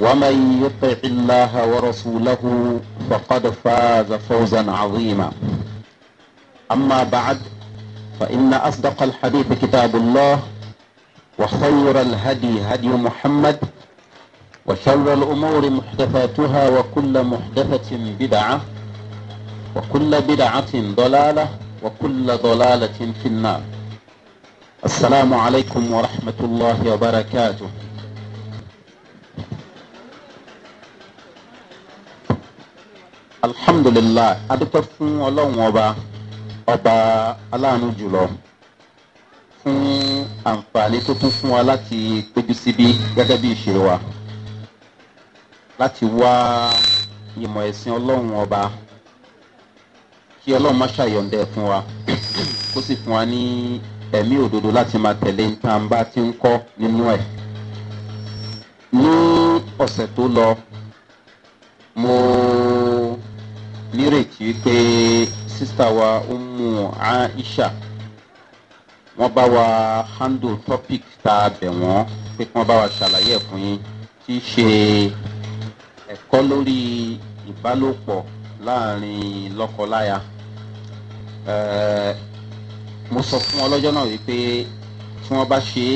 ومن يطع الله ورسوله فقد فاز فوزا عظيما أما بعد فإن أصدق الحديث كتاب الله وخير الهدي هدي محمد وشر الأمور محدثاتها وكل محدثة بدعة وكل بدعة ضلالة وكل ضلالة في النار السلام عليكم ورحمة الله وبركاته alhamdulilayi adúpẹ́ fún ọlọ́run ọba ọba aláàánú jùlọ fún àǹfààní tó tún fún wa láti péjú síbí gẹ́gẹ́ bí ìṣe wa láti wá ìmọ̀ ẹ̀sìn ọlọ́run ọba kí ọlọ́run má ṣàyọ̀ǹdẹ̀ fún wa kó sì fún wa ní ẹ̀mí òdodo láti máa tẹ̀lé nǹkan bá ń kọ́ nínú ẹ̀. ní ọ̀sẹ̀ tó lọ mo nírètí pé sísá wa umu aisha wọ́n bá wa handle topic tá a bẹ̀ wọ́n pé kí wọ́n bá wa ṣàlàyé ẹ̀ fún yín tí í ṣe ẹ̀kọ́ lórí ìbálòpọ̀ láàrin lọ́kọ-láya. mo sọ fún wọn náà wípé tí wọ́n bá ṣe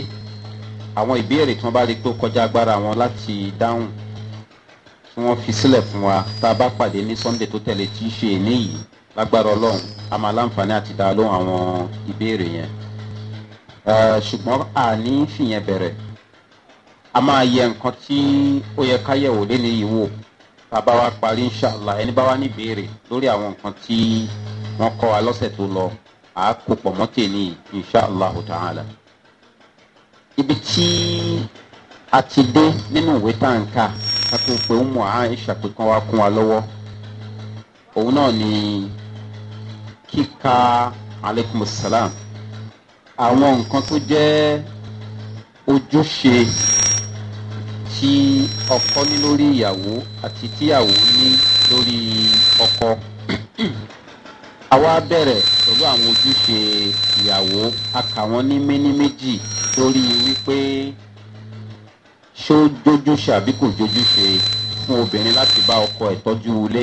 àwọn ìbéèrè tí wọ́n bá rí pé kọjá agbára wọn láti dáhùn wọ́n fi sílẹ̀ fún wa tá a bá pàdé ní sunday tó tẹ̀lé tí í ṣe èní yìí lágbára ọlọ́run a máa láǹfààní àti dá lóhùn àwọn ìbéèrè yẹn ṣùgbọ́n a ní fìyẹn bẹ̀rẹ̀ a máa yẹ nǹkan tí ó yẹ ká yẹ̀wò lẹ́nu yìí wò tá a bá wá parí inṣàlá ẹni bá wá ní ìbéèrè lórí àwọn nǹkan tí wọ́n kọ́ wa lọ́sẹ̀ tó lọ à á kó pọ̀ mọ́tẹ̀ ní inṣàlá ọ̀tàhàlà ibi tí a ti dé nínú ìwé tá à ń kà a tún pe ń mọ̀ á ń ṣàpèkán wa kún wa lọ́wọ́ òun náà ni kíka aleykum salam àwọn nǹkan tó jẹ́ ojúṣe tí ọkọ ní lórí ìyàwó àti tíyàwó ní lórí ọkọ àwa bẹ̀rẹ̀ pẹ̀lú àwọn ojúṣe ìyàwó a kà wọ́n ní méní méjì lórí wípé ṣé ó jójú ṣe àbí kò jójú ṣe fún obìnrin láti bá ọkọ ẹ̀ tọ́jú ilé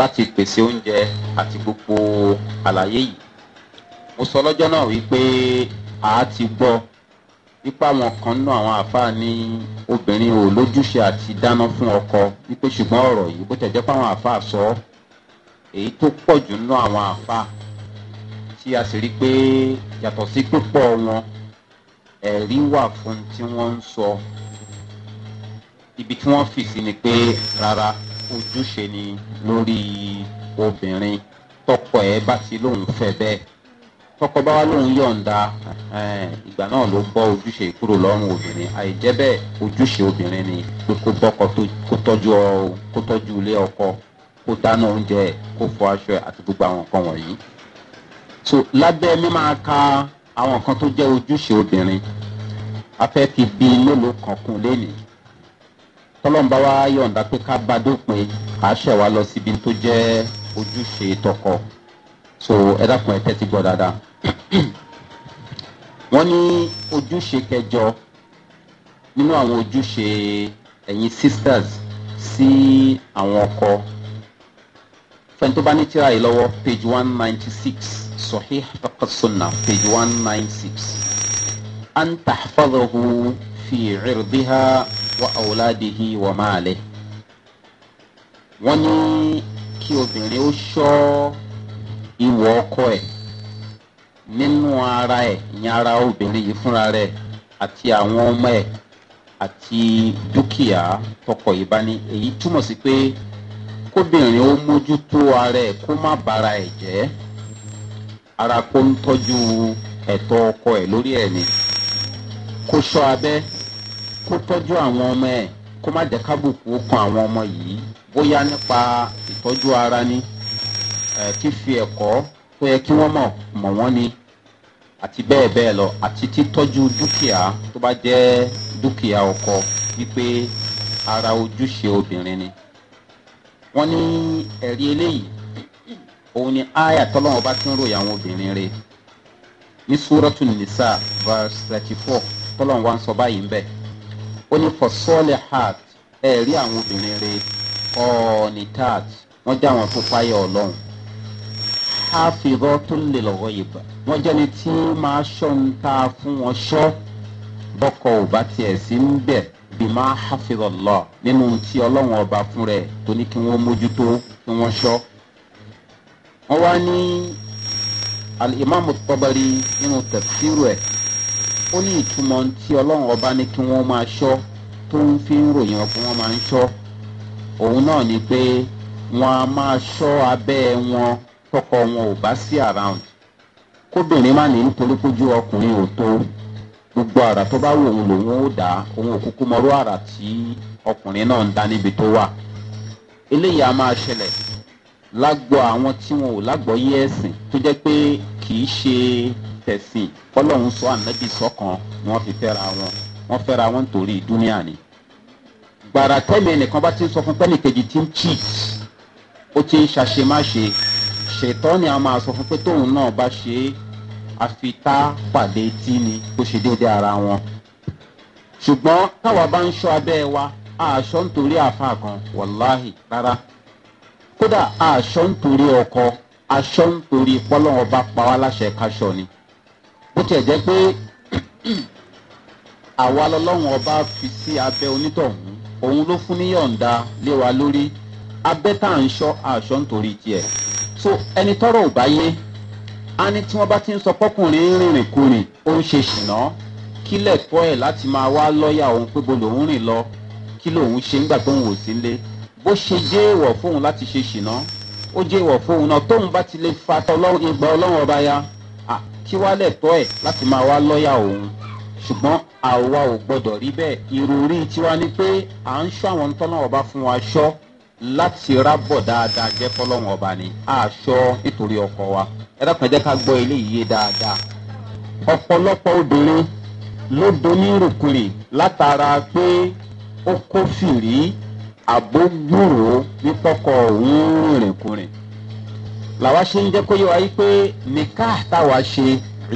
láti pèsè oúnjẹ àti gbogbo àlàyé yìí mo sọ lọ́jọ́ náà wípé a ti gbọ́ wípé àwọn kan nínú àwọn àáfàá ní obìnrin ò lójúṣe àti dáná fún ọkọ wípé ṣùgbọ́n ọ̀rọ̀ yìí bó tẹ̀ jẹ́ pé àwọn àáfàá sọ ọ́ èyí tó pọ̀ jù nínú àwọn àáfàá tí a sì rí pé yàtọ̀ sí pípọ̀ wọn ẹ̀rí wà fún tí wọ́n ń sọ ibi tí wọ́n fi sí ni pé rárá ojúṣe ni lórí obìnrin tọkọ ẹ bá ti lóun fẹ bẹ́ẹ̀ tọkọ bá wà lóun yọ̀ǹda eh, ìgbà náà ló bọ́ ojúṣe kúrò lọ́rùn obìnrin àìjẹ́ bẹ́ẹ̀ ojúṣe obìnrin ni pé kó bọ́kọ kó tọ́jú kó tọ́jú ilé ọkọ kó dáná oúnjẹ kó fọ aṣọ àti gbogbo àwọn nǹkan wọ̀nyí. so lábẹ́ mímọ́ ka àwọn nǹkan tó jẹ́ ojúṣe obìnrin a fẹ́ fi mélòó kan kún lénìí tọ́lọ́mbà wa yọ̀ǹda pé ká bá dópin à ṣẹ̀ wá lọ síbi tó jẹ́ ojúṣe tọkọ so ẹ dákun ẹ tẹ́tí gbọ́ dáadáa. wọ́n ní ojúṣe kẹjọ nínú àwọn ojúṣe ẹ̀yin sisters sí àwọn ọkọ fẹ́ni tó bá ní tíra yìí lọ́wọ́ page one ninety six sọ̀hí pàkàsọ́nà page one ninety six. an tàfàdàhu fi ìrìrdìhà. wa àwòládìhí wọ̀ máa lẹ̀. wọ́n ní kí obìnrin ó ṣọ́ ìwọ̀ ọkọ ẹ̀ nínú ara ẹ̀ ìyẹn ara obìnrin yìí fúnra rẹ̀ àti àwọn ọmọ ẹ̀ àti dúkìá tọkọ yìí èyí túmọ̀ sí pé kóbìnrin ó mójútó ara ẹ̀ kó má bara jẹ, ara kó ń tọ́jú ọkọ lórí ni kó kó tọ́jú àwọn ọmọ ẹ̀ kó má jẹ́ kábùkù ó kan àwọn ọmọ yìí bóyá nípa ìtọ́jú ara ni fífi ẹ̀kọ́ tó yẹ kí wọ́n mọ̀ mọ̀ wọ́n ni àti bẹ́ẹ̀ bẹ́ẹ̀ lọ àti títọ́jú dúkìá tó bá jẹ́ dúkìá ọkọ wípé ara ojúṣe obìnrin ni wọ́n ní ẹ̀rí eléyìí òun ni aya tọ́lọ́wọ́n bá ti ń ròyìn àwọn obìnrin rẹ̀ ní súrọ́tù nìsà verse thirty four tọ́lọ́wọ́n wá ń sọ báyìí ń bẹ́ẹ̀ ó ní fọ̀sọ́ọ̀lẹ̀ heart ẹ̀ rí àwọn obìnrin rẹ ọ̀ọ́nì tart wọ́n jẹ́ àwọn tó páyọ̀ ọlọ́run hafidọ́ tó lè lọ́wọ́ ìbà wọ́n jẹ́ni tí máa ṣọ́ ń ta fún wọn ṣọ́ bọ́kọ̀ ò bá tiẹ̀ sí ń bẹ̀ bí máa hafidọ́ lọ nínú tí ọlọ́run ọba fún rẹ̀ tó ní kí wọ́n mójútó kí wọ́n ṣọ́ wọ́n wá ní alimami tọ́bari nínú tẹ̀síwẹ̀ ó ní ìtumọ̀ tí ọlọ́run ọba ní kí wọ́n máa ṣọ́ tó ń fi ń ròyìn ọkùnrin wọn máa ń ṣọ́ òun náà ni pé wọn a máa ṣọ́ abẹ́ wọn tọkọ wọn ò bá sí around kóbìnrin má ní nítorí kójú ọkùnrin ò tó gbogbo àrà tó bá wù òun lòun ó dá òun ò kúkú mọrú àrà tí ọkùnrin náà ń dá níbi tó wà eléyìí a máa ṣẹlẹ̀ lágbo àwọn tí wọn ò lágbọ́yé ẹ̀sìn tó jẹ́ pé kì í ṣe àtẹ̀sìn kọ́lọ́hún sọ ànábì sọ́kan ni wọ́n fi fẹ́ra wọn wọ́n fẹ́ra wọn nítorí dúníà ni. gbàrà tẹ́lẹ̀ nìkan bá ti sọ fún pẹ́nìkejì tí ń cheat ó ti ń ṣàṣemáṣe ṣètọ́ ni a máa sọ fún pé tóun náà bá ṣe é àfitá pàdé tí ni kó ṣe déédéé ara wọn. ṣùgbọ́n táwa bá ń ṣọ́ abẹ́ wa àṣọ nítorí àáfàá kan wàláhì rárá kódà àṣọ nítorí ọkọ aṣọ nítorí pọ́lọ́wọ́ bá pa wá láṣẹ káṣọ ni bó tiẹ̀ jẹ́ pé àwa lọ́lọ́run ọba fi sí abẹ́ onítọ̀hún òun ló fún níyọ̀ǹda lé wa lórí abẹ́ tá à ń ṣọ́ àṣọ nítorí tiẹ̀ so ẹni tọ́rọ̀ ò bá yé a ní tí wọ́n bá ti ń sọ pọ́kùnrin rìnrìn kurìn ó ń ṣe ṣìnà kí lẹ́tọ́ ẹ̀ láti máa wá lọ́ọ̀yà òun pé bo lòun rìn lọ kí lòun ṣe ńgbà tóun ò sí nílé bó ṣe jẹ́ èèwọ̀ fóun láti ṣe ṣìnà ó jẹ́ èèwọ̀ fóun náà tóun bá ti lè fa ìgbà ọlọ́run ọba ya kí wá lẹ̀tọ́ ẹ̀ láti máa wá lọ́ọ̀yà òun ṣùgbọ́n àwa ò gbọ́dọ̀ rí bẹ́ẹ̀ ìròrí tiwa ni pé à ń ṣọ́ àwọn tọ́nà ọba fún wa ṣọ́ láti rábọ̀ dáadáa jẹ́ fọlọ́run ọba ni àṣọ nítorí ọkọ wa ẹ dákun jẹ́ ká gbọ́ eléyìí yé dáadáa ọ̀pọ̀lọpọ̀ obìnrin ló donírùkúrì látara pé ó kófìrí àbójúrò ní òun rìnrìnkùnrin làwa ṣe ń jẹ́ kó yẹ wa yí pé nìka táwa ṣe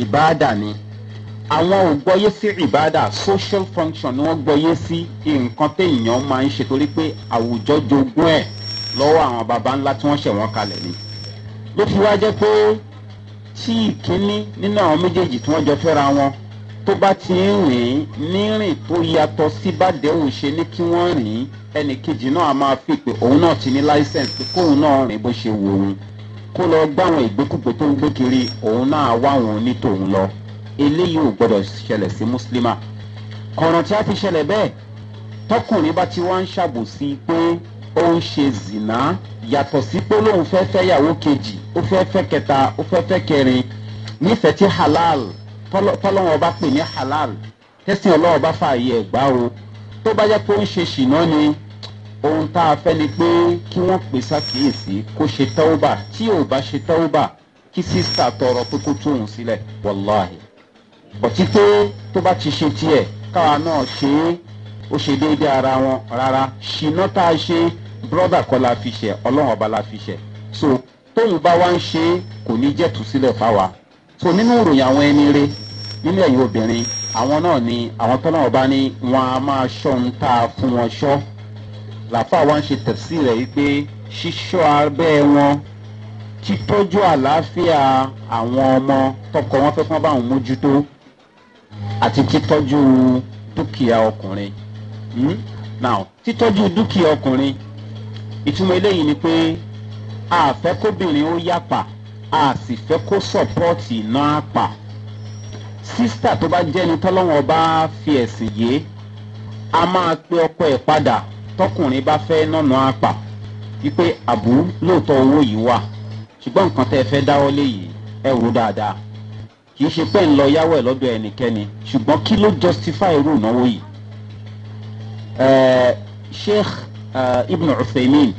ìbáàdà ni àwọn ò gbọ́yé sí ìbáàdà social function ni wọ́n gbọ́yé sí nǹkan téèyàn máa ń ṣe torí pé àwùjọ jogún ẹ̀ lọ́wọ́ àwọn baba ńlá tí wọ́n ṣẹ̀ wọ́n kalẹ̀ ni ló fi wá jẹ́ pé tí ìkíní nínú àwọn méjèèjì tí wọ́n jọ fẹ́ra wọn tó bá ti ń rìn nírìn tó yàtọ̀ sí bàdéhùn ṣe ní kí wọ́n rìn ẹnì kejì náà a máa fi pé òun náà ti ní láísẹ̀nsì kóun náà rìn bó ṣe wù ú kó lọ gbáwọn ìgbékùgbé tó ń gbé kiri òun náà wáwọn onítòun lọ eléyìí ò gbọdọ̀ ṣẹlẹ̀ sí mùsùlùmá kọ̀ràn tí a fi ṣẹlẹ̀ bẹ́ẹ̀ tọkùnrin bá ti wá ń ṣàbòsí pé ó ń ṣe zìnà yàtọ̀ sí pé lóun fẹ́ fẹ́ yàwó kejì ó fẹ́ fẹ́ kẹta ó fẹ́ fẹ́ kẹrin nífẹ̀ẹ́ tí halal tọ́lọ́wọ́n bá pè ní halal tẹ́sán ọlọ́wọ́ bá fààyè ẹ̀gbá o tó bá yẹ pé ó ń ṣe ṣìnà ni ohun tá a fẹ́ ni pé kí wọ́n pè sákìyèsí kó ṣe tẹ́wọ́bà tí ò bá ṣe tẹ́wọ́bà kí sísà tọrọ pé kó tóun sílẹ̀ wàláhì bọ̀tí pé tó bá ti ṣe tiẹ̀ káwa náà ṣe é ó ṣe déédéé ara wọn rárá ṣìnà tá a ṣe brọ́dà kọ́ la fi ṣẹ̀ ọlọ́run ọba la fi ṣẹ̀ so tóun bá wá ń ṣe é kò ní jẹ́tù sílẹ̀ fáwa so nínú ìròyìn àwọn ẹni rẹ nínú ẹ̀yìn obìnrin àwọn náà ni àwọn tọ́lọ́wọ́n bá ní wọn a máa ṣọ́ ń tá a fún wọn ṣọ́ làfà wa ń ṣe tẹ̀sí rẹ̀ yìí pé ṣíṣọ́ abẹ́ wọn títọ́jú àlàáfíà àwọn ọmọ tọkọ wọn fẹ́ fún bá wọn mójútó àti títọ́jú dúkìá ọkùnrin hmm? now títọ́jú dúkìá ọkùnrin ìtumọ̀ eléyìí ni pé àfẹ́ kóbìnrin ó yàpà a sì fẹ́ kó sọ̀pọ́ọ̀tì náà pa sísítà tó bá jẹ́ni tọ́lọ́wọ́n bá fi ẹ̀sìn yé a máa pe ọkọ ẹ̀ padà tọkùnrin bá fẹ́ nọ̀nà àpà wípé àbú lóòótọ́ owó yìí wà ṣùgbọ́n nǹkan tẹ́ ẹ fẹ́ dáwọ́ lé yìí ẹ wò dáadáa kì í ṣe pẹ́ ń lọ yáwọ̀ ẹ̀ lọ́dọ̀ ẹnikẹ́ni ṣùgbọ́n kí ló justify irú ìnáwó yìí. sheikh ibn uthaymin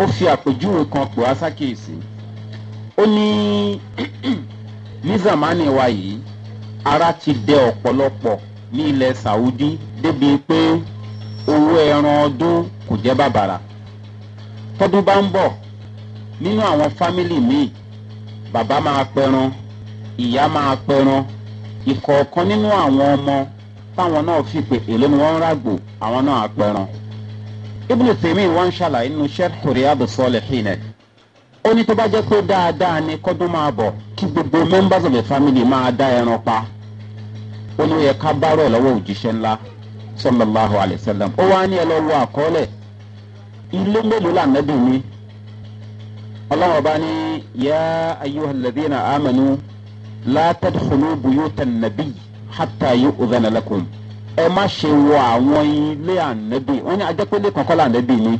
ó fi àpèjúwe kan pò á sákèésí ó ní ní zamani wa yìí ara ti dẹ ọ̀pọ̀lọpọ̀ ní ilẹ̀ saudi débi pé owó ẹran ọdún kò jẹ́ bàbàrà tọ́dún bá ń bọ̀ nínú àwọn fámìlì míì bàbá máa pẹran ìyá máa pẹran ìkọ̀ọ̀kan nínú àwọn ọmọ táwọn náà fi pè èló ni wọ́n ń ràgbò àwọn náà apẹran ibùdó tèmi wọn ń ṣàlàyé nínú sẹ́ẹ̀kù riyadu sọ́ọ̀lẹ̀ hìnẹ̀ ó ní tó bá jẹ́ pé dáadáa ni kọ́dún máa bọ̀ kí gbogbo members of the family máa dá ẹran pa ó ní ó yẹ ká bá rọ̀ lọ́wọ́ òjíṣẹ́ ńlá sallallahu alayhi wa sallam ó wá ní ẹlọ́wọ́ àkọọ́lẹ̀ ilé mélòó lànàbì ni ọlọ́wọ́ bá ní yá ayélujára lẹ́dínà àmàlú látàdúkùnú buyóta nàbí hàtà yóò ọ̀dánà lẹ́kùn ẹ má ṣe wọ àwọn ilé ànàbì wọ́n ní ajẹ́pẹ́lẹ́ kọ̀ọ̀kan lànàbì ni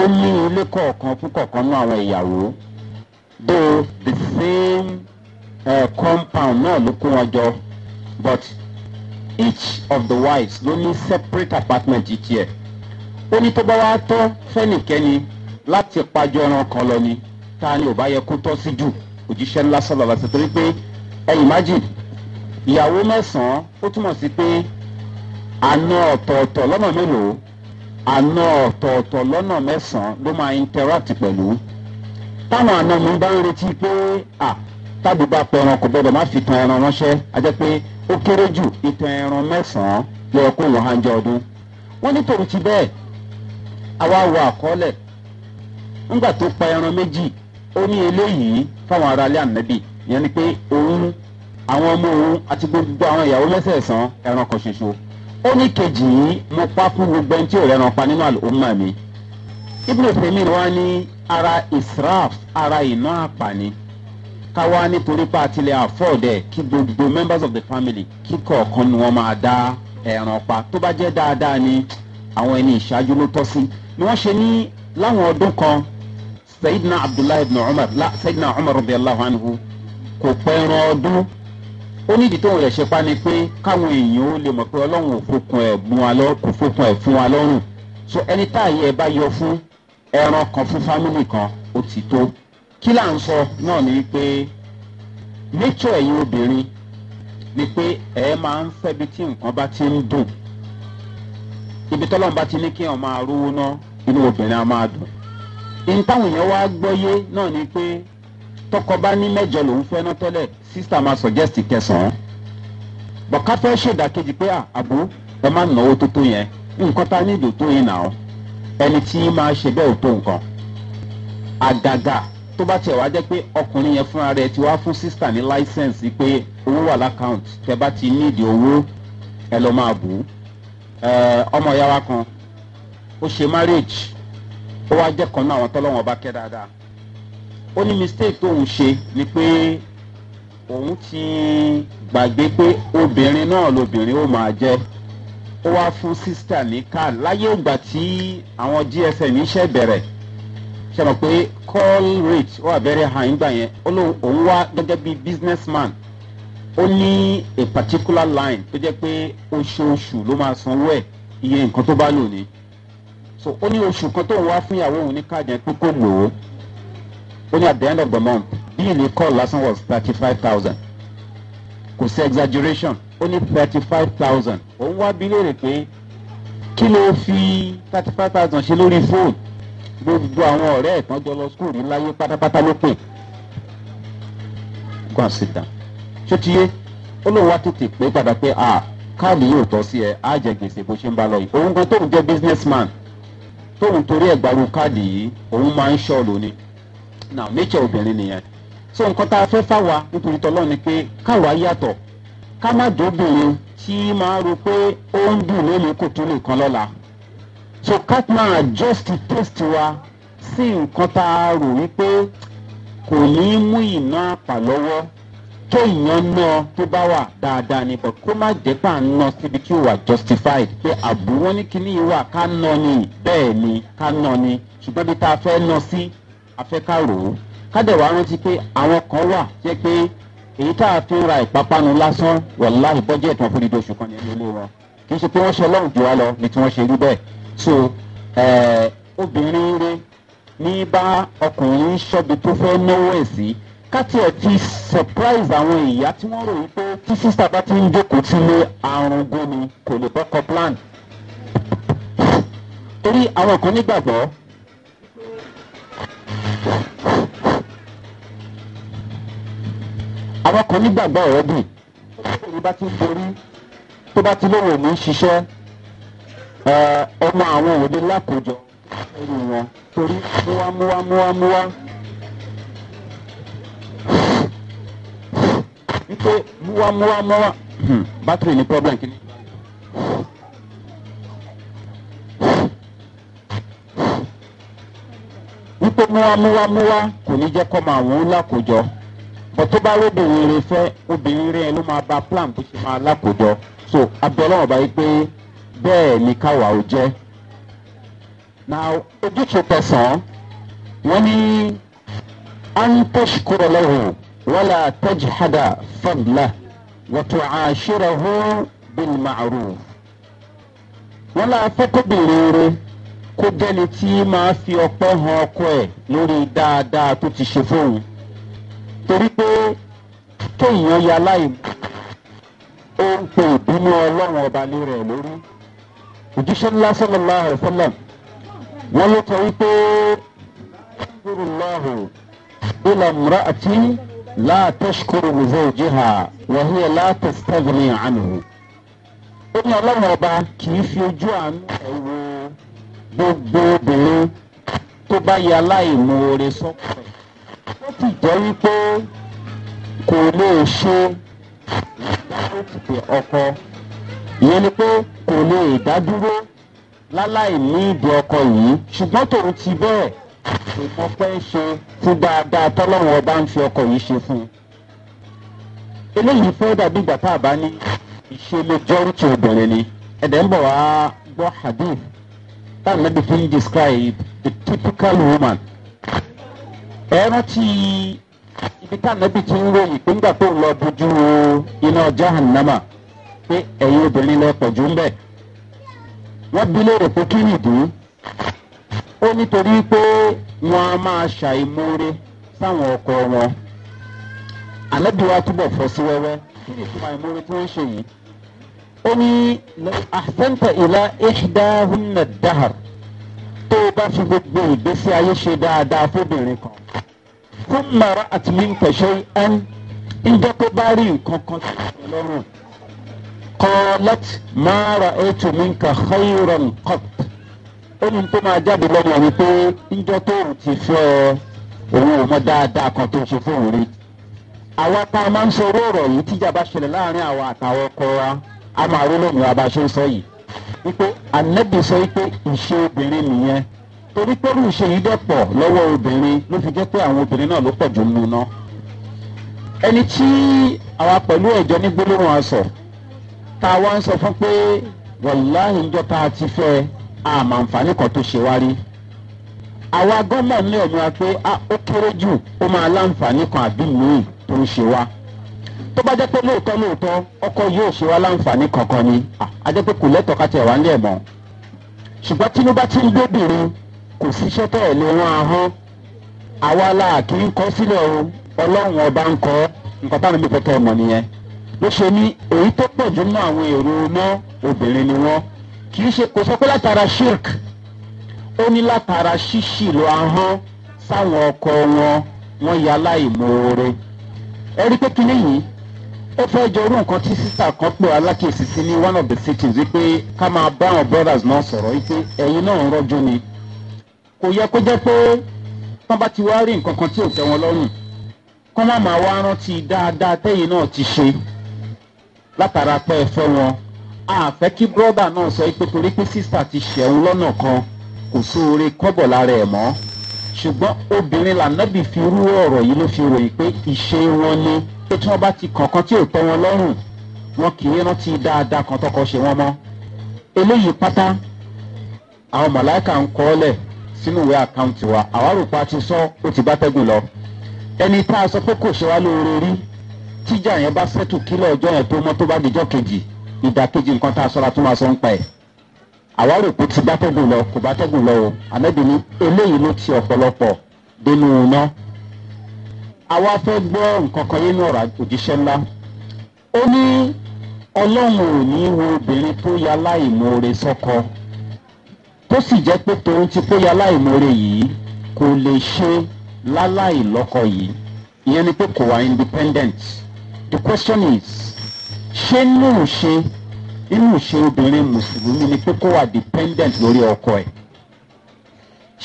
ó ní ilé kọ̀ọ̀kan fún kọ̀ọ̀kan náà àwọn ìyàwó though the same uh, compound náà ló kó wọn jọ but each of the wives ló ní separate apartment tiẹ̀ ó ní tó bá wá tọ́ fẹ́nìkẹ́ni láti pàjọ ọ̀ràn kan lọ ni ta ni ò bá yẹ kó tọ́ sí jù òjíṣẹ́ ńlá sọ̀rọ̀ lọ́sẹ̀ torí pé ẹ̀yìn májì ìyàwó mẹ́sàn-án ó túmọ̀ sí pé àna ọ̀tọ̀ọ̀tọ̀ lọ́nà mélòó àna ọ̀tọ̀ọ̀tọ̀ lọ́nà mẹ́sàn-án ló máa interact pẹ̀lú táwọn àna mi bá ń retí pé à tábìbá pẹran kò gbọdọ̀ má fi tan ẹran ránṣẹ́ a jẹ́ pé ó kéré jù ìtàn ẹran mẹ́sàn-án ló yẹ kó wọ́n hàn jẹ́ ọdún wọ́n ní tòun ti bẹ́ẹ̀ àwa wọ àkọọ́lẹ̀ ńgbà tó pa ẹran méjì ó ní eléyìí fáwọn aráalé ànábì ìyẹn ni pé òun àwọn ọmọ òun àti gbogbo àwọn ìyàwó mẹ́sẹ̀ẹ̀sán ẹran kan ṣoṣo ó ní kejì yìí mo pa fún gbogbo ẹni tí ò rẹran pa nínú àlùmọ́ mi ibùdó tèmi wá ní ara israf ara ìná àpàní káwá nítorí pé àtìlẹ̀ àfọ̀dẹ̀ kí gbogbo members of the family kíkọ̀ọ̀kan ni wọ́n máa dá ẹ̀ràn pa tó bá jẹ́ dáadáa ni àwọn ẹni ìṣáájú ló tọ́ sí ni wọ́n ṣe ní láwọn ọdún kan sayidina abdullahi ibn umar la sayidina umar rabi Allah anhu kò pẹ́ ran ọdún ó ní ìdí tóun rẹ̀ ṣe pa ni pé káwọn èèyàn ó lè mọ̀ pé ọlọ́run ò ẹ̀ mú wa lọ́rùn kò fokùn ẹ̀ fún wa lọ́rùn so ẹni táàyè ẹ bá yọ fún ẹran kan fún fámìlì kan ó ti tó kí là ń sọ náà ni pé nature ẹ̀yin obìnrin ni pé ẹ máa ń fẹ́ bi tí nǹkan bá ti ń dùn ibi tọ́lọ́n bá ti ní kí wọ́n máa rówó ná inú obìnrin á máa dùn ní táwọn èèyàn wá gbọ́yé náà ni pé tọkọ bá ní mẹ́jọ lòún fẹ́ ná tẹ́lẹ̀ sísá máa suggest kẹsàn-án bọ̀ ká fẹ́ ṣèdàkejì pé àbò ẹ máa náwó tó tó yẹn nǹkan tá a ní tó yẹn nà ẹni tí máa ṣe bẹ́ẹ̀ tó nǹkan àgàgà tó bá tiẹ̀ wá jẹ́ pé ọkùnrin yẹn fúnra rẹ̀ ti wá fún sísà ní láísẹ̀nsì pé owó wà lákàùntì tẹ bá ti níìdì owó ẹ lọ máa bù ú ọmọ ìyá wa kan ó ṣe marriage ó wá jẹ́ kan náà àwọn tọ́lọ́wọ́n bá kẹ́ dáadáa ó ní mistake tóun ṣe ni pé òun ti gbàgbé pé obìnrin náà lobìnrin ó máa jẹ́ ó wá fún sísà ní káà láyé ìgbà tí àwọn gsm iṣẹ́ bẹ̀rẹ̀ ṣàmọ̀ pé call rate wà very high ńgbà yẹn ó lóun òun wá gẹ́gẹ́ bí businessman ó ní a particular line tó jẹ́ pé oṣooṣù ló máa sanwó ẹ̀ iye nǹkan tó bá lò ní so ó ní oṣù kan tóun wá fún ìyàwó òun ní káàdì yẹn pé kó lò ó ó ní at the end of the month bíìlì call lásán was thirty five thousand kò sí exaggeration ó ní thirty five thousand òun wá bí léèrè pé kí ló fi thirty five thousand ṣe lórí fóònù. gbogbo àwọn ọ̀rẹ́ ẹ̀tàn jọ lọ skul pátápátá lókè go and ṣó ti yé ó lóun wá tètè pé padà pé káàdì yóò tọ́ sí ẹ torí ẹ̀ gbaru káàdì yìí òun máa ń so nǹkan tá a fẹ́ fáwa nítorí tọ́lọ́ ni pé káwa yàtọ̀ ká má dóbìnrin tí máa pé ó ń dùn so ká máa adjust taste wa sí nǹkan tá a rò wípé kò ní í mú iná àpà lọ́wọ́ kéèyàn ná tó bá wà ni but kó má jẹ́ pà ń ná síbi tí ó wà justified pé àbúrò ní kíní yìí wà ká ná ni bẹ́ẹ̀ ni ká ná ni ṣùgbọ́n bí tá a fẹ́ ná sí a fẹ́ ká rò ó ká dẹ̀ wá rántí pé àwọn kan wà jẹ́ pé èyí tá a fi ń ra ìpápánu lásán wọ̀láì bọ́jẹ̀tì wọn fún dídí oṣù kan ní ẹni olówó kì í ṣe pé wọ́n ṣe ọlọ́run jù wá lọ ni tí wọ́n ṣe rí bẹ́ẹ̀ so eh, obìnrin rẹ ní bá ọkùnrin ṣọ́bi tó fẹ́ náwó ẹ̀ sí káti ẹ̀ ti surprise àwọn ìyá tí wọ́n rò yí pé tí sísá bá ti ń jókòó sílé àrùn gómi kò lè bọ́kọ plan torí àwọn kan nígbàgbọ́ àwọn kan nígbàgbọ́ ọ̀rọ̀ dùn tó bá ti ń ní ṣiṣẹ́ ọmọ àwọn òde lákòjọ ẹnu wọn torí múwámúwámúwámúwá wípé múwámúwámúwá hmm, bátìrì ní problem kìíní. wípé múwámúwámúwá kò ní jẹ́ kọ́ máa wọ́n lákòjọ bọ́ tó bá lóbìnrin rẹ fẹ́ obìnrin rẹ ló máa ba plan bó ṣe máa lákòjọ so abẹ́ọ́lọ́wọ̀n báyìí pé bẹ́ẹ̀ ni káwa ò jẹ́. now ojútùú tẹ̀sán wọ́n ní antashkura lahu wala tajhada fadla wa tu'ashirahu bil ma'ruf. wọ́n lá afẹ́kọ̀bìnrin rẹ̀ kó jẹ́ni tí máa fi ọpẹ́ han ọkọ ẹ̀ lórí dáadáa tó ti ṣe fóun torí pé kéèyàn ya láì ó ń pe ìbínú ọlọ́run ọba lé lórí òjíṣẹ́ ńlá sallallahu alaihi wasallam wọ́n ló kọ́ wípé ṣàkúrúláhù ìlà mùràtí látẹ̀ṣkúrú zawjiha wa hiya látẹ̀sítẹ́gìrì ànhu. ó ní ọlọ́run ọba kì í fi ojú àánú ẹ̀wọ̀ gbogbo obìnrin tó bá yẹ aláìmoore sọ́kọ̀ ẹ̀. ti jẹ́ wípé kò lè ṣe ìdáhùn ọkọ ìyẹn ni pé kò lè dádúró láláì ní ìdí ọkọ yìí ṣùgbọ́n tòun ti bẹ́ẹ̀ nǹkan pẹ́ ṣe tí dáadáa tọ́lọ́run ọba ń fi ọkọ yìí ṣe fún un. eléyìí fẹ́ dàbí ìgbà tá a bá ní ìṣẹ̀lẹ̀ jọ́rùtì obìnrin ni ẹ̀dẹ̀ ń bọ̀ wá gbọ́ hadith táwọn mẹ́bí fi ń describe the typical woman. ẹ rántí ibi táwọn mẹ́bí ti ń ròyìn pé ńgbà tó ń lọ bójú iná jahannama pé ẹ̀yin obìnrin lọ pọ̀jù ń bẹ̀. wọ́n bí léèrè pé kí nìdí. ó nítorí pé wọ́n á máa ṣàìmóore sáwọn ọkọ wọn. àlẹ́bíwá túbọ̀ fọ́ sí wẹ́wẹ́ kí ni ìtumọ̀ àìmóore tí wọ́n ń ṣe yìí. ó ní àṣẹ́ǹtà ìlà ìṣdáhùnà dáhàr tó bá fi gbogbo ìgbésí ayé ṣe dáadáa fóbìnrin kan. fún màrá àtìmíǹkà ṣe ń ń jẹ́ kó bá rí nǹkan kan tó ń lọ́rùn qalat ma ra'aytu minka khayran qat ó ní tó máa jáde lọ́mọ wípé níjọ́ tóun ti fẹ́ ọ òun ò mọ dáadáa kan tó ń ṣe fóun rí àwa tá a máa ń sọ owó ọ̀rọ̀ yìí tíjà bá ṣẹlẹ̀ láàrin àwa àtàwọn ọkọ wa a máa rí lónìí wa bá ṣe ń sọ yìí wípé ànẹ́bí sọ wípé ìṣe obìnrin nìyẹn torí pẹ́lú ìṣe yìí dọ̀pọ̀ lọ́wọ́ obìnrin ló fi jẹ́ pé àwọn obìnrin náà ló pọ̀ jù nínú náà ẹni tí àwa pẹ̀lú ẹ̀jọ́ ní gbólóhùn asọ̀ ta a wá ń sọ fún pé wàláhì ń ti tá a ti fẹ́ àmọ́ tó ṣe wá rí àwa gọ́mọ̀ ní òmìnira pé ah, ó kéré jù ó máa láǹfààní kan àbí mìíràn tó ń ṣe wá tó bá lóòótọ́ lóòótọ́ ọkọ yóò ṣe wá láǹfààní kankan ni ah, a pé lẹ́tọ̀ọ́ ká ní ẹ̀mọ́ ṣùgbọ́n tinubu ti ń kò síṣẹ́ tẹ̀ àwa la kì bó ṣe ní èyí tó pọ̀ jù mọ́ àwọn èrò mọ́ obìnrin ni wọ́n kì í ṣe kò sọ pé látara shirk ó ní látara ṣíṣìlò ahọ́n sáwọn ọkọ wọn wọ́n ya láìmoore ẹ pé kíní yìí ó fẹ́ jọ nǹkan tí sísà kan pè alákèésí sí ní one of the cities wípé ká máa bá àwọn brothers náà sọ̀rọ̀ wípé ẹ̀yin náà ń rọ́jú ni kò yẹ kó jẹ́ pé wọ́n bá ti wá rí nǹkan kan tí ò tẹ́ wọn lọ́rùn kó má máa wá rántí dáadáa tẹ́yìn náà ti ṣe látara pé ẹ fẹ́ wọn àfẹ́ kí brọ́dà náà sọ pé torí pé sísà ti ṣẹ̀hún lọ́nà kan kò sóore kọ́bọ̀ lára ẹ̀ mọ́ ṣùgbọ́n obìnrin lànàbì fi rú ọ̀rọ̀ yìí ló fi ròyìn pé ìṣe wọn ni pé tí wọ́n bá ti kọ̀ọ̀kan tí ò tọ́ wọn lọ́rùn wọn kì í rántí dáadáa kan tọkọ ṣe wọn mọ́ eléyìí pátá àwọn mọ̀láìkà ń kọ́ ọ́lẹ̀ sínú ìwé àkáǹtì wa àwárò pa ti sọ ó ti bá tẹ́gùn lọ ẹni tá a sọ pé kò ṣe wá lóore rí tíjà yẹn bá sẹ́tù kílẹ̀ ọjọ́ yẹn tó mọ́ tó bá dijọ́ kejì ìdàkejì nǹkan tá a sọ́ra tó máa sọ ń pa ẹ̀. àwa rò pé ti bátẹ́gùn lọ kò bátẹ́gùn lọ o àmẹ́bí ni eléyìí ló ti ọ̀pọ̀lọpọ̀ dénú iná. àwa fẹ́ gbọ́ nǹkan kan yé ní ọ̀rọ̀ òjíṣẹ́ ńlá. ó ní ọlọ́run ò ní wo obìnrin tó ya láìmoore sọ́kọ tó sì jẹ́ pé tòun ti kó ya láìmoore yìí kò lè ṣe láláìlọ́kọ yìí ìyẹn ni pé kò wá independent the question is ṣé nínú ṣe nínú ṣe obìnrin mùsùlùmí ni pé kó wà dependent lórí ọkọ ẹ̀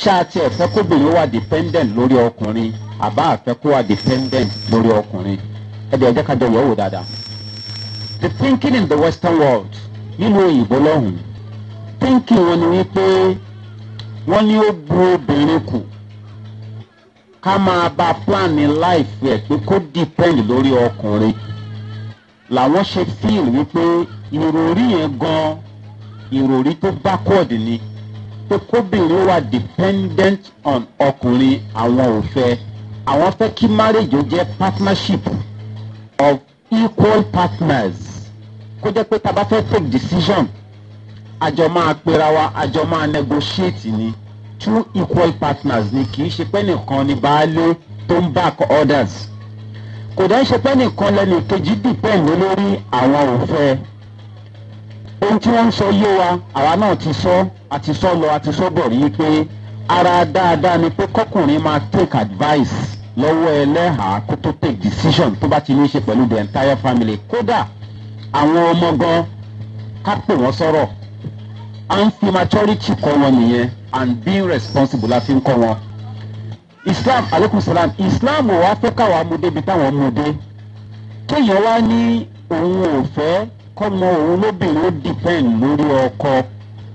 ṣáàtì ẹ̀fẹ́ kóbìnrin wà dependent lórí ọkùnrin àbá àfẹ́ kó wà dependent lórí ọkùnrin ẹ̀dẹ̀ ẹ̀jẹ̀ kájọ yẹ̀ wò dáadáa the thinking in the western world nínú òyìnbó lọ́hùn-ún thinking wọn ni wípé wọ́n ní ó bu obìnrin kù ká máa bá pílánì láìfi ẹ̀ pé kó dìpẹ́ǹd lórí ọkùnrin làwọn ṣe fíìl wípé ìròrí yẹn gan ìròrí tó bákọ̀dì ni pé kóbìnrin wà dependent on ọkùnrin àwọn ò fẹ́ àwọn fẹ́ kí marriage ó jẹ́ partnership of equal partners kó jẹ́ pé tá a bá fẹ́ take decision àjọ máa pera wa àjọ máa negotiate ni two equal partners ni kì í ṣe pé nìkan ni baálé tó ń back orders kò dá ṣe pé nìkan lẹ́nu kejì depend lórí àwọn òfẹ́ ohun tí wọ́n ń sọ yé wa àwa náà ti sọ àti sọ lọ àti sọ bọ̀ rí pé ara dáadáa ni pé kọkùnrin máa take advice lọ́wọ́ ẹlẹ́hàá kó tó take decision tó bá ti ní í ṣe pẹ̀lú the entire family kódà àwọn ọmọ gan ká pè wọ́n sọ̀rọ̀ à ń fi maturity kọ́ wọn nìyẹn and being responsible la fi ń kọ́ wọn. islam aleykum salam islam ò wá fẹ́ káwa mú débi táwọn mú dé kéèyàn wá ní òun ò fẹ́ kọ́mọ òun lóbìnrin ó depend lórí ọkọ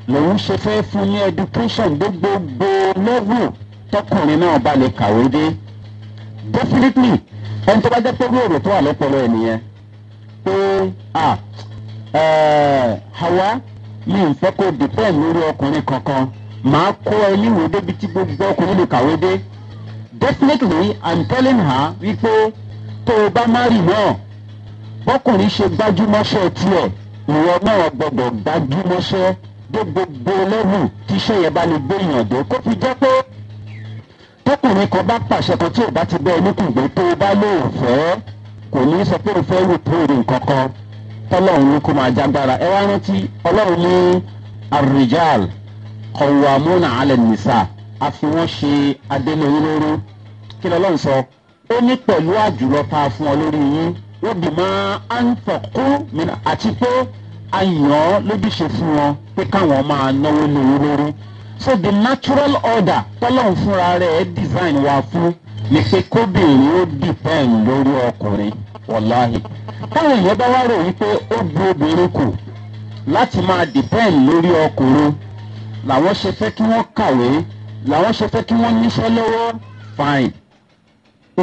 lòun ṣe fẹ́ fún ní education dé gbogbo level tọkùnrin náà bá lè kàwé dé definitely ẹni tó bá jẹ́ pé rúurú tó wà lọ́pọ̀lọ́ ẹ̀ pé ah ẹ̀ẹ́ hawa mi ò fẹ́ kó depend lórí ọkùnrin kankan màá kọ́ ẹ níwèé débi tí gbogbo ọkùnrin lè kàwé dé definitely i'm telling her wípé tó o bá má rì náà bọ́kùnrin ṣe gbájúmọ́ṣẹ́ tiẹ̀ ìwọ náà gbọ́dọ̀ gbájúmọ́ṣẹ́ dé gbogbo lẹ́wù tíṣẹ́ yẹn bá lè gbé èèyàn dé kó fi jẹ́ pé tọkùnrin kan bá pàṣẹ kan tí ò bá ti bẹ́ ẹ níkùngbé tó o bá lè fẹ́ kò ní sọ pé o fẹ́ rò tó rìn kankan tọ́lọ́run ní kó máa jágbára ẹ wá rántí ọlọ́run ní àrùjáàlì. kọ̀wámúnà alẹ́ nìsà a fi wọ́n ṣe adélóyúnróró kí lọ́lọ́run sọ ó ní pẹ̀lú àjùlọ ta fún ọ lórí yín wọ́n bì mọ́ à ń tọ̀kú àti pé a yàn ọ́ lójúṣe fún wọn pé káwọn máa náwó lówó lórí so the natural order tọ́lọ́run fúnra rẹ̀ design wa fún ni pé kóbìnrin ó lórí ọkùnrin wọláhì èèyàn bá wá rò wípé ó bu obìnrin kù láti máa lórí ọkùnrin làwọn ṣe fẹ́ kí wọ́n kàwé làwọn ṣe fẹ́ kí wọ́n níṣẹ́ lọ́wọ́ fine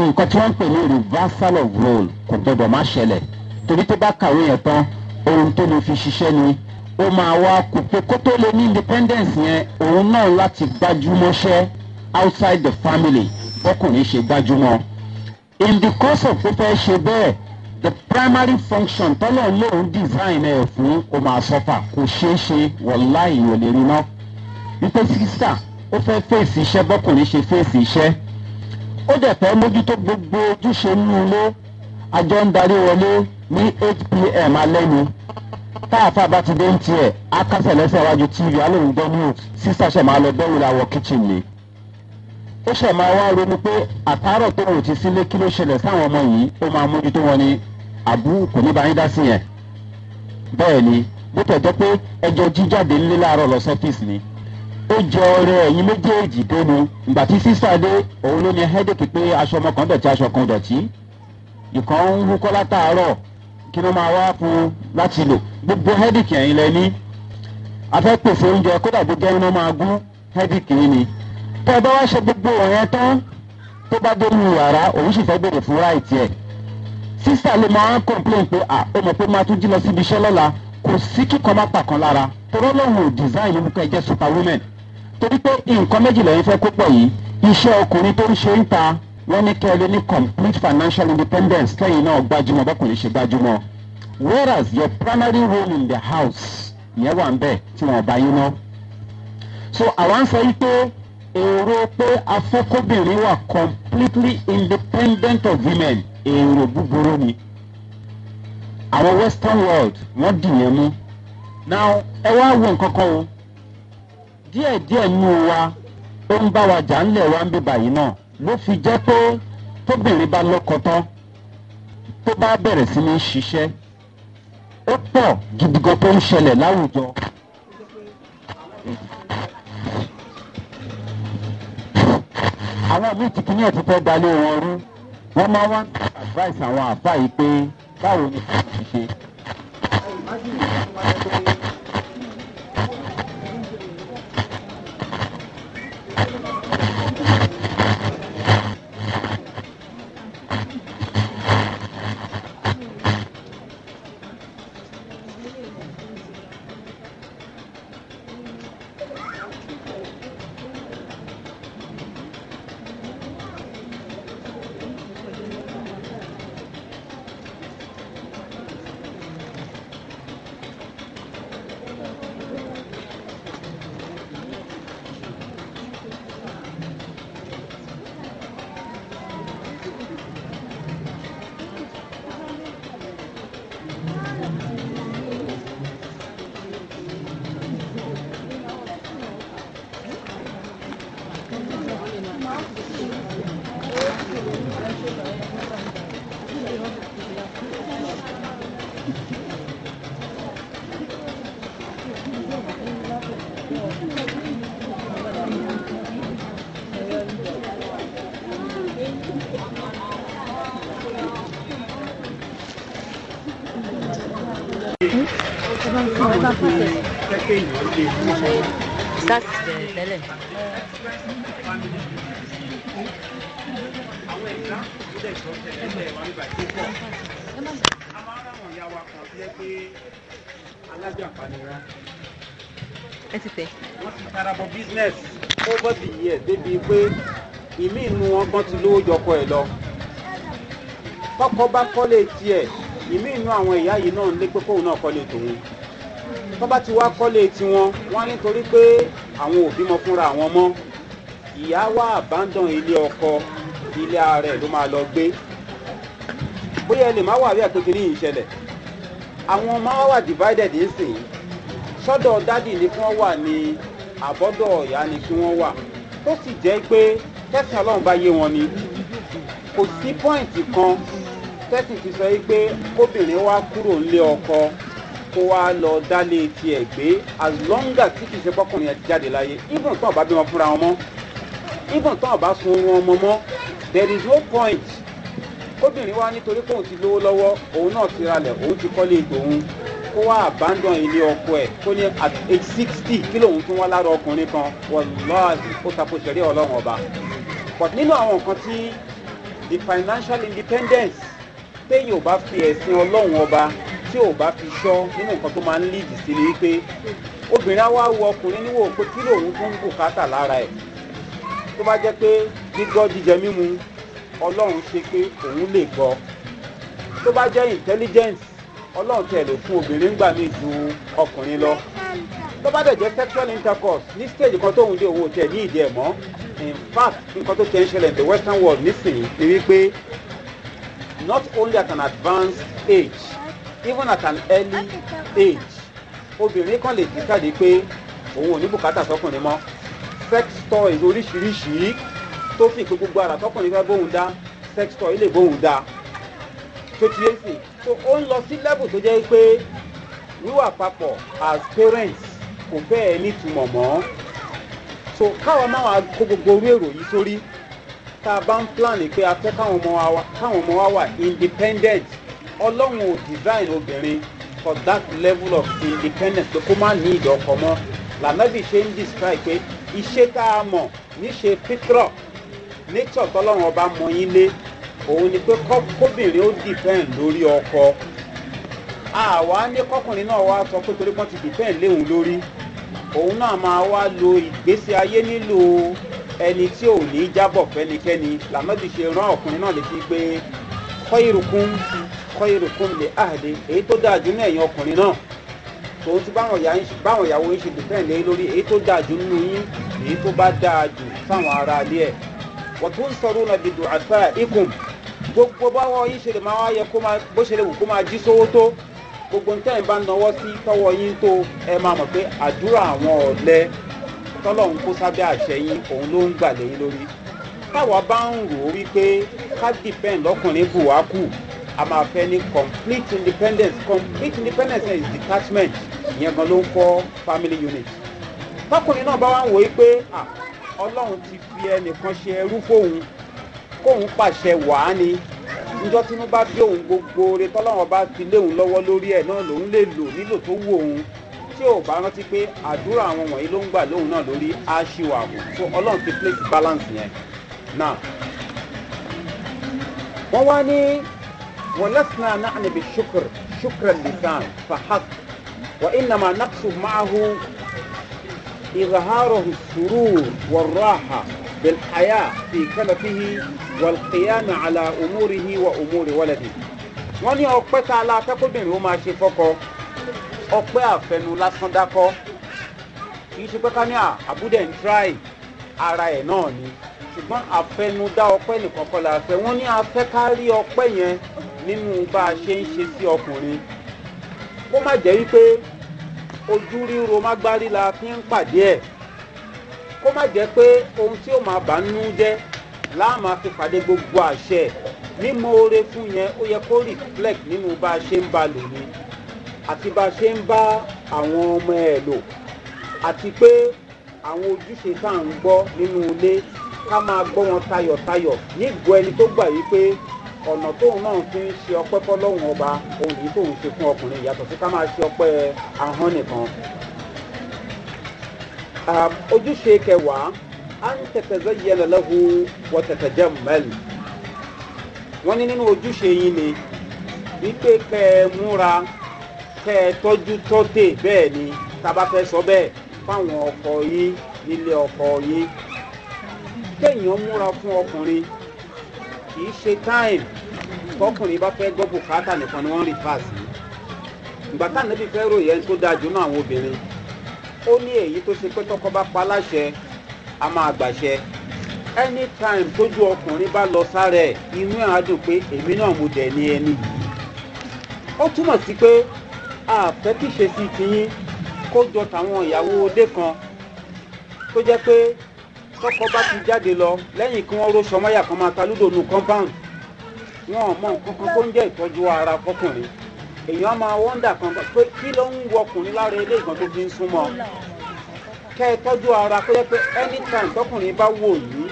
nǹkan tí wọ́n ń pè ní reversal of role kò gbọdọ̀ má ṣẹlẹ̀ torí tó bá kàwé yẹn tán ohun tó lè fi ṣiṣẹ́ ni ó máa wá kó kó tó lè ní independence yẹn òun náà láti gbájúmọ́ṣẹ́ outside the family bọ́kùnrin ṣe gbájúmọ́ in the course of pípẹ́ ṣe bẹ́ẹ̀ the primary function tọ́lọ̀ lóun design ẹ̀ fún ó máa sọ́fà kò ṣeé ṣe wọ̀láì ò lè rí náà wípé sísà ó fẹ́ fèsì iṣẹ́ bọ́kùnrin ṣe fèsì iṣẹ́ ó dẹ̀ fẹ́ mójútó gbogbo ojúṣe nínú ilé àjọ ń darí wọlé ní eight pm alẹ́ ni táàfà bá ti dé ń tiẹ̀ á kásẹ̀ lẹ́sẹ̀ iwájú tv alóhùn gbọ́ ní o sísà ṣẹ̀ máa lọ bẹ́rù làwọ̀ kíchìn ni ó ṣẹ̀ máa wá ronú pé àtàárọ̀ tó wò ti sílé kí ló ṣẹlẹ̀ sáwọn ọmọ yìí ó máa mójútó wọn ni àbú kò ní bá yín dá sí yẹn bẹ́ẹ̀ ni bó tẹ̀ jẹ́ pé ẹjọ́ jíjáde ńlẹ́ láàárọ̀ lọ sọ́fíìsì ni tó jẹ ọrẹ ẹ̀yin méjèèjì dénú ìgbà tí sísá dé òun ló ní hẹ́dẹ̀kì pé aṣọ ọmọ kan dọ̀tí aṣọ kan dọ̀tí ìkan ń húkọ́ látàárọ̀ kí ló máa wá fún un láti lò gbogbo hẹ́dẹ̀kì ẹ̀yin lẹ ní afẹ́ pèsè oúnjẹ kódà gbogbo ẹ̀yin náà máa gún hẹ́dẹ̀kì yín ni tẹ́ ẹ bá wá ṣe gbogbo ọ̀rẹ́ tán tó bá dé ní yàrá òun sì fẹ́ bèrè fún ráìtì ẹ̀ sísá ló máa ń complain pé à ó mọ̀ pé máa tún jí lọ síbi iṣẹ́ lọ́la kò sí kíkọ́ má pàkan lára torọ́lọ́hùn ò design orúkọ ẹ̀jẹ̀ superwoman torí pé nǹkan méjì lẹ́yìn fẹ́ kó pọ̀ yìí iṣẹ́ ọkùnrin tó ń ṣe ń ta wọ́n ní kẹ́ ní complete financial independence kẹ́yìn náà gbajúmọ̀ bọ́kùnrin ṣe gbajúmọ̀ whereas your primary role in the house ìyẹn wà ń bẹ̀ tí wọ́n bá yín ná. so àwọn ń sọ yìí pé èrò pé afẹ́kọ́bìnrin wà completely independent of women èrò búburú ni àwọn western world wọ́n dì yẹn mú now ẹ wá wo nǹkan kan o. díẹ̀ ẹ nínú wa ó ń bá wa jà ńlẹ̀ wa ń bí báyìí náà ló fi jẹ́ pé tóbìnrin bá lọ́kọ tán tó bá bẹ̀rẹ̀ sí ní ṣiṣẹ́ ó pọ̀ gidi gan tó ń ṣẹlẹ̀ láwùjọ. àwọn míì ti kí ní ẹ̀ fẹ́ dalé wọn rú wọ́n máa wá advice àwọn àbá yìí pé báwo ni kò ṣe. kan ti lówó jọkọ ẹ̀ lọ tọkọ bá kọ́lé tiẹ̀ ìmí inú àwọn ìyá yìí náà ń lé pé kóun náà kọ́lé tòun tó bá ti wá kọ́lé tiwọn wọn á nítorí pé àwọn òbí mọ fúnra àwọn mọ́ ìyá wa àbádàn ilé ọkọ ilé ààrẹ ló máa lọ gbé bóyá ẹ lè má wà bí àpèjì ní ìṣẹ̀lẹ̀ àwọn máa wà divided nísìnyí sọ́dọ̀ dádì ni kí wọ́n wà ní àbọ́dọ̀ ọ̀yá ni kí wọ́n wà tó sì jẹ́ pé tẹ́sán ọlọ́run bá yé wọn ni kò sí pọ́ìntì kan tẹ́sán ti sọ pé kóbìnrin wá kúrò ńlé ọkọ kó wá lọ dálé tiẹ̀ gbé as long as tí ṣe bọ́kùnrin jáde láyé even tó ọba bí wọn fúnra wọn mọ́ even tó ọba sun wọn mọ́ mọ́ there is no point kóbìnrin wá nítorí kóun ti lówó lọ́wọ́ òun náà ti ralẹ̀ òun ti kọ́lé tòun kó wá abandon ilé ọkọ ẹ̀ kó ní at age sixty kí lóun tún wá lára ọkùnrin kan wọ́n lọ́ọ́ ó takò sẹ́rí ọlọ́run ọba but nínú àwọn nǹkan tí the financial independence téèyàn ò bá fi ẹ̀sìn ọlọ́run ọba tí ò bá fi ṣọ́ nínú nǹkan tó máa ń líìdì sí ni wípé obìnrin á wo ọkùnrin níwò pé kí lòun fún bùkátà lára ẹ̀ tó bá jẹ́ pé gbígbọ́ jíjẹ mímu ọlọ́run ṣe pé òun lè gbọ́ tó bá jẹ́ intelligence ọlọ́run tẹ̀ lè fún obìnrin gbà mí ju ọkùnrin lọ tó bá dẹ̀ jẹ́ sexual intercourse ní stage kan tóun dé owó tẹ̀ ní ìdí ẹ̀ mọ́ in fact nǹkan tó ti ń ṣẹlẹ̀ in the western world nísìnyí ni wípé not only at an advanced age even at an early age obìnrin kan lè dìkàdé pé òun ò ní bùkátà sọkùnrin mọ́ sex toys oríṣiríṣi tó fi ìpín gbogbo ara tọkùnrin fẹ́ bóun dá sex toy lè bóun dá tó ti yé sí so ó ń lọ sí level tó jẹ́ pé wíwà papọ̀ as parents kò fẹ́ ẹ nítumọ̀ mọ́ so káwọn máa wá kó gbogbo orú èrò yìí sórí tá a bá ń plan pé a fẹ́ káwọn ọmọ wa wà independent ọlọ́run ò design obìnrin for that level of independence pé kó má ní ìdí ọkọ mọ́ lànàbì ṣe ń describe pé iṣẹ́ tá a mọ̀ níṣe pétrọ̀ nature tọ́lọ́run ọba mọ yín lé òun ni pé kóbìnrin ó depend lórí ọkọ àwa ní kọkùnrin náà wá sọ pé torí wọ́n ti depend léhùn lórí òun náà máa wá lo ìgbésí ayé nílò ẹni tí ò ní jábọ̀ fẹ́nikẹ́ni làmọ́dì ṣe rán ọkùnrin náà létí pé kọ́ ìrùkún kọ́ ìrùkún lè àdé èyí tó dáa jù náà ẹ̀yìn ọkùnrin náà tòun ti báwọn ìyàwó yín ṣe dùfẹ́ǹ lé lórí èyí tó dáa jù nínú yín èyí tó bá dáa jù fáwọn ará ilé ẹ̀ wọ́n tó sọ̀rọ̀ náà dìdò àfẹ́ ikùn gbogbo báwọn yín ṣe lè máa wá yẹ kó máa bó ṣe lè wù kó máa jí sówó tó gbogbo nǹkan ìbá náwó sí tọwọ́ yín tó ẹ máa mọ̀ pé àdúrà àwọn ọ̀lẹ́ tọ́lọ́hún kó sábẹ́ àṣẹ yín òun ló ń gbà lẹ́yìn lórí táwa bá ń rò ó wípé ká dìpẹ́ǹ lọ́kùnrin a máa fẹ́ ní complete independence complete independence is detachment ìyẹn gan ló ń kọ́ family unit tọkùnrin náà bá wà ń wò ọlọ́run ti fi ẹnìkan ṣe ẹrú fóun kóun pàṣẹ wàá ni njọ́ tínú bá bí òun gbogbo re tọ́lọ́wọ́n bá ti léun lọ́wọ́ lórí ẹ̀ náà lòun lè lò nílò tó wù òun tí ò bá rántí pé àdúrà àwọn wọ̀nyí ló ń gbà lóun náà lórí aṣíwò ààbò so ti play balance yẹn now wọ́n wá ní wọ́n lẹ́sìn náà náà níbi ṣukr ṣukr lisan fahad wà ìnàmà naqṣu máa hu sùúrù wọ́n ráhà. بالحياة في كلفه والقيام على أموره وأمور ولده wọ́n ní ọpẹ́ tá a la akẹ́kọ̀ọ́bìnrin ó máa ṣe fọ́kọ ọpẹ́ àfẹnu lásán dákọ́ kìí ṣe pé ká ní àbúdẹ̀ ń tíráì ara ẹ̀ náà ni ṣùgbọ́n àfẹnu dá ọpẹ́ nìkan kọ́ la fẹ́ wọ́n ní afẹ́ ká rí ọpẹ́ yẹn nínú bá a ṣe ń ṣe sí ọkùnrin kó má jẹ́ wípé ojú ríro má gbárí la fi ń pàdé ẹ̀ kó má jẹ́ pé ohun tí ó máa bà ń nú jẹ́ láàmú fi pàdé gbogbo àṣẹ mímọ oore fún yẹn ó yẹ kó reflect nínú bá a ṣe ń ba lò ní àti bá a ṣe ń bá àwọn ọmọ ẹ lò àti pé àwọn ojúṣe tá à ń gbọ́ nínú ilé ká máa gbọ́ wọn tayọ̀tayọ̀ nígbọ́ ẹni tó gbà yìí pé ọ̀nà tóun náà fi ń ṣe ọpẹ́ fọlọ́hún ọba òun yìí tóun ṣe fún ọkùnrin yàtọ̀ sí ká máa ṣe ọpẹ́ ahọ́n nìkan. Um, ojúṣe kẹwàá an tẹ̀tẹ̀zẹ́ yẹlẹ̀ lẹ́hu wọ́n tẹ̀tẹ̀ jẹ́ mẹ́lì wọ́n ní nínú ojúṣe yín ni wípé kẹ́ ẹ múra kẹ́ ẹ tọ́jú tọ́tẹ̀ bẹ́ẹ̀ ni tábà fẹ́ sọ bẹ́ẹ̀ fáwọn ọkọ yín nílé ọkọ yín kéèyàn múra fún ọkùnrin kì ṣe táìmù tọkùnrin bá fẹ́ gbọ́ bùkátà nìkan ni wọ́n rí fáàsì ìgbà táà níbi ròyìn ẹni tó dáa jù náà àwọn obìnrin ó ní èyí tó ṣe pé tọkọ bá pa láṣẹ a máa gbàṣẹ anytime tójú ọkùnrin bá lọ sára ẹ inú ẹ á dùn pé èmi náà mo dẹ̀ ní ẹni yìí ó túmọ̀ sí pé àfẹ́kíṣe sí tiyín kó jọ tàwọn ìyàwó odé kan tó jẹ́ pé tọkọ bá ti jáde lọ lẹ́yìn kí wọ́n róṣọ mọ́yà kan máa ta lúdò nu compound wọn ò mọ nǹkan kan tó ń jẹ́ ìtọ́jú ara fọkùnrin èèyàn máa wọ́ndà kan pé kí ló ń wọkùnrin lára ilé ìkan tó fi ń súnmọ́ kẹ́ ẹ tọ́jú ara pé pé anytime tọkùnrin bá wò yín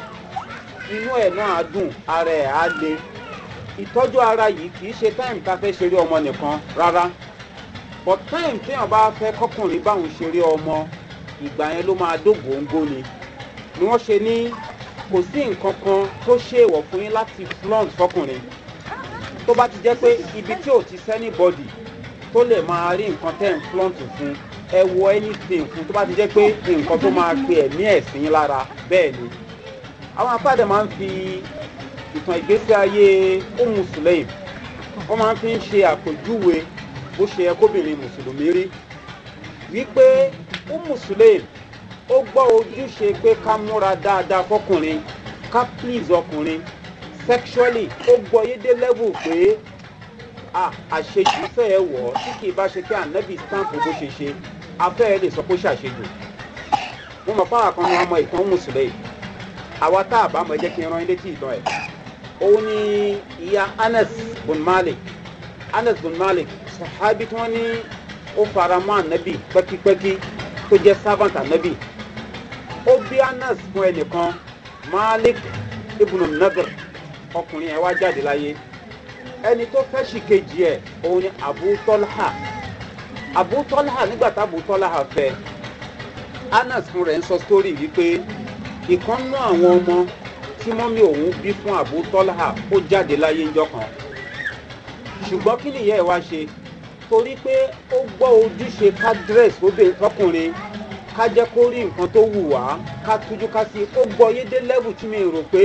inú ẹ̀ náà á dùn ara ẹ̀ á le ìtọ́jú ara yìí kì í ṣe time tá a fẹ́ ṣeré ọmọ nìkan rárá but time téèyàn bá fẹ́ kọkùnrin báwọn ṣeré ọmọ ìgbà yẹn ló máa dógóńgó ni ni wọ́n ṣe ní kò sí nǹkan kan tó ṣèwọ̀ fún yín láti flaunt fọkùnrin tó bá ti jẹ́ pé ibi tí ò ti sẹ́ni bọ́dì tó lè máa rí nǹkan tẹ́ ń flọ́ǹtì fún ẹ wo anything fún tó bá ti jẹ́ pé nǹkan tó máa pe ẹ̀mí ẹ̀sìn lára bẹ́ẹ̀ ni àwọn afáàdà máa ń fi ìtàn ìgbésí ayé ohun sùlẹ̀m wọ́n máa ń fi ń ṣe àpèjúwe bó ṣe yẹ kóbìnrin mùsùlùmí rí wípé ohun sùlẹ̀m ó gbọ́ ojúṣe pé ká múra dáadáa fọkùnrin ká please ọkùnrin sexually ó gbọ́ yé dé level pé àṣejù fẹ́ẹ́ wọ̀ ọ́ tí kì í bá ṣe kí ànábì stamp bó ṣe ṣe afẹ́ẹ́ lè sọ pé ó ṣàṣejù mo mọ̀ fáwọn àkànní ọmọ ìtàn mùsùlùmí àwa tá a bá mọ̀ jẹ́ kí n ran ilé tí ìtàn ẹ̀ òun ni ìyá anas bin malik anas bin malik sahabi tí wọ́n ní ó fara mọ́ ànábì pẹ́kípẹ́kí tó jẹ́ servant ànábì ó bí anas fún ẹnìkan malik ibùnú nadir ọkùnrin yẹn wá jáde láyé ẹni tó fẹ́ sì kejì ẹ̀ òun ni abutọ́lá abutọ́lá nígbà tá abutọ́lá fẹ́ anas fún rẹ̀ ń sọ sítórì wípé ìkànnú àwọn ọmọ tí mọ́mí òun bí fún abutọ́lá ó jáde láyé ńjọ kan ṣùgbọ́n kí nìyẹn ẹ̀ wá ṣe torí pé ó gbọ́ ojúṣe ká dírẹ́sì obìnrin fọkùnrin ká jẹ́ kó rí nǹkan tó wù wá ká tújú ká sí ó gbọ́ yédé lẹ́bù tí mi rò pé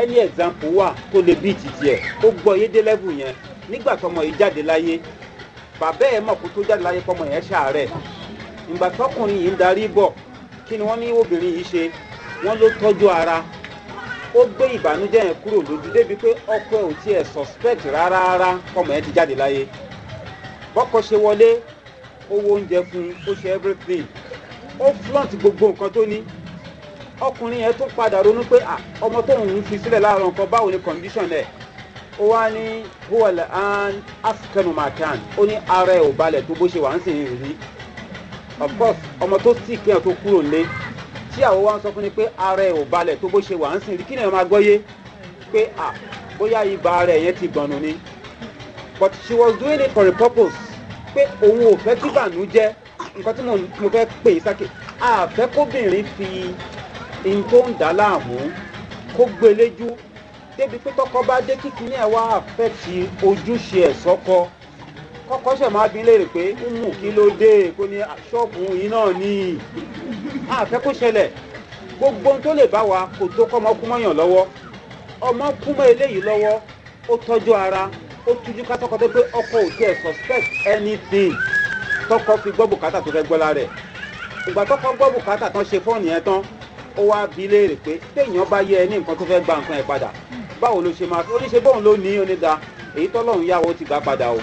ẹni ẹ̀gbáǹpù wà tó lè bí ìtìtì ẹ̀ ó gbọ́ yédélẹ́bù yẹn nígbà tọmọ yìí jáde láyé bàbá ẹ̀ mọ̀ kó tó jáde láyé pọ́mọ yẹn ṣàárẹ̀ ìgbà tọkùnrin yìí ń darí bọ̀ kí ni wọ́n ní obìnrin yìí ṣe wọ́n ló tọ́jú ara ó gbé ìbànújẹ́ yẹn kúrò lójú débi pé ọkọ ẹ̀ ò tiẹ̀ suspect rárá rárá pọ́mọ yẹn ti jáde láyé bọ́kọ ṣe wọlé owó oúnjẹ fún ó ṣe everything ó flaunt gbogbo nǹkan tó ní ọkùnrin yẹn tún padà ronú pé ọmọ tóun ń fi sílẹ̀ láàárọ̀ nǹkan báwo ni condition ẹ̀ ó wá ní huwala an askanu makan ó ní ara ẹ̀ ò balẹ̀ tó bó ṣe wà ń sìn yìí rí of course ọmọ tó sì kéèyàn tó kúrò lé tí àwọn wa ń sọ fún ni pé ara ẹ̀ ò balẹ̀ tó bó ṣe wà ń sìn rí kí ni ẹ̀ máa gbọ́yé pé à bóyá ibà ara yẹn ti gbọ̀nù ni but she was doing it for a purpose pé òun ò fẹ́ kí jẹ́ nǹkan tí mo fẹ́ pè é sákè àfẹ́kóbìnrin fi n ń dá láàmú kó gbé e léjú débi pé tọkọ bá dé kíkiní ẹ wá àfẹ́tì ojúṣe ẹ̀ sọ́kọ kọ́kọ́ ṣẹ̀ máa bí léèrè pé mú kí ló dé kó ní ṣọ́ọ̀bù yìí náà ní àfẹ́ kó ṣẹlẹ̀ gbogbo ohun tó lè bá wa kò tó kọ́ ọmọ kú mọ́yàn lọ́wọ́ ọmọ kú mọ́ eléyìí lọ́wọ́ ó tọ́jú ara ó tújú ká tọkọ tó pé ọkọ ò tiẹ̀ suspect anything tọkọ fi gbọ́ bùkátà tó fẹ́ gbọ́ lára ẹ̀ ìgbà tọkọ gbọ́ bùkátà tán ṣe fọ́ọ̀nù yẹn tán ó wá bi léèrè pé téèyàn bá yẹ ẹ ní nǹkan tó fẹ́ gba nǹkan ẹ̀ padà báwo ló ṣe máa fi oníṣe bóun ló ní onídàá èyí tọ́lọ́run yáwó ti gbà padà o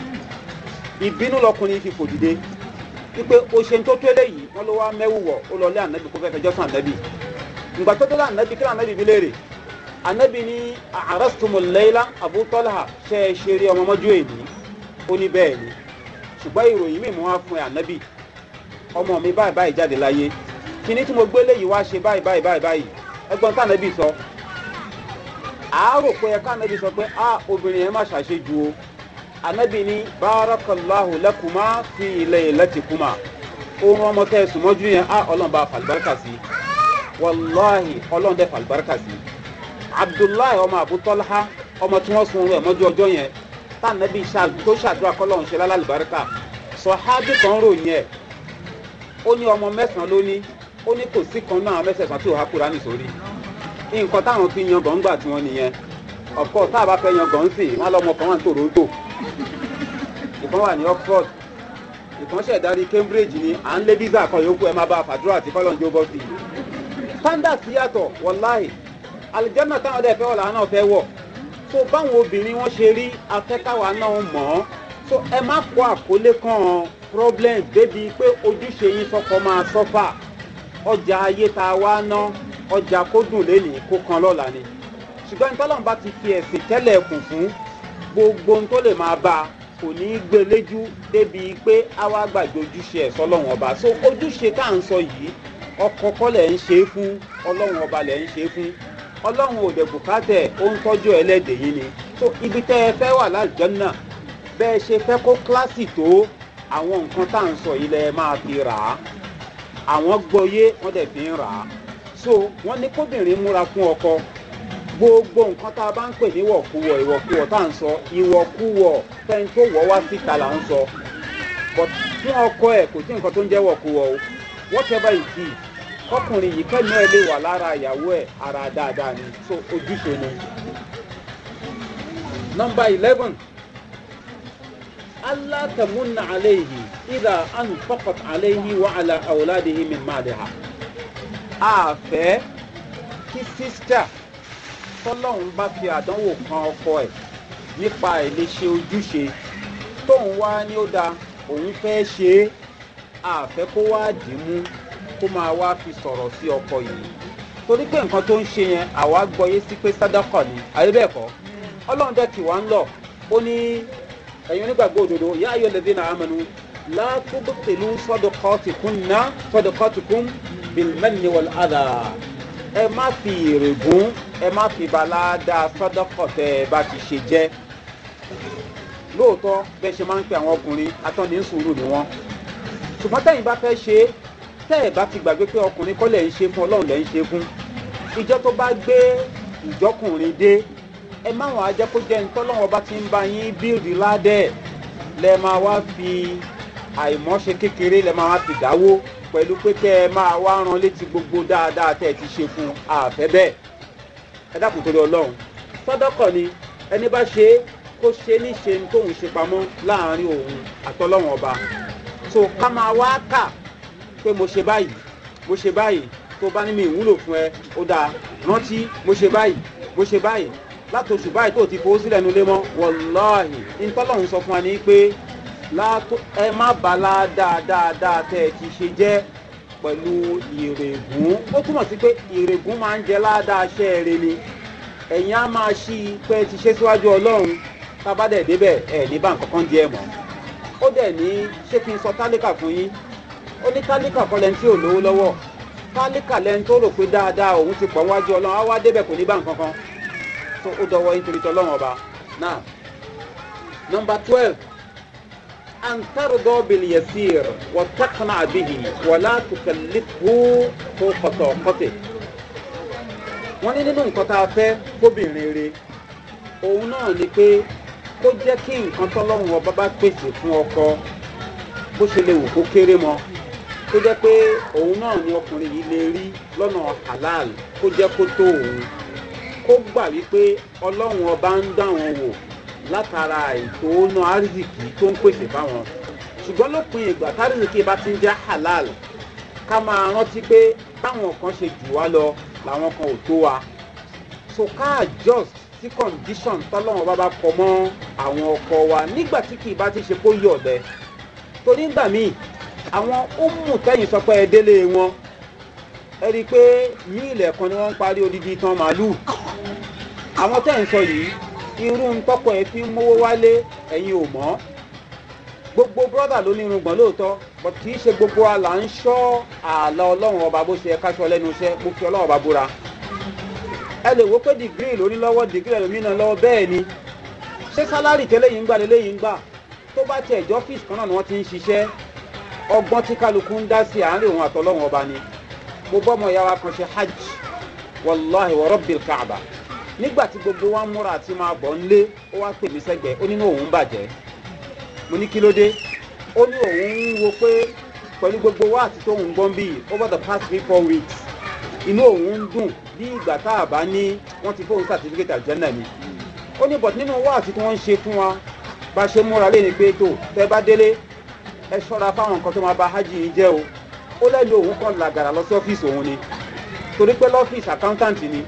ìbínú lọkùnrin fi fò dìde wípé o ṣe ń tó tó eléyìí wọn ló wá mẹ́wùwọ̀ ó lọ lé ànábì kó fẹ́ fẹjọ́ sùn ànábì ìgbà tó tó lé ànábì kí ànábì bí léèrè ànábì ní àrẹ́sùtùmùlẹ́lá àbútọ́lá ṣe é ṣeré ọmọ mọ́jú èdè ó ní bẹ́ẹ̀ ni ṣùgbọ́n ìròyìn mímu wá fún ànábì ọmọ mi báyìí báyìí jáde láyé kíní tí mo gbé léyìí wá ṣe báyìí báyìí báyìí báyìí ẹgbọn tá ànábì sọ àárò pé ẹka ànábì sọ pé a obìnrin yẹn má ṣàṣe ju o ànábì ní bárakàláhù lẹkùnmá sí ilẹ̀ ìlẹ́tìkùmá ohun ọmọ tẹ ẹsùn mọ́jú yẹn a ọlọ́run bá fàlùbáríkà sí wàláhì ọlọ́run dẹ fàlùbáríkà sí abdullahi ọmọ abutọ́lá ọmọ tí wọ́n sun ẹ̀ mọ́jú ọjọ́ yẹn tá ànábì tó ṣàdúrà kọ́lọ́run ṣe lálàlùbáríkà sọ̀hábì ó ní ọmọ mẹ́sàn-án lónìí ó ní kò sí kan náà mẹ́sẹ̀ kan tí ò ha kúra nìsórí nǹkan táwọn fi yan gàngbà tí wọ́n nìyẹn ọ̀pọ̀ tá a bá fẹ́ yan gànsì wọ́n lọ́mọ kan wà ní toronto ìkan wà ní oxford ìkan ṣẹ̀dárí cambridge ni à ń lé visa kan yòókù ẹ máa bá a fàdúrà àti kọ́lọ́njó bọ́ sí i standard yàtọ̀ wọláì alìjẹ́nà táwọn ọdẹ fẹ́ wọ̀ làwọn náà fẹ́ wọ̀ so báwọn obìnrin wọn ṣe rí afẹ́káwa náà mọ̀ ọ́ so ẹ má kó àkólé kan problem débi pé ojúṣe yín sọkọ máa sọ́fà. So, ọjà ayé tá a wá ná ọjà kó dùn lénìí kó kan lọ́la ni ṣùgbọ́n ìtọ́lọ́run bá ti fi ẹ̀sìn tẹ́lẹ̀ kùn fún gbogbo ohun tó lè máa bá a kò ní í gbé léjú débi pé a wá gbàgbé ojúṣe ẹ̀ sọ́lọ́run ọba so ojúṣe tá à ń sọ yìí ọkọ̀ọ̀kọ́ lẹ̀ ń ṣe é fún ọlọ́run ọba lẹ̀ ń ṣe é fún ọlọ́run òde bùkátẹ̀ ó ń tọ́jú ẹlẹ́dẹ̀ yìí ni so ibi tẹ́ ẹ fẹ́ wà lálùjọ́nà bẹ́ẹ̀ ṣe fẹ́ kó kíláàsì tó àwọn nǹkan tá à ń sọ yìí lẹ máa fi rà á àwọn gbọ́yé wọ́n dẹ̀ fi ń rà á so wọn ní kóbìnrin múra fún ọkọ gbogbo nǹkan tá a bá ń pè ní ìwọkúwọ ìwọ̀kúwọ̀ tá à ń sọ ìwọ̀kúwọ̀ wá síta là ń sọ fún ọkọ ẹ kò sí nǹkan tó ń o whatever it is kọkùnrin yìí lè wà lára ara dáadáa ni so ojúṣe ni. number eleven. alátàmúnà àléyìí ìdá ànfọ́kọ̀t àléyìí wà àlà àwòládìí mi máa lè ha. àfẹ́ kí sísítà tọ́lọ́run bá fi àdánwò kan ọkọ ẹ̀ nípa àìlèṣe ojúṣe tóun wá ní ó da òun fẹ́ ṣe é àfẹ́ kó wá dì í mú kó máa wá fi sọ̀rọ̀ sí ọkọ yìí torí pé nǹkan tó ń ṣe yẹn àwa gbọ́yé sí pé sádọ́kọ̀ ni àyè ọlọ́run dẹ́ wá ń lọ ó ní ẹ̀yin onígbàgbọ́ òdodo yá ayọ̀ lẹ́dí náà amẹnu látúbù tèlú sọ́dọ̀kọ́tìkún ná sọ́dọ̀kọ́tìkún bìlmẹ́ni wọ̀l àdà ẹ má fi èrè gún ẹ má fi balada sọ́dọ̀kọ̀tẹ̀ bá ti ṣe jẹ́ lóòótọ́ bẹ́ẹ̀ ṣe máa ń pe àwọn ọkùnrin atọ́ni ń sùúrù ni wọ́n ṣùgbọ́n tẹ́yìn bá fẹ́ ṣe tẹ́ ẹ̀ bá ti gbàgbé pé ọkùnrin kọ́ lẹ̀ ń ṣe fún ọlọ́run lẹ̀ ń ṣe fún ìjọ tó bá gbé ìjọkùnrin dé ẹ má wọn ajẹ́ kó jẹ́ nǹkan lọ́wọ́ bá ti ń ba yín bíìrì ládẹ́ lẹ máa wá fi àìmọ́ṣe kékeré lẹ máa wá fi dáwó pẹ̀lú pé kẹ́ ẹ máa wá ran létí gbogbo dáadáa tẹ́ ẹ ti ṣe fún àfẹ́ bẹ́ẹ̀ ẹ dákun torí ọlọ́run sọ́dọ́kọ̀ ni ẹni bá ṣe é kó ṣe ní ṣe ní tóun ṣe pamọ́ láàrin òun àtọ́lọ́wọ̀n ọba so ká máa wá kà pé mo ṣe báyìí mo ṣe báyìí tó bá ní mi ìwúlò fún ẹ ó dáa rántí mo ṣe báyìí mo ṣe báyìí láti oṣù báyìí tó ti fowó sílẹ̀ nulẹ̀ mọ́ wọláhì ntọ́lọ́run sọ fún wa ní pé ẹ má bala dáadáa tẹ́ ẹ ti ṣe jẹ́ pẹ̀lú ìrègùn ó túmọ̀ sí pé ìrègùn máa ń jẹ ládàá ṣẹ́ ẹ̀rẹ́ ni ẹ̀yin á máa ṣí i pé ti ṣe síwájú ọlọ́run tábà dẹ̀ débẹ̀ ẹ̀ ní bá nǹkan kan di ẹ̀ mọ́ ó dẹ̀ ní ṣé kí n sọ tálíkà fún yín ó ní tálíkà kọ́ lẹ́ni tí ò lówó lọ́wọ́ tálíkà lẹ́ni tó rò pé dáadáa òun ti pọ̀ wájú ọlọ́run á wá débẹ̀ kò ní bá nǹkan kan tó ó dọwọ́ yín torí tọ́lọ́wọ́n ọba náà nọmba twelve antarudọ biliyasir wọ takana abihi wọlá tukalifu tó kọtọ kọtẹ wọn ní nínú nǹkan tá a fẹ́ kóbìnrin re òun náà ni pé kó jẹ́ kí nǹkan tọ́lọ́run ọba bá pèsè fún ọkọ bó ṣe lè wù kó kéré mọ́ kó jẹ́ pé òun náà ni ọkùnrin yìí lè rí lọ́nà halal kó jẹ́ kó tó òun kó gbà wípé ọlọ́run ọba ń dá wọn wò látara ìtòónà arzikì tó ń pèsè fáwọn ṣùgbọ́n lópin ìgbà táríṣìkì bá ti ń já halal ká máa rántí pé táwọn kan ṣe jù wá lọ làwọn kan ò tó wa so ká adjust sí condition tọ́lọ́wọ́n bá bá kọ mọ́ àwọn ọkọ̀ wa nígbà tí kì í bá ti ṣe kó yọ̀ọ̀dẹ torí ńgbà míì àwọn ó mú tẹ́yìn sọ ẹ délé wọn ẹ̀rí pé ní ilẹ̀ kan ni wọ́n ń parí odidi tán màálùú àwọn tẹ́ ń sọ yìí irú ń tọ́kọ ẹ̀ fi ń mówó wálé ẹ̀yin ò mọ́ gbogbo brọ́dà ló ní irungbọ̀n lóòótọ́ but kì í ṣe gbogbo àlà ń ṣọ́ ààlà ọlọ́run ọba bó ṣe ẹ̀ka ṣọ lẹ́nu iṣẹ́ mo fi ọlọ́run ọba búra ẹ lè wo pé dìgírì lórí lọ́wọ́ dìgírì ẹlòmíràn lọ́wọ́ bẹ́ẹ̀ ni ṣé sálárì tẹ́lẹ̀ yìí ń gbà lélẹ́ yìí ń gbà tó bá tiẹ̀ jọ́ kan náà ni wọ́n ti ń ṣiṣẹ́ ọgbọ́n tí kálukú ń dá sí àárín òun àtọ́lọ́run ọba ni mo bọ́mọ ìyá wa kan ṣe hajj wàláhi wọ́n rọ́bì káàbà nígbà tí gbogbo wa ń múra àti máa bọ̀ ńlé ó wá pè mí sẹ́gbẹ̀ẹ́ ó nínú òun bàjẹ́ mo ní kí ló dé ó ní òun ń wo pé pẹ̀lú gbogbo wa àti tóun gbọ́n bíi over the past three four weeks inú òun ń dùn bí ìgbà tá a bá ní wọ́n ti fóun certificate àjẹ́nà ni ó ní bọ̀t nínú wa àti tí wọ́n ń ṣe fún wa bá ṣe múra lé ní pé tó tẹ́ bá délé ẹ ṣọ́ra fáwọn nǹkan tó máa ba hajj yìí jẹ́ o ó lẹ́nu òun kan làgàrà lọ sí ọ́fíìsì òun ni torí pé lọ́fíìsì accountant ni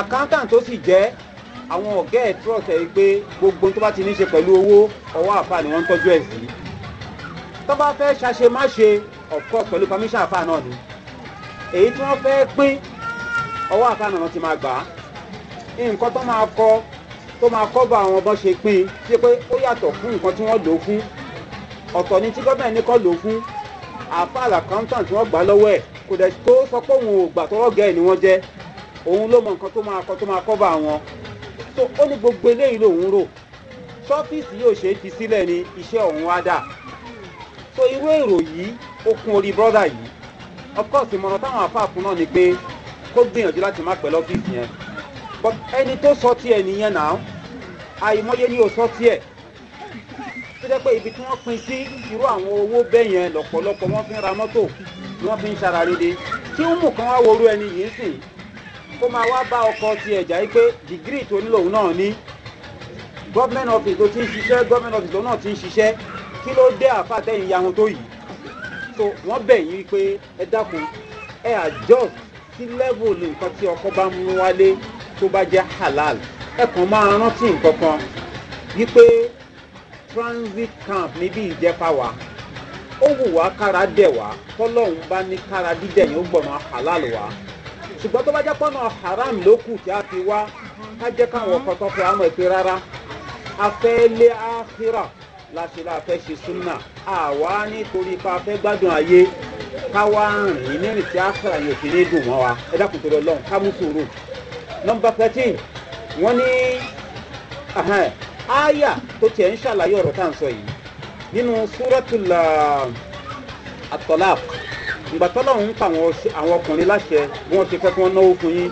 accountant tó sì jẹ́ àwọn ọ̀gá ẹ̀ trust ẹ̀ pé gbogbo tó bá ti ní ṣe pẹ̀lú owó ọwọ́ àfa ni wọ́n ń tọ́jú ẹ̀ sí tó bá fẹ́ ṣàṣe má ṣe of course pẹ̀lú permission àfa náà ni èyí tí wọ́n fẹ́ pín ọwọ́ àfa náà ti máa gbà á nǹkan tó máa kọ tó máa kọ́ bá àwọn bọ́n ṣe pín in ṣe pé ó yàtọ̀ fún nǹkan tí wọ́n lò ó fún ọ̀tọ̀ ni tí gọ́ọ̀mẹ̀ ní kọ́ lò ó fún àfa àlàkàntàn tí wọ́n gbà lọ́wọ́ ẹ̀ kò dẹ̀ tó sọ pé òun ò gbà tọ́rọ́ gẹ̀ ni wọ́n jẹ́ òun ló mọ nǹkan tó máa kọ tó máa kọ́bà wọn tó ó ní gbogbo eléyìí lòun rò ṣọ́fíìsì yóò ṣe é ti sílẹ̀ ni iṣẹ́ òun wá dà so irú èrò yìí ó kún orí brọ́dà yìí of course ìmọ̀ràn táwọn afáàfún náà ni pé kó gbìyànjú láti má pẹ́ lọ́fíìsì yẹn but ẹni tó sọ tiẹ̀ nìyẹn náà àìmọye ni ò sọ tiẹ̀ tó jẹ́ pé ibi tí wọ́n pin sí irú àwọn owó bẹ́ẹ̀ yẹn lọ́pọ̀lọpọ̀ wọ́n fi ń ra mọ́tò wọ́n fi ń ṣara rere tí ń mú kan wá worú ẹni yìí ń sìn kó máa wá bá ọkọ ti ẹ̀já yìí pé dìgírì tó nílò òun náà ní gọ́ọ̀mẹ̀ntì ọ̀fíìsì tó ti ń ṣiṣẹ́ gọ́ọ̀mẹ̀ntì ọ̀fíìsì tó náà ti ń ṣiṣẹ́ kí ló dé àfa àtẹ̀yìn yahun tó yìí so wọ́n bẹ̀ yín pé ẹ dákun ẹ adjust sí level nǹkan tí ọkọ bá mú wálé tó bá jẹ́ halal ẹ kàn máa rántí nǹkan kan wípé transit camp níbi ìjẹpa wa ó wù wá kára dẹ̀ wá tọ́lọ́run bá ní kára dídẹ̀ yẹn ó gbọ̀nà halal wa ṣùgbọ́n tó bá jẹ́ pọ́nà haram ló kù tí a fi wá ká jẹ́ káwọn ọkọ̀ tó fi àmọ̀ ìpè rárá afẹ́lẹ́ áhírà láti la fẹ́ ṣe súnà àwa nítorí ipa fẹ́ gbádùn ayé káwa rìn nírìn tí áhírà yóò fi ní dùn mọ́ wa ẹ dákun tó lọ lọ́hùn ká mú sòrò nọmba thirteen wọ́n ní áyà tó tiẹ̀ ń ṣàlàyé ọ̀rọ̀ tá à ń sọ yìí nínú súrọ́tùlà àtọ́láàpù uh, ìgbà tọ́lọ̀ ń pa àwọn ọkùnrin láṣẹ bí wọ́n ti fẹ́ kí wọ́n náwó fún yín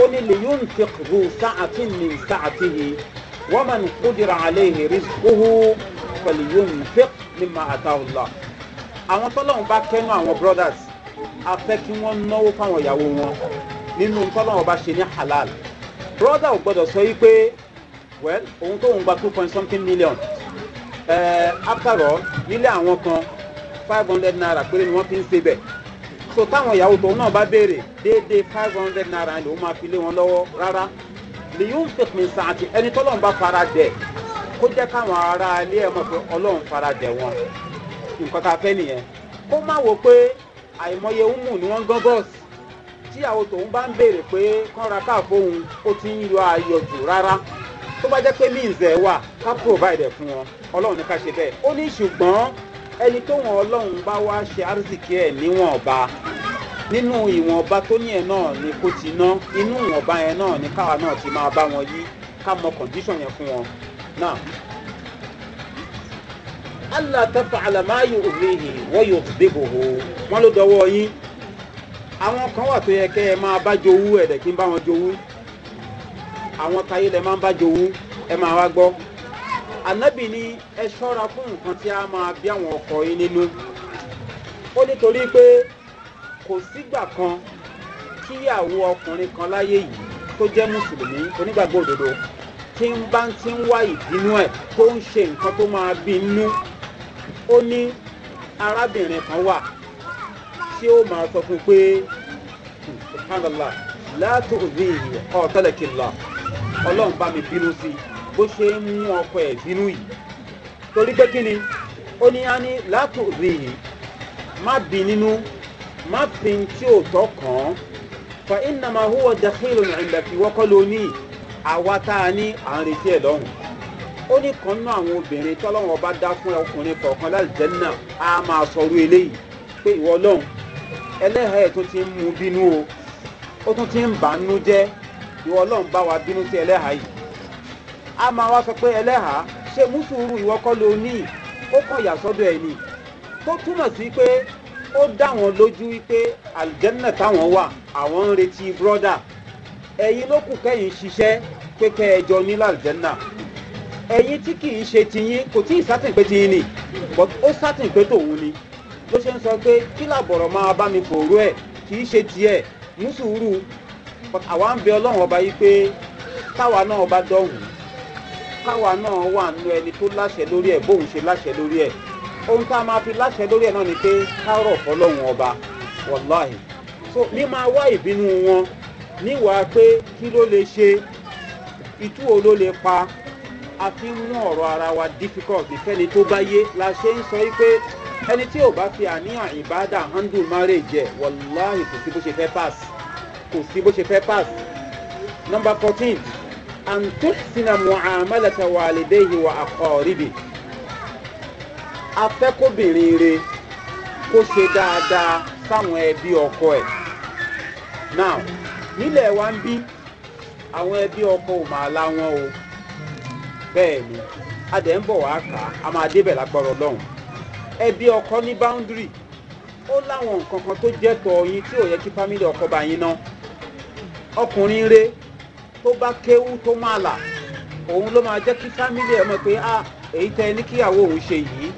ó ní lè yóò ń fi kú sáàtì ní sáàtì yìí wọ́n máa ń kúndìrà alẹ́ ìrírí kóhó pẹ̀lú yóò ń fi ní ma àtàwùlà àwọn tọ́lọ̀ ń bá kẹ́nu àwọn brothers a fẹ́ kí wọ́n náwó fáwọn ìyàwó wọn nínú tọ́lọ̀ wọn bá ṣe ní halal brother ò gbọ́dọ̀ sọ yí pé well òun tóun gba two point something million uh, after all nílé àwọn kan five hundred naira péré ni wọ́n fi ń ṣe bẹ̀ so táwọn ìyàwó tòun náà bá béèrè déédéé five hundred naira ni òun máa fi lé wọn lọ́wọ́ rárá lè yóò fèkì ní sàǹtì ẹni tọ́lọ́run bá fara dẹ̀ kó jẹ́ káwọn ará ilé ẹ̀ mọ̀ pé ọlọ́run fara dẹ̀ wọn nǹkan fẹ́ nìyẹn kó má pé àìmọye umu ni wọ́n gán bọ́ọ̀sì tíyàwó tòun bá ń béèrè pé káà fóun ó ti ń yọ ayọ̀ jù rárá tó bá jẹ́ pé means wà ká provide fún wọn ọlọ́run ní ká ṣe bẹ́ẹ̀ ó ní ṣùgbọ́n ẹni tó wọn ọlọ́run bá wá ṣe arzikí ẹ̀ níwọ̀nba nínú ìwọ̀nba tó ní ẹ̀ náà ni kó ti ná inú ìwọ̀nba yẹn náà ni káwa náà ti máa bá wọn yí ká mọ condition yẹn fún wọn náà. allah tafa alamayo omehi wọ́yọ̀ dìbòho wọ́n ló dọwọ́ yín àwọn kan wà tó yẹ kẹ́ ẹ máa bá jowú ẹ̀dẹ̀ kí n bá wọn jowú àwọn táyé lẹ máa ń bá jowú ẹ máa wá gbọ́ ànábì ni ẹ ṣọ́ra fún nǹkan tí a máa bí àwọn ọkọ̀ yín nínú ó nítorí pé kò sígbà kan kíyàwó ọkùnrin kan láyé yìí tó jẹ́ mùsùlùmí onígbàgbọ́ òdodo tí ń bá ti ń wá ìbínú ẹ̀ tó ń ṣe nǹkan tó máa bí inú ó ní arábìnrin kan wà tí ó máa sọ fún un pé hmm, subhanallah látòzí ọ̀tọ́lẹ̀kìlá ọlọ́run bá mi bínú sí i bó ṣe ń mú ọkọ ẹ̀ bínú yìí torí pé kí ni ó ní á ní látòrí yìí má bí nínú má fi tí ò tọ́ kàn án fa ìnàmà hùwà dàkìlù ìrìnlẹ̀ fi wọ́kọ́ lóní àwa tá a ní à ń retí ẹ̀ lọ́hùn ó ní kan nínú àwọn obìnrin tọ́lọ́wọ́n bá dá fún ọkùnrin kọ̀ọ̀kan láti jẹ́ náà á máa sọrú eléyìí pé ìwọ ọlọ́run ẹlẹ́hàá ẹ̀ tó ti ń mú bínú o ó tún ti ń bà á jẹ́ ìwọ ọlọ́run bá wa bínú sí ẹlẹ́hà yìí a máa wá sọ pé ẹlẹ́hà ṣe mú sùúrù ìwọ kọ́ ló ní ó kàn yà sọ́dọ̀ ẹ̀ ni tó túmọ̀ sí pé ó dá wọn lójú wípé àlùjẹ́nà táwọn wà àwọn ń retí bírọ́dà ẹ̀yin ló kù kẹ́yìn ṣiṣẹ́ pé kẹ́ ẹ jọ ẹ̀yin tí kì í ṣe tiyín kò tí ì sátìn pé tiyín ni but ó sátìn pé tòun ni ló ṣe ń sọ pé kí làbọ̀rọ̀ máa bá mi fòrú ẹ̀ kì í ṣe tiẹ̀ mú sùúrù àwa ń bẹ ọlọ́run ọba yìí pé káwa náà ọba dọ̀hùn káwa náà wà nù ẹni tó láṣẹ lórí ẹ̀ bóun ṣe láṣẹ lórí ẹ̀ ohun tá a máa fi láṣẹ lórí ẹ̀ náà ni pé kárọ̀ fọlọ́run ọba wàláhì so ní máa wá ìbínú wọn níwàá pé kí ló lè ṣe itú wo ló lè pa a fi ń mú ọ̀rọ̀ ara wa difficult ìfẹ́ni tó bá yé la ṣe ń sọ pé ẹni tí ò bá fi àníyàn ìbádà handle marriage ẹ̀ wàláhì kò sí bó ṣe fẹ́ pass kò sí bó ṣe fẹ́ pass number fourteen antusina muamalata walideyi wa akọribi afẹ́kọ́bìnrin re kó ṣe dáadáa sáwọn ẹbí ọkọ ẹ̀ now nílẹ̀ wa ń bí àwọn ẹbí ọkọ ò máa la wọn o bẹ́ẹ̀ ni a ń bọ̀ wá kà á a máa débẹ̀ lágbára ọlọ́run ẹbí ọkọ ní boundary ó láwọn nǹkan kan tó jẹ́ tọ̀ yín tí ò yẹ kí fámìlì ọkọ bá yín náà ọkùnrin re tó bá kéwú tó máa là òun ló máa jẹ́ kí fámìlì ẹ̀ mọ̀ pé ah èyí tẹ́ ẹ ní kíyàwó òun ṣe yìí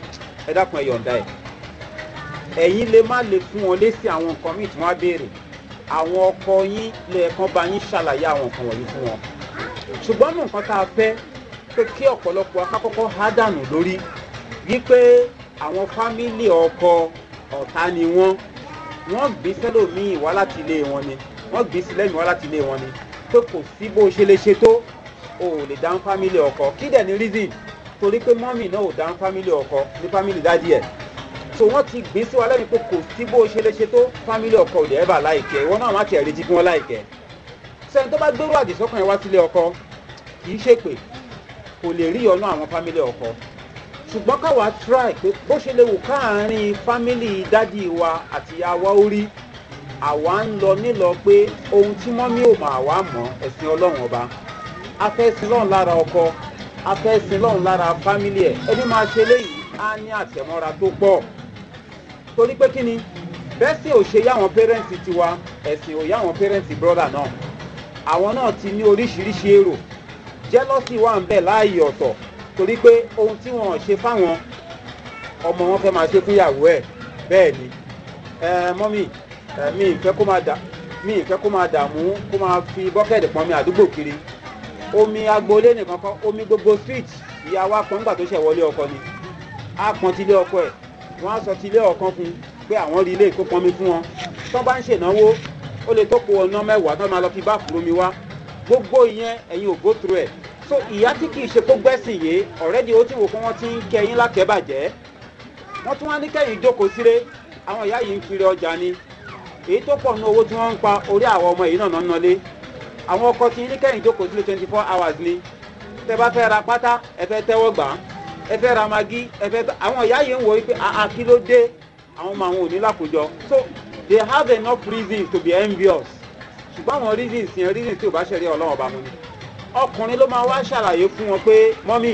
ẹ dákun ẹ yọ̀ǹda ẹ̀ ẹ̀yin lè má lè fún wọn lésì àwọn nǹkan míì tí wọ́n á béèrè àwọn ọkọ yín lẹ́ẹ̀kan bá yín ṣàlàyé àwọn nǹkan wọ̀nyí fún wọn ṣùgbọ́n mú nǹkan tá a fẹ́ pé kí ọ̀pọ̀lọpọ̀ akákọ́kọ́ há dànù lórí wípé àwọn fámìlì ọkọ ọ̀tá ni wọ́n wọ́n gbé sẹ́lòmíì wá láti ilé wọn ni wọ́n gbé sí lẹ́yìn wọn láti ilé wọn ni pé kò sí bó ṣe lè ṣe tó o ò lè dáhùn fámílì ọkọ kí dẹ̀ ní reason torí pé mọ́mì náà ò dáhùn fámílì ọkọ ní fámílì dádì ẹ̀ so wọ́n ti gbé sí wa lẹ́yìn pé kò sí bó ṣe lè ṣe tó fámílì ọkọ ò lè ẹ̀bà láìkẹ́ ìwọ náà má tiẹ̀ retí fún wọn láìkẹ́ sẹ́ni tó bá gbérú àdìsọ́kàn yẹn wá sílé ọkọ kì í ṣèpè kò lè rí ọ̀nà àwọn fámílì ọkọ ṣùgbọ́n káwa try pé bó ṣe lè wò káàárín fámílì dádì wa àtìyá wa àwa ń lọ nílọ pé ohun tí mọ́mí ò mọ̀ àwa mọ̀ ẹ̀sìn ọlọ́run ọba a fẹ́ sin lọ́run lára ọkọ a fẹ́ sin lọ́run lára fámílì ẹ̀ ẹni máa ṣe léyìí á ní àtẹ̀mọ́ra tó pọ̀ torí pé kí ni bẹ́ẹ̀ sì ò ṣe yáwọn pẹ́rẹ́ǹtì tiwa ẹ̀sìn ò yáwọn pẹ́rẹ́ǹtì brọ́dà náà àwọn náà ti ní oríṣiríṣi èrò jẹ́lọ́sì wà ń bẹ̀ láàyè ọ̀tọ̀ torí pé ohun tí wọ́n ṣe fáwọn ọmọ wọn fẹ́ máa ṣe fúnyàwó ẹ̀ bẹ́ẹ̀ ni ẹ mọ́mì mi ìfẹ́ kó máa dà mi ìfẹ́ kó máa dààmú kó máa fi bọ́kẹ́ẹ̀dì pọ́nmi àdúgbò kiri omi agboolé nìkan kan omi gbogbo street ìyá wa pọn nígbà tó ṣẹ̀ wọlé ọkọ ni a pọn ti ilé ọkọ ẹ̀ wọ́n á sọ ti ilé ọkàn fún pé àwọn rí ilé ìkópọnmi fún wọn tán bá ń ṣènáwó ó lè tó kó ọ̀nà mẹ́wàá tán máa lọ fi báàfù lómi wá gbogbo ìyẹn ẹ̀yin ò gbótru ẹ̀ so ìyá tí kì í ṣe kó gbẹ́sìn yìí ọ̀rẹ́dì ó ti wò pé wọ́n ti ń kẹyìn lákẹ́bàjẹ́ wọ́n tún wá ní kẹ́yìn jókòó síre àwọn ìyá yìí ń kiri ọjà ni èyí tó pọ̀ nínú owó tí wọ́n ń pa orí àwọn ọmọ yìí náà nọ́lé àwọn ọkọ̀ tí ilé kẹ́yìn jókòó sílé twenty four hours ni tẹ bá fẹ́ ra pátá ẹ fẹ́ tẹ́wọ́ gbà ẹ fẹ́ ra magi ẹ fẹ́ àwọn ìyá yìí ń wò wípé àá kí ló dé àwọn ọmọ àwọn ò lákòjọ so they have enough reasons to be envious ṣùgbọ́n àwọn reasons yẹn reasons tí ò bá ṣẹlẹ̀ ọlọ́run ọba mu ni ọkùnrin ló máa wá ṣàlàyé fún wọn pé mọ́mì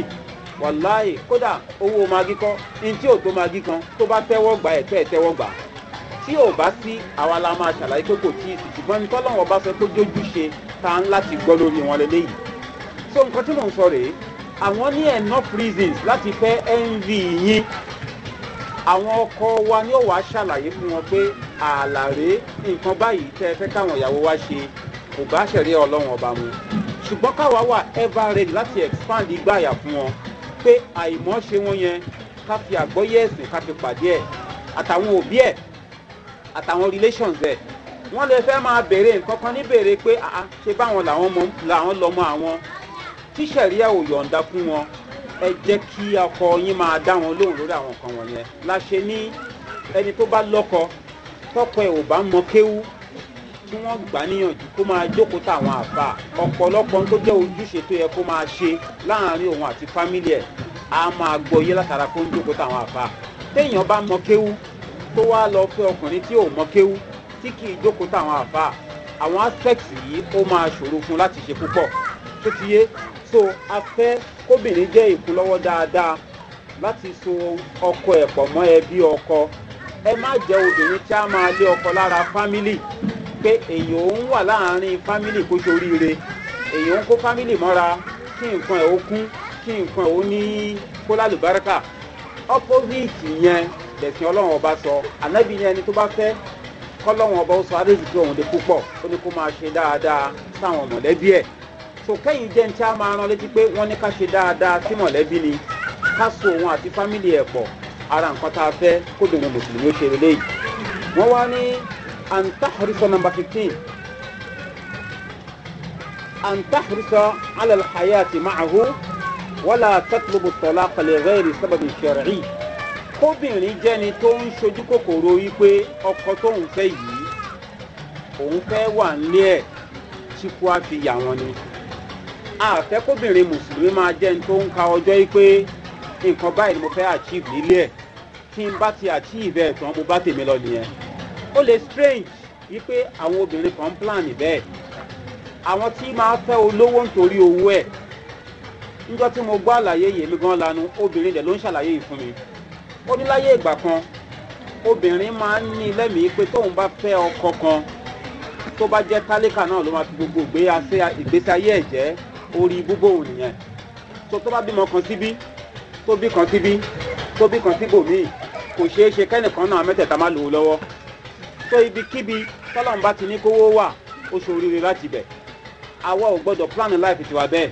wàláì kódà owó magi kan ní tí ò tó magi kan tó bá tẹ́wọ́ gbà ẹ̀ tẹ́ ẹ̀ tẹ́wọ́ gbà á tí ò bá sí àwa la máa ṣàlàyé pé kò tí ì sì ṣùgbọ́n ní tọ́lọ́wọ́ bá sọ pé jójúṣe ta ń láti gbọ́ lórí wọn lélẹ́yìí. so nǹkan tí mò ń sọ rèé àwọn ní enough reasons láti fẹ́ nv yín àwọn ọkọ wa ni ó wàá ṣàlàyé fún wọn pé ààlà rèé nǹkan báyìí tẹ́ ẹ fẹ́ káwọn ìyàwó wa ṣe kò bá ṣẹ̀rí ọlọ́run ọba mu ṣùgbọ́n káwa wà ever ready láti expand igbáyà fún wọn pé àìmọ́ ṣe wọn yẹn ká fi àgbọ́yé ẹ̀sìn ká fi pàdé ẹ̀ àtàwọn òbí ẹ̀ àtàwọn relations ẹ̀ wọ́n lè fẹ́ máa béèrè nǹkan kan ní béèrè pé àá ṣe báwọn làwọn mọ làwọn lọmọ àwọn tíṣẹ̀rí ẹ̀ ò yọ̀ǹda fún wọn ẹ jẹ́ kí ọkọ yín máa dá wọn lóhùn lórí àwọn nǹkan wọ̀nyẹn la ṣe ní ẹni tó bá lọ́kọ tọkọ ẹ̀ ò bá mọ kéwú tí wọ́n gbà níyànjú kó máa jókòó táwọn àfà ọ̀pọ̀lọpọ̀ tó jẹ́ ojúṣe tó yẹ kó máa ṣe láàrin òun àti fámílì ẹ̀ á máa gbọ́ yé látara kó ń jókòó táwọn àfà téèyàn bá mọ kéwú tó wá lọ fún ọkùnrin tí ò mọ kéwú tí kì í jókòó táwọn àfa àwọn aspects yìí ó máa ṣòro fún láti ṣe púpọ̀ tó ti yé so a fẹ́ kóbìnrin jẹ́ ìkúlọ́wọ́ dáadáa láti so ọkọ ẹ̀ pọ̀ mọ́ ẹbí ọkọ ẹ má jẹ́ obìnrin tí a máa lé ọkọ lára fámílì pé èèyàn ń wà láàárín fámílì kó soríire èèyàn ń kó fámílì mọ́ra kí nǹkan ẹ̀ ó kún kí nǹkan ẹ̀ ó ní kó opposite yẹn lẹ̀sìn ọlọ́run ọba sọ ànábì yẹn ẹni tó bá fẹ́ kọ́lọ́run ọba ó sọ adéjìkí òun di púpọ̀ ó ní kó máa ṣe dáadáa sáwọn mọ̀lẹ́bí ẹ̀ so jẹ́ ní tí a máa rán létí pé wọ́n ní ká ṣe dáadáa sí mọ̀lẹ́bí ni ká so òun àti fámìlì ẹ̀ pọ̀ ara nǹkan tá a fẹ́ kóbìnrin mùsùlùmí ó ṣe lélẹ́yìí wọ́n wá ní antahrisọ nọmba fifteen antahrisọ alal hayati ma'ahu wala tatlubu tọ́lá kàlẹ́ rẹ́ẹ̀rì sábàbí ṣẹ̀rẹ̀ yìí kóbìnrin jẹ́ni tó ń ṣojú kòkòrò wípé ọkọ tóun fẹ́ yìí òun fẹ́ wà nílé ẹ̀ tí kú á fi yà wọ́n ni àfẹ́ kóbìnrin mùsùlùmí máa jẹ́ni tó ń ka ọjọ́ wípé nǹkan báyìí ni mo fẹ́ achieve nílé ẹ̀ tí n bá ti achieve ẹ̀ tán mo bá tèmi lọ nìyẹn ó lè strange wípé àwọn obìnrin kan ń plan bẹ́ẹ̀ àwọn tí máa fẹ́ olówó nítorí owó ẹ̀ níjọ́ tí mo gbọ́ àlàyé yèmí gan lanu obìnrin dẹ̀ ló ń ṣàlàyé yìí fún mi ó ní láyé ìgbà kan obìnrin máa ń ní lẹ́mìí pé tóun bá fẹ́ ọkọ kan tó bá jẹ́ tálíkà náà ló máa fi gbogbo ìgbésí ayé ẹ̀ jẹ́ orí búbóun nìyẹn tó tó bá bímọ kan síbí tó bí kan síbí tó bí kan síbòmíì kò ṣeé ṣe kẹ́nìkan náà mẹ́tẹ̀ẹ̀ta má lò ó lọ́wọ́ tó ibikíbi tọ́lọ́mùbá ti ní kówó wà ó ṣoríire láti bẹ̀ àwa ò gbọ́dọ̀ plan life tiwa bẹ́ẹ̀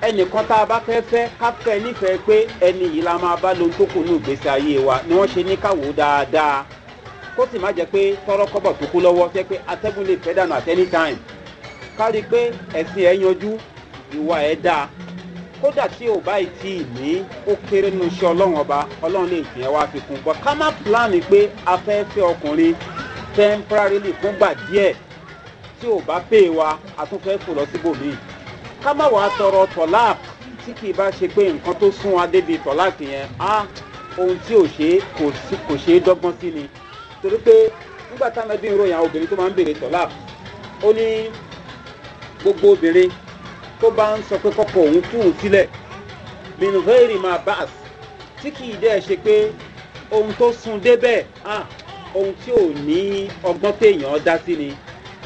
ẹnìkan tá a bá fẹ́ fẹ́ ká fẹ́ nífẹ̀ẹ́ pé ẹni yìí la bá tó kù ní ìgbésí ayé wa ni wọ́n ṣe ní káwò dáadáa kó sì má jẹ́ pé tọ́rọ́ kọ́bọ̀ tó kú lọ́wọ́ fẹ́ pé atẹ́gùn lè fẹ́ dànù at any time pé ẹ̀sìn ẹ̀ ìwà ẹ̀ kódà tí ò bá ti ní ó kéré nínú iṣẹ́ ọlọ́run ọba ọlọ́run lè fi wá fi kún bọ́ ká pé a ọkùnrin temporarily fúngbà díẹ̀ tí ò bá pè ká má wàá tọrọ tọ̀láàp tí kì í bá ṣe pé nǹkan tó sún wa débi tọ̀láàp yẹn á ohun tí ò ṣe kò ṣe é dọ́gbọ́n sí ni torí pé nígbà táwọn ẹbí ń ròyìn àwọn obìnrin tó máa ń bèrè tọ̀láàp ó ní gbogbo obìnrin tó bá ń sọ pé kọ́kọ́ òun tú òun sílẹ̀ minveri máa bá às tí kì í dẹ́ ṣe pé ohun tó sún débẹ̀ ohun tí ò ní ọgbọ́n téèyàn dá sí ni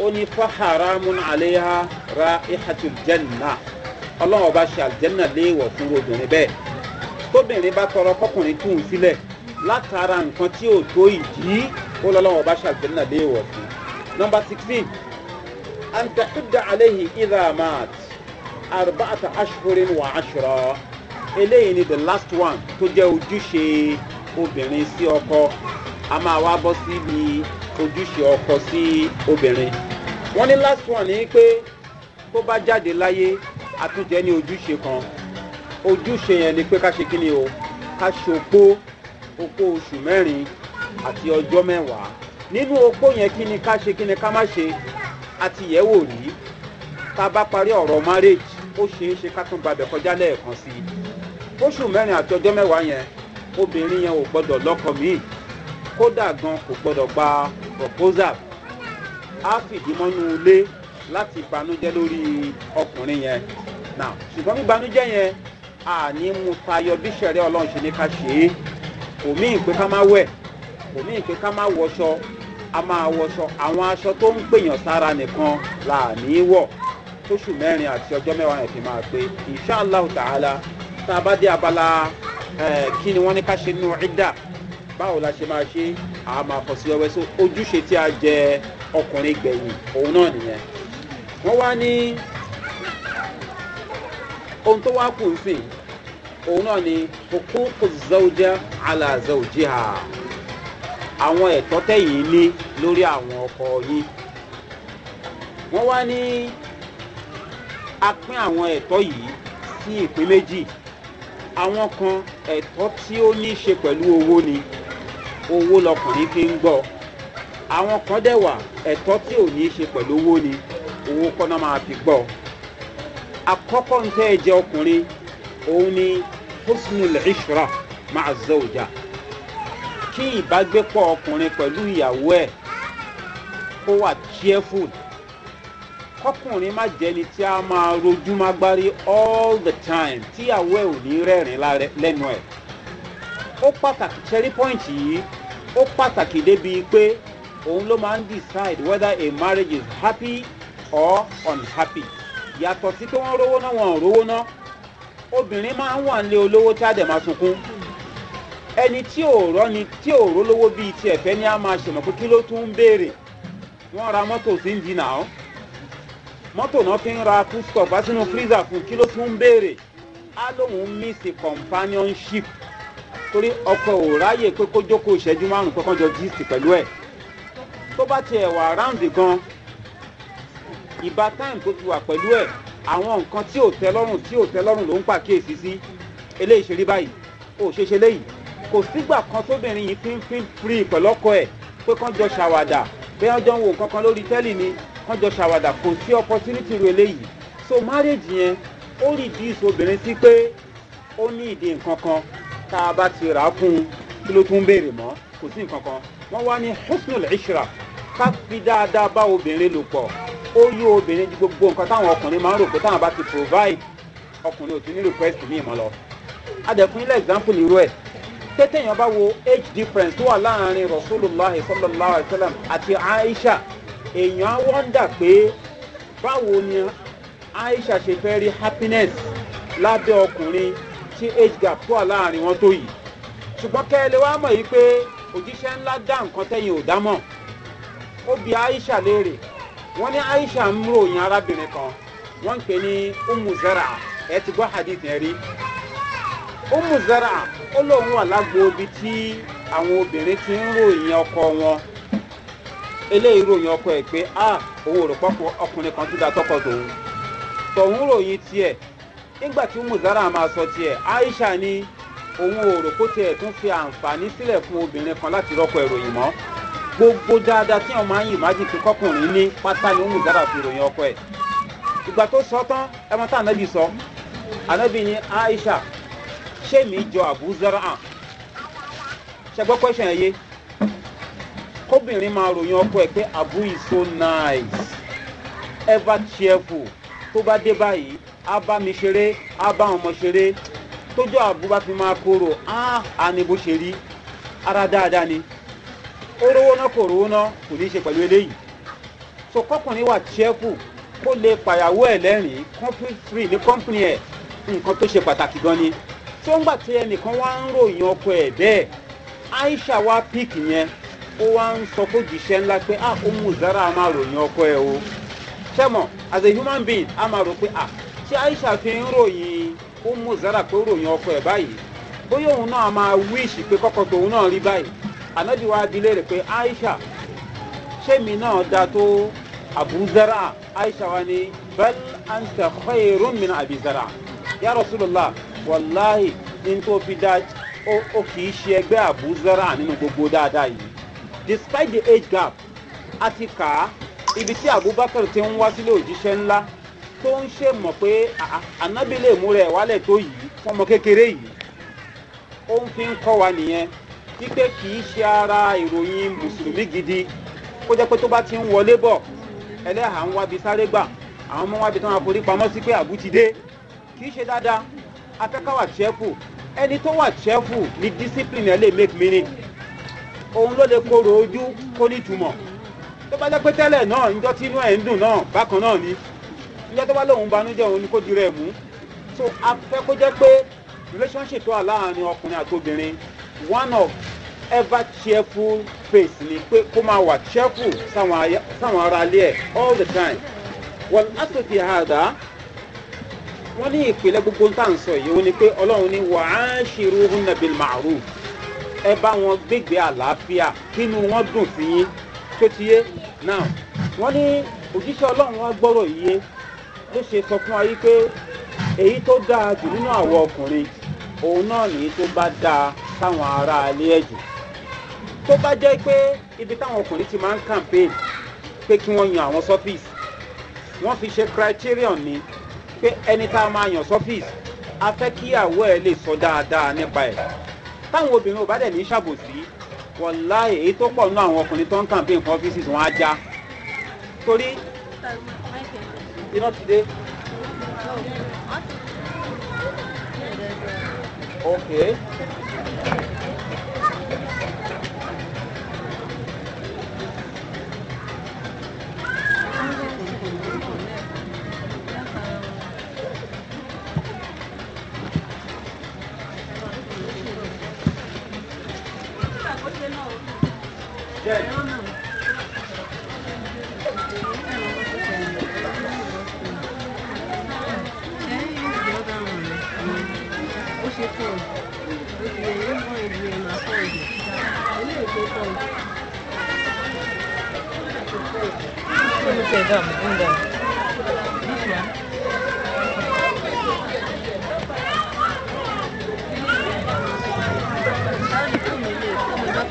ó ní faharamun aleha ra ihatul janna ọlọ́run ọba ṣe àlùjẹ́nà léèwọ̀ fún obìnrin bẹ́ẹ̀ tóbìnrin bá tọrọ kọkùnrin tún un sílẹ̀ látara nǹkan tí ò tó ìdí ó lọ́lọ́run ọba ṣe àlùjẹ́nà léèwọ̀ fún. nọmba sixteen antahudda alehi idamat arba'ata ashhurin wa ashra eléyìí ni the last one tó jẹ́ ojúṣe obìnrin sí ọkọ a máa wá bọ́ síbi ojúṣe ọkọ sí obìnrin wọ́n ní last one ni pé tó bá jáde láyé àtúntẹ̀ ní ojúṣe kan ojúṣe yẹn ni pé ká ṣe kí o ká ṣopó opó oṣù mẹ́rin àti ọjọ́ mẹ́wàá nínú opó yẹn kí ni ká ṣe kí ni ká má ṣe àti yẹ̀wò rí tá a bá parí ọ̀rọ̀ marriage ó ṣeé ṣe ká tún gbàbẹ̀ kọjá lẹ́ẹ̀kan sí i oṣù mẹ́rin àti ọjọ́ mẹ́wàá yẹn obìnrin yẹn ò gbọ́dọ̀ lọ́kọ míì kódà gan kò gbọdọ̀ gba proposal á fìdímọ́nú ilé láti banújẹ́ lórí ọkùnrin yẹn now ṣùgbọ́n bí banújẹ́ yẹn àní mu tayọ bí sẹ̀rẹ́ ọlọ́run ṣe ní ká ṣe é kò mí ìpè ká má wẹ̀ kò mí ìpè ká má wọṣọ a máa wọṣọ àwọn aṣọ tó ń pèèyàn sára nìkan là ní wọ̀ tóṣù mẹ́rin àti ọjọ́ mẹ́wàá yẹn fi máa pé ìṣáàlá ọ̀tàhálà tá a bá dé abala kí ni wọ́n ní ká ṣe nínú ìdá báwo la ṣe máa ṣe a máa fọ sí ọwẹ́ so ojúṣe tí a jẹ ọkùnrin gbẹ̀yìn òun náà nìyẹn wọ́n wá ní ohun tó wá kù sí òun náà ni kókó kò zẹ́wọ́jẹ́ hà àwọn ẹ̀tọ́ tẹ̀yìn ní lórí àwọn ọkọ̀ yìí wọ́n wá ní a àwọn ẹ̀tọ́ yìí sí ìpín méjì àwọn kan ẹ̀tọ́ tí ó ní í ṣe pẹ̀lú owó ni owó lọkùnrin fi ń gbọ́ àwọn kan dẹ̀ wà ẹ̀tọ́ tí ò ní í ṣe pẹ̀lú owó ni owó kọ́nà máa fi gbọ́ àkọ́kọ́ ń tẹ́ ẹ jẹ ọkùnrin òun ni hosnul ishra máa zẹ òjà kí ìbágbépọ̀ ọkùnrin pẹ̀lú ìyàwó ẹ̀ kó wà cheerful kọkùnrin má jẹni tí a máa rojú má gbárí all the time tíyàwó ẹ̀ ò ní rẹ́rìn lẹ́nu ẹ̀ ó pàtàkì cherry point yìí ó pàtàkì débi pé òun ló máa ń decide whether a marriage is happy or unhappy yàtọ̀ sí pé wọ́n rówó náà wọn ò rówó náà obìnrin máa ń wà nílé olówó tí àdè máa sunkún ẹni tí ò rọ́ni tí ò rólówó bíi ti ẹ̀fẹ́ ni a máa ṣèmọ̀ pé kí ló tún ń béèrè wọ́n ra mọ́tò sí ń di nà ó mọ́tò náà fi ń ra foodstuff wá sínú freezer fún kí ló tún ń béèrè á lóun miss companionship torí ọkọ ò ráyè pé kó jókòó ìṣẹ́jú márùn-ún pé kán jọ gíìsì pẹ̀lú ẹ̀ tó bá tiẹ̀ wà ráǹdì gan ìbá táìm tó ti wà pẹ̀lú ẹ̀ àwọn nǹkan tí ò tẹ lọ́rùn tí ò tẹ lọ́rùn ló ń pàkíyèsí sí eléyìí ṣe rí báyìí ò ṣe ṣe léyìí kò sígbà kan tóbìnrin yìí fi ń fi firi pẹ̀lọ́kọ ẹ̀ pé kán jọ ṣàwàdà pé wọ́n jọ ń wo nǹkan kan lórí tẹ́lì ni kán jọ ṣàwàdà kò sí opportunity ru eléyìí so marriage yẹn ó rí díìs obìnrin sí pé ó ní ìdí nǹkan kan tá a bá ti rà á kún un kí ló tún béèrè mọ́ kò sí nǹkan kan wọ́n wá ní husnul ishra ká fi dáadáa bá obìnrin lò pọ̀ ó yó obìnrin ju gbogbo nǹkan táwọn ọkùnrin máa ń rò pé táwọn bá ti provide ọkùnrin ò ti ní request ní ìmọ̀ lọ. adẹ̀kùn ilé example nírú ẹ̀ tẹ́tẹ̀yàn bá wo age difference tó wà láàrin rasulillah sallallahu alayhi wa sallam àti aisha èèyàn á wọ́ndà pé báwo ni aisha ṣe fẹ́ rí happiness lábẹ́ ọkùnrin tí age gap tó wà láàrin wọn tó yìí ṣùgbọ́n kẹ́ ẹ lè wá mọ̀ yìí pé òjíṣẹ́ ńlá dá nǹkan tẹ́yìn ò ó bi aisha léèrè wọ́n ní aisha ń arábìnrin kan wọ́n ń pè ní umuzara ẹ ti gbọ́ hadith yẹn rí umuzara ó lóun wà lágbo ibi tí ti ń ròyìn ọkọ wọn eléyìí ọkọ ẹ pé a ah, òun ò rò kan da tọkọ tòun tòun nígbà tí muzara máa sọ tiẹ̀ aisha ni òun ò rò kó tiẹ̀ tún fi àǹfààní sílẹ̀ fún obìnrin kan láti rọ́pò ìròyìn mọ́ gbogbo dáadáa tí wọn máa ń yìmájì pé kọkùnrin ní pátá ni muzara fi ròyìn ọkọ ẹ̀ ìgbà tó sọ tán ẹmọ tá ànábì sọ ànábì ni aisha ṣé mi jọ àbúzara hàn ṣẹgbọ́n kwẹ́sàn ẹ̀yẹ kóbìnrin máa ròyìn ọkọ ẹ̀ pé abu is so nice ever cheerful tó bá dé báyìí á bá tójú àbú fi máa korò á ṣe rí ara dáadáa ni ó rówó náà kò rówó náà kò ní í ṣe pẹ̀lú eléyìí so wà tíẹ́kù kó lè pàyàwó ẹ̀ lẹ́rìn-ín complete free ní company ẹ̀ nǹkan tó ṣe pàtàkì gan ni tó tí ẹnìkan wá ń ròyìn ọkọ ẹ̀ bẹ́ẹ̀ aisha wá píìkì yẹn ó wá ń sọ kó jíṣẹ́ ńlá pé ah ó mú zara a máa ròyìn ọkọ ẹ̀ o ṣẹ́mọ̀ as a human being a máa rò pé ah tí aisha fi ń ròyìn ó mú zara pé ó ròyìn ọkọ ẹ báyìí bóyá òun náà máa wíìsì pé kọ́kọ́ tòun náà rí báyìí ànájú wa dilé rẹ̀ pé aisha sẹ́mi náà da tó abuzara aisha wa ni bal anta khayrun min abizara ya rasulallah wàláhi ní tó fi dá ó kì í ṣe ẹgbẹ́ abuzara nínú gbogbo dáadáa yìí despite the age gap a ti kà á ibi tí abubakar ti ń wá sílé òjíṣẹ́ ńlá tó ń ṣe mọ̀ pé ànábì lè mú rẹ̀ wálẹ̀ tó yìí fún ọmọ kékeré yìí ó ń fi ń kọ́ wa nìyẹn wípé kì í ṣe ara ìròyìn mùsùlùmí gidi kó jẹ́ pé tó bá ti ń wọlé bọ̀ ẹlẹ́hà ń wábi sáré gbà àwọn ọmọ wábi tó máa forí pamọ́ sí pé àbú ti dé kì í ṣe dáadáa afẹ́ká wà chẹ́fù ẹni tó wà chẹ́fù ní discipline ẹ lè make meaning òun ló lè korò ojú kó nítumọ̀ tó bá jẹ́ pé tẹ́lẹ̀ náà níjọ́ tí inú ẹ̀ ń dùn náà bákan náà ni ìjọ tó bá lóun banújẹ́ òun ni kó dirẹ̀ mú so a fẹ́ kó jẹ́ pé relationship tó wà láàrin ọkùnrin àti obìnrin one of ever cheerful face ni pé kó máa wà cheerful sáwọn ará ilé ẹ̀ all the time wọ́n asòfin àdá wọ́n ní ìpìlẹ̀ gbogbo tá à ń sọ yìí ó ní pé ọlọ́run ní wà á ń ṣerú hunabil maru ẹ bá wọn gbégbé àlàáfíà kínú wọn dùn sí yín tó ti yé náà wọ́n ní òjíṣẹ́ ọlọ́run wọn gbọ́rọ̀ yìí ló ṣe sọ fún wa yí pé èyí tó dáa jù nínú àwọn ọkùnrin òun náà nìyí tó bá dáa táwọn ará alẹ́ ẹ̀ jù tó bá jẹ́ pé ibi táwọn ọkùnrin ti máa ń campaign pé kí wọ́n yan àwọn sọ́fíìsì wọ́n fi ṣe criterion ni pé ẹni tá a máa yan sọ́fíìsì a fẹ́ kí ìyàwó ẹ̀ lè sọ dáadáa nípa ẹ̀ táwọn obìnrin ò bá dẹ̀ ní ṣàbòsí wọ̀láì èyí tó pọ̀ nínú àwọn ọkùnrin tó ń campaign for offices wọn á já torí いますで OK Yeah. Thank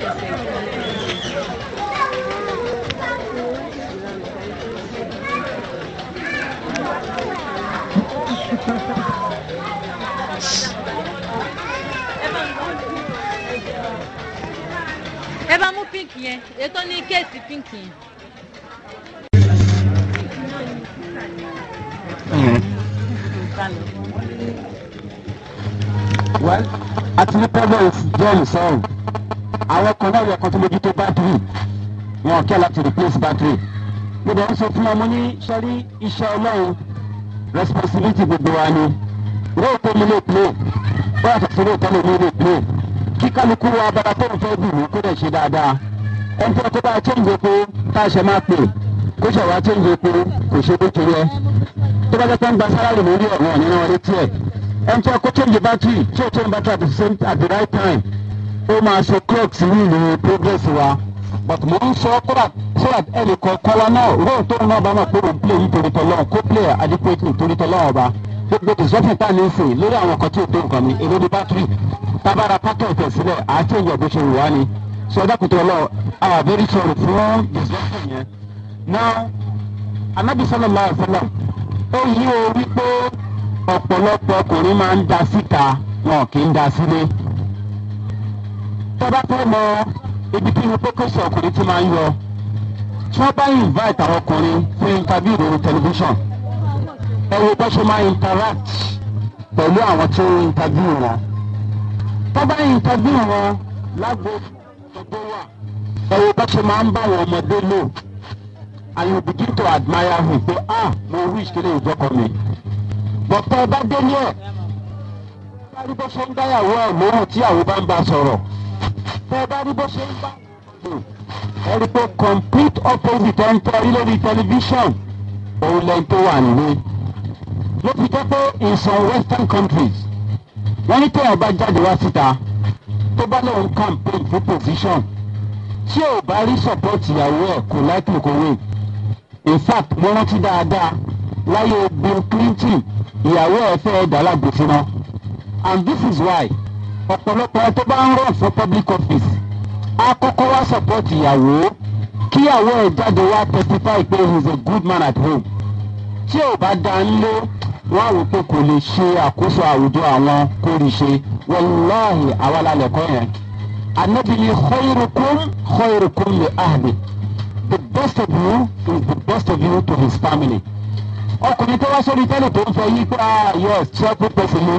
Let me you ẹ bá mú pink yẹn ètò ní kéèsì pink yẹn. well àti ní problems díẹ̀ yìí sọ́run àwọn kan náà yẹ kan tó lójú tó bátìrì wọn kẹ́ láti replace bátìrì mo dẹ̀ ń sọ fún ọmọ ní sọ́rí iṣẹ́ ọlọ́run responsibility gbogbo wa ni lóòótọ́ mi lè play bóyá tẹ̀sán lóòótọ́ mi lè play kí kálukú wa bàbá tó ń fẹ́ bù mí kó dẹ̀ ṣe dáadáa ẹni tó bá chẹ́ǹjì epo tá a ṣe máa pè kó ṣe wá chẹ́ǹjì epo kò ṣe bó torí ẹ tó bá jẹ́ ń gba sálárì lórí ọ̀rọ̀ nínú ọdẹ tiẹ̀ ẹni tó kó chẹ́ǹjì bátìrì tí ò tó ń bátìrì at the same right time ó máa ṣe clock sí ìlú progress wa but mo ń sọ kódà kódà ẹnì kọ̀ọ̀kan wa náà róò tó ń náà bá máa pé òun play nítorí tọ́lọ́run kó play adequately gbogbo ìsọ́fìn tá a ní sè lórí àwọn kan tí ò tó nǹkan mi èrò ní bátìrì tábàrà pátọ̀ ìtẹ̀ sílẹ̀ àti èyàn bó ṣe wà ní. sọ dákùtà ọlọ àwọn abẹ́rẹ́ sọ̀rọ̀ fún ìsọ́fìn yẹn. náà anábì sọlọ́lá ọ̀sọ́lá ó yí o wípé ọ̀pọ̀lọpọ̀ ọkùnrin máa ń da síta wọn kì í da sílé. tọ́ba fẹ́ mọ ibi tí mo pẹ́kọ̀sì ọkùnrin ti máa ń yọ tí wọ́n bá invite àwọn ọkùnrin fún interview lórí tẹlifíṣàn ẹ wo bá ṣe máa interact pẹ̀lú àwọn tí ń interview wọn tó bá interview wọn lágbo tó wà ẹ wo bá ṣe máa ń bá àwọn ọmọdé lò and you begin to admire him pé ah mo wish kí lè jọkọ mi bọ̀tọ̀ ẹ bá dé ní ẹ̀ bá rí bó ṣe ń dáyàwó ẹ̀ lóhùn tí àwọn bá ń bá sọ̀rọ̀ tẹ́ ẹ bá rí bó ṣe ń bá ẹ rí pé complete opposite ẹ̀ ń tọ́ orí lórí tẹlifíṣàn òun lẹ́yìn tó wà nílé ló fi jẹ́ pé in some western countries wọ́n ní tẹ́ ọba jáde wá síta tó bá lóun campaign for position tí ò bá rí support ìyàwó ẹ̀ kò láìpẹ́ kò wé in fact wọ́n rántí dáadáa láyé bill clinton ìyàwó ẹ̀ fẹ́ dà lágbèsè náà and this is why ọ̀pọ̀lọpọ̀ tó bá ń run for public office á kọ́kọ́ wá support ìyàwó kíyàwó ẹ̀ jáde wá testify pé he is a good man at home tí ò bá dá ń lé wọ́n rò pé kò lè ṣe àkóso àwùjọ àwọn kórìṣe wọláhì awalalẹ̀kọ́ yẹn anabi ni khayrukum khayrukum li ahli the best of you is the best of you to his family ọkùnrin tó wá sórí tẹ́lẹ̀ tó ń fọ yí pé ah yes cheerful person ni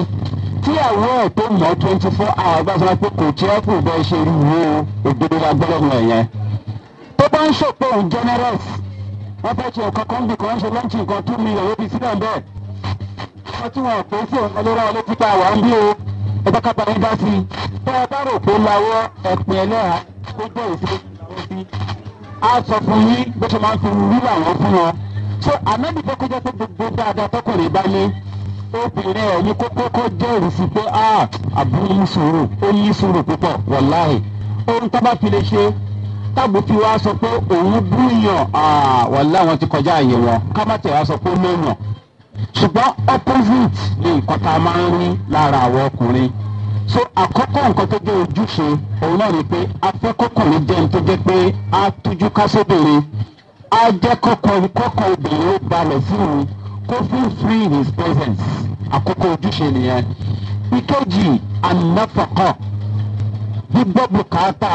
tíyàwó ẹ̀ tó mọ̀ twenty four hours bá sọ pé kò cheerful bẹ́ẹ̀ ṣe rí wo òdodo la gbọ́dọ̀ mọ̀ yẹn tó bá ń ṣòpin generous wọ́n fẹ́ ṣe ọ̀kan kan bí kan ṣe lọ́ǹtì nǹkan two million ó fi sílẹ̀ bẹ́ẹ̀ àwọn tí wọn pè é sí nǹkan ló rán ń bí o ẹ jẹ́ ká sí i bá a bá rò pé lawọ́ ẹ̀pìn ẹlẹ́ra tó jẹ́ òṣèlú sí a sọ fún yín bó ṣe máa ń fi wúlò àwọn fún wọn. so ànábì tó kọjá pé gbogbo dáadáa tọkùnrin bá ní obìnrin ẹ̀ ní kókó kó jẹ́rìí sí pé a ah, àbúrò ní sùúrù ó ní sùúrù púpọ̀ wàláhì ohun tó bá fi lè ṣe tábù fi wá sọ pé òun búyàn ah, wàláhì wọn ti kọjá àyè wọn ká má tẹ̀ wá sọ pé ó lóyàn ṣùgbọ́n opposite ni nǹkan tá a máa ń rí lára àwọn ọkùnrin so àkọ́kọ́ nǹkan tó jẹ́ ojúṣe òun náà ni pé afẹ́kọ́kùnrin jẹ́ ní tó jẹ́ pé a tójú ká sóbèrè a jẹ́ kọ́kọ́ kọ́kọ́ obìnrin ó balẹ̀ sí òun kó feel free in his presence àkọ́kọ́ ojúṣe nìyẹn ìkejì ànáfọ̀kọ́ gbígbọ́ bùkátà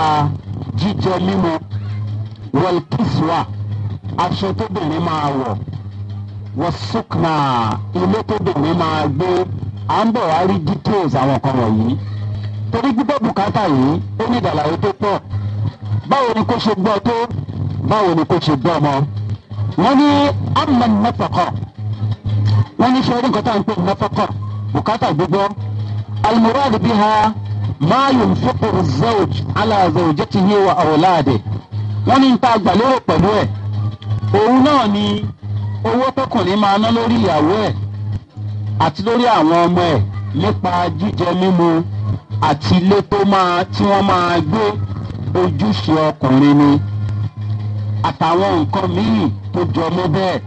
jíjẹ mímu wọ̀lkísùwà aṣọ tóbìnrin máa wọ̀ wọ́sùkùnà ilé tó dòwe máa gbé à ń bọ̀ wá rí details àwọn kan wọ̀nyí torí gbígbọ́ bùkátà yìí ó ní ìdàlàyé tó pọ̀ báwo ni kò ṣe gbọ́ tó báwo ni kò ṣe gbọ́ ọmọ wọ́n ní amman mẹ́fọ̀kọ̀ wọ́n ní sọ́ọ́rí nǹkan ń pè mẹ́fọ̀kọ̀ bùkátà gbígbọ́ almurad biha ma yunfiqu zawj ala zawjatihi wa awladihi wọ́n ní ń ta àgbàlérò pẹ̀lú ẹ̀ òun náà ni owó tọkùnrin máa ná lórí ìyàwó ẹ̀ àti lórí àwọn ọmọ ẹ̀ nípa jíjẹ mímu àti ilé tó máa tí wọ́n máa gbé ojúṣe ọkùnrin ni àtàwọn nǹkan míì tó jọ mọ́ bẹ́ẹ̀.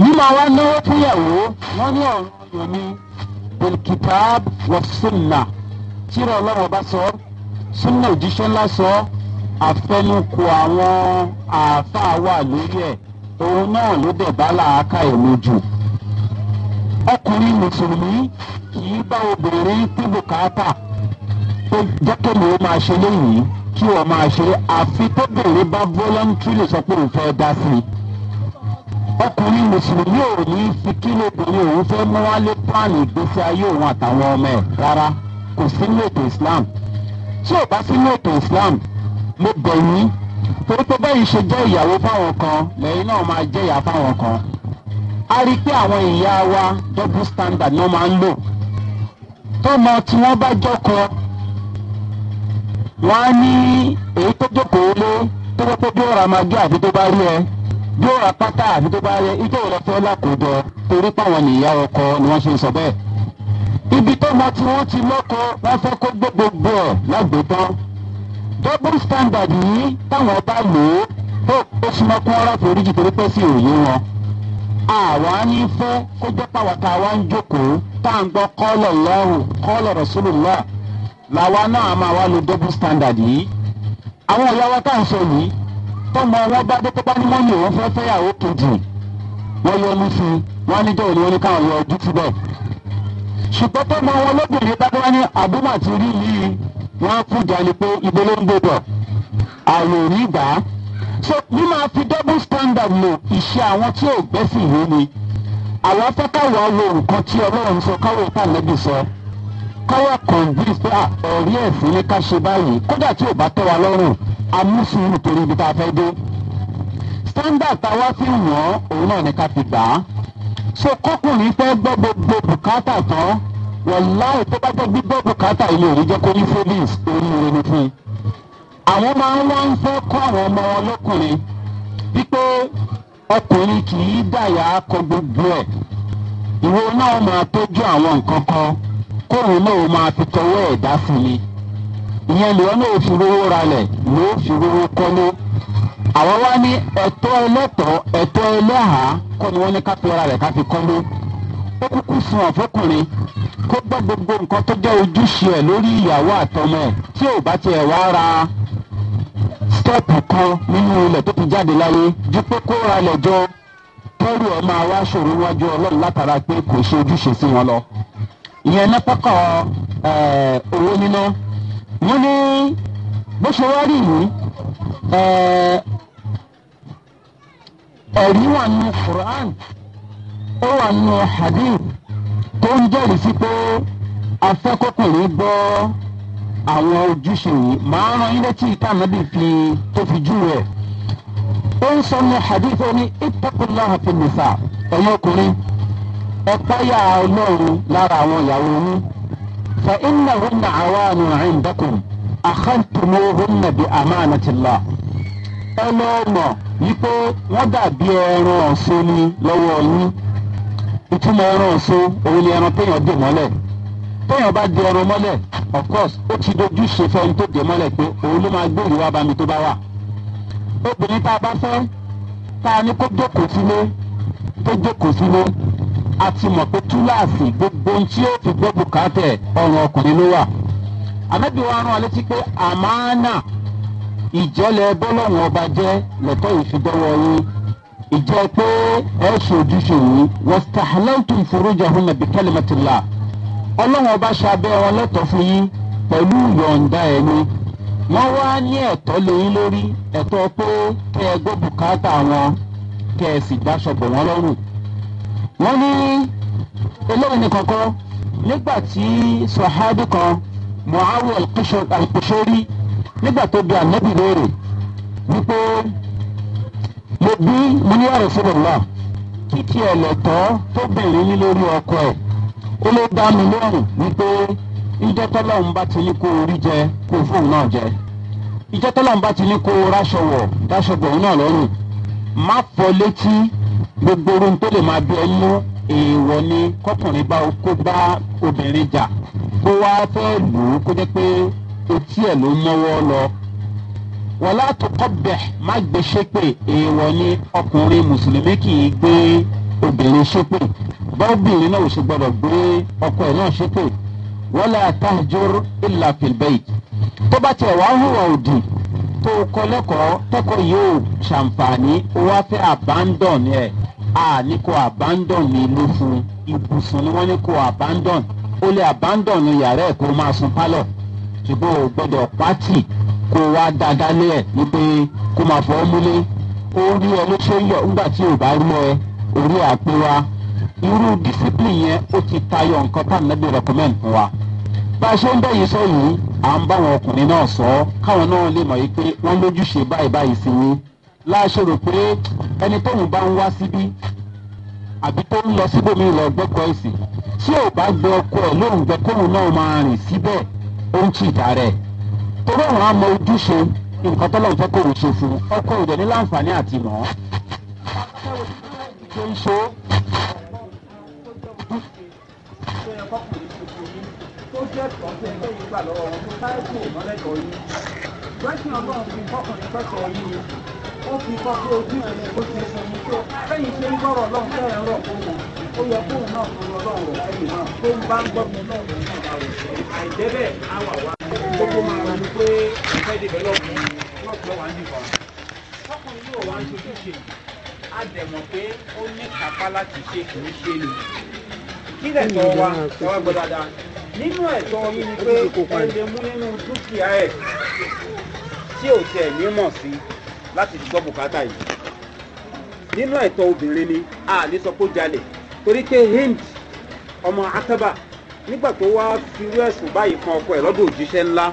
mímọ wa náwó fúnyàwó wọn ní ọ̀run ọ̀yọ̀ ni bilkitab wa sunna tíra ọlọ́run ọba sọ sunna òjíṣẹ́ ńlá sọ àfẹnukò àwọn àáfàá wà lórí ẹ̀ òun náà ló dẹ̀ bá làákà èmi jù. ọkùnrin mùsùlùmí kì í bá obìnrin tí bùkátà tó jẹ́kẹ̀lé ó máa ṣe léyìí kí wọ́n máa ṣe àfi tóbìnrin bá voluntarily sọ pé òun fẹ́ dá sí i. ọkùnrin mùsùlùmí ò ní fi kílò obìnrin òun fẹ́ mú wálé pààlì ìgbésí ayé òun àtàwọn ọmọ ẹ̀ rárá kò sí ní ètò islam tí ò bá sí ní ètò islam mo bẹ̀ yín torí pé bẹ́yìn ṣe jẹ́ ìyàwó fáwọn kan lẹ́yìn náà máa jẹ́ ìyá fáwọn kan a rí i pé àwọn ìyá wa double standard ni wọ́n máa ń lò tọ́mọ tí wọ́n bá jọkọ wọ́n á ní èyí tó jókòó lé tó bá pé bí ó ra magí àbí tó bá rí ẹ bí ó ra pátá àbí tó bá rí ẹ ijó ìrẹsẹ̀ ọlákòjọ torí páwọn nìyá ọkọ ni wọ́n ṣe ń sọ bẹ́ẹ̀ ibi tọ́mọ tí wọ́n ti lọ́kọ wọ́n fẹ́ kó gbé gbogbo ẹ̀ lágbèétán double standard yìí táwọn bá lò ó ó súnmọ́ kí wọ́n ráfò oríjì torí pé sí òye wọn. àwa ní fẹ́ kó jẹ́ pàwọ́ tá wá ń jókòó tá à ń gbọ́ kọ́lọ̀ lọ́rùn kọ́lọ̀ rasulillah làwa náà máa wá lo double standard yìí. àwọn ìyá wa tá à ń sọ yìí tọmọ wọn bá dé tó bá ní mọ́nyì òun fẹ́ fẹ́yàwó kejì wọ́n yọ ní fi wọ́n níjọ́ òní wọn ní káwọn yọ ojú síbẹ̀. ṣùgbọ́n tọmọ wọn lóbìnrin bá dé wá ní àbúmọ̀ àti rí yìí wọ́n kú jàlè pé ibo ló ń gbé bọ̀ àrò nígbà so bí máa fi double standard lò ìṣe àwọn tí ò gbẹ́sìn ìwé ni àwọn afẹ́kọ̀wé lo nǹkan tí ọlọ́run sọ káwé pàlẹ́bí sọ káwé convince pé ọ̀rí ẹ̀sìn ní ká ṣe báyìí kódà tí ò bá tọ́ wa lọ́rùn amúsùnmù torí ibi tá a fẹ́ dé standard táwa fi wọ́n òun náà ni ká fi gbà á so kọkùnrin fẹ́ gbọ́ gbogbo bùkátà tán wàláì tó bá jẹ́ gbígbọ́ bùkátà ilé òní jẹ́ kó ní savings oríire ni fún un. àwọn máa ń wá ń fẹ́ kó àwọn ọmọ wọn lọ́kùnrin wípé ọkùnrin kì í dàyà kọ gbogbo ẹ̀ ìwọ náà máa tọ́jú àwọn nǹkan kan kóòrùn náà máa fi tọwọ́ ẹ̀dá fún mi ìyẹn lòun náà fi ralẹ̀ lòó fi rówó kọ́lé àwọn wá ní ẹ̀tọ́ ẹlẹ́tọ̀ọ́ ẹ̀tọ́ ẹlẹ́hàá kọ́ ni wọ́n ní ká fi ra rẹ̀ ká fi kọ́lé ó kúkú fún ọ̀fọ́kùnrin kó gbọ́ gbogbo nǹkan tó jẹ́ ojúṣe ẹ̀ lórí ìyàwó àtọmọ ẹ̀ tí ò bá tiẹ̀ wá ra stọ́ọ̀pù kan nínú ilẹ̀ tó ti jáde láyé ju pé kó ralẹ̀ jọ kẹ́rù ẹ̀ máa ṣòro wájú ọlọ́run látara pé kò ṣe ojúṣe sí wọn lọ. ìyẹn nípakọ̀ owó níná wọ́n ní bó ṣe wá rí yìí ẹ̀rí wà ní quran ó wà nínú hadith tó ń jẹ́rìí sí pé afẹ́kọ́kùnrin gbọ́ àwọn ojúṣe yìí màá ran yín létí ìtànàbí fi tó fi jú rẹ̀ ó ń sọ ní hadith ó ní ìtàkùnlá àti nìfà ẹ̀yìn ọkùnrin ẹ̀páyà ọlọ́run lára àwọn ìyàwó yín fa iná hunna àwa ni dákùn àkàntúmọ̀ hunna bí amánatìlá ẹ lọ́ọ́ mọ̀ wípé wọ́n dàbí ẹran ọ̀sẹ̀ ni lọ́wọ́ yín ìtumọ̀ ẹran ọ̀sìn òun ni ẹran téèyàn dè mọ́lẹ̀ téèyàn bá di ẹran mọ́lẹ̀ of course ó ti dojú ṣe fẹ́ni tó dè mọ́lẹ̀ pé òun ló máa gbé ìwà bami tó bá wà. obìnrin tá a bá fẹ́ tá a ní kó jókòó sílé tó jókòó sílé a ti mọ̀ pé túláàsì gbogbo ohun tí ó fi gbọ́ bùkátẹ̀ ọ̀rùn ọkùnrin ló wà. àmẹ́bí wa rán alẹ́ pé àmánà ìjọ́lẹ̀ bọ́lọ́hùn ọba jẹ́ lẹ́tọ́ ìfidọ́wọ́ ìjẹ́ pé ẹ ṣòjúṣe yìí wàstàhálàtù ìforújàhùn nàbí kẹlẹmẹtìlá ọlọ́run ọba ṣàbẹ̀ wọn lẹ́tọ̀ọ́ fún yín pẹ̀lú yọ̀ǹda ẹni wọ́n wá ní ẹ̀tọ́ lóyún lórí ẹ̀tọ́ pé kẹ́ ẹ gbọ́ bùkátà wọn kẹ́ ẹ sì dáṣọ bọ̀ lọ́rùn wọ́n ní eléyìí ní kọ̀kọ́ nígbà tí sọ̀hádì kan muhawi alkushori nígbà tó bi ànábì lóore wípé mo bí mo ní àrùn sílẹ̀ náà kí ti ẹ̀lẹ̀tọ́ tó bèrè ní lórí ọkọ ẹ̀ ó ló dá mi lóhùn wípé ìjẹ́ tọ́lọ́run bá ti ní kó orí jẹ kó fóun náà jẹ ìjẹ́ tọ́lọ́run bá ti ní kó ráṣọ wọ̀ dáṣọ bọ̀ náà lọ́rùn má fọ létí gbogbo orun tó lè máa bí ẹ mú èèwọ̀ ni kọkùnrin bá kó bá obìnrin jà kó wá fẹ́ lù ú kó jẹ́ pé etí ẹ̀ ló mọ́wọ́ lọ wọ́n látò kọ́bẹ̀ má gbé ṣépè èèwọ̀ ni ọkùnrin mùsùlùmí kì í gbé obìnrin ṣépè bọ́ọ̀bìnrin náà ò sì gbọ́dọ̀ gbé ọkọ ẹ̀ náà ṣépè wọ́n lè àtàjọr ìlà fìlbẹ́yì tó bá tiẹ̀ wá hùwà òdì tó kọ́ lẹ́kọ̀ọ́ tẹ́kọ̀ọ́ yóò ṣàǹfààní ó wá fẹ́ abandon ẹ̀ a ní kò abandon ní ìlú fún ibùsùn ni wọ́n ní kò abandon ó lè abandon yàrá ẹ̀ kó máa sun pálọ̀ ṣùgbọ́n ò gbọ́dọ̀ pátì kó wá dáadáa ní ẹ̀ wípé kó máa fọ́ múlé ó rí ẹ ló ṣe ń yọ nígbà tí ò bá rí ẹ orí àpè wa irú discipline yẹn ó ti tayọ nǹkan tá nàbí recommend fún wa bá a ṣe ń bẹ̀yìn sọ yìí à ń báwọn ọkùnrin náà sọ káwọn náà lè mọ̀ wípé wọ́n lójúṣe báyìí báyìí sí yín láṣẹ rò pé ẹni tóun bá ń wá síbí àbí tó ń lọ síbòmí lọ gbẹ́kọ̀ọ́ ẹ̀sìn tí ò bá gbẹ ọkọ ẹ̀ lóun gbẹ náà máa rìn síbẹ̀ ó ń tì dára ẹ̀ torí àwọn àmọ ojúṣe nǹkan tó lọ́n fẹ́ kó ṣe fún un ọkọ òde ní láǹfààní àti mọ́. ó fi kọ́ pé ojú ẹ̀yẹ bó ti sọ ní tó lẹ́yìn ṣe ń gbọ́rọ̀ ọlọ́run fẹ́rẹ̀ rọ̀ fún wọn ó yẹ kóun náà kó lọ́wọ́ ẹ̀yìn náà tó ń bá ń gbọ́ mi náà lọ́wọ́ ìgbà wò. àìjẹ́bẹ̀ àwà wa gbogbo máa wà ní pé ìfẹ́ dìbẹ́lọ́pù lọ́pọ̀ wà ń dìbọn. tọkùnrin yóò wá ń ṣojú ṣe á dẹ̀mọ̀ pé ó ní kápá láti ṣe kì í ṣe ni. kí lẹ̀tọ́ wa tọ́wọ́ gbọ́ dáadáa nínú ẹ̀tọ́ yín ni pé ẹ lè mú nínú dúkìá ẹ̀ tí ò tẹ̀ ní mọ̀ sí láti gbọ́ bùkátà yìí nínú ẹ̀tọ́ obìnrin ni a ní sọ pé ó jalè torí pé hind ọmọ ataba nígbà tó wá fiwé ẹ̀sùn báyìí kan ọkọ ẹ̀ lọ́dọ̀ òjíṣẹ́ ńlá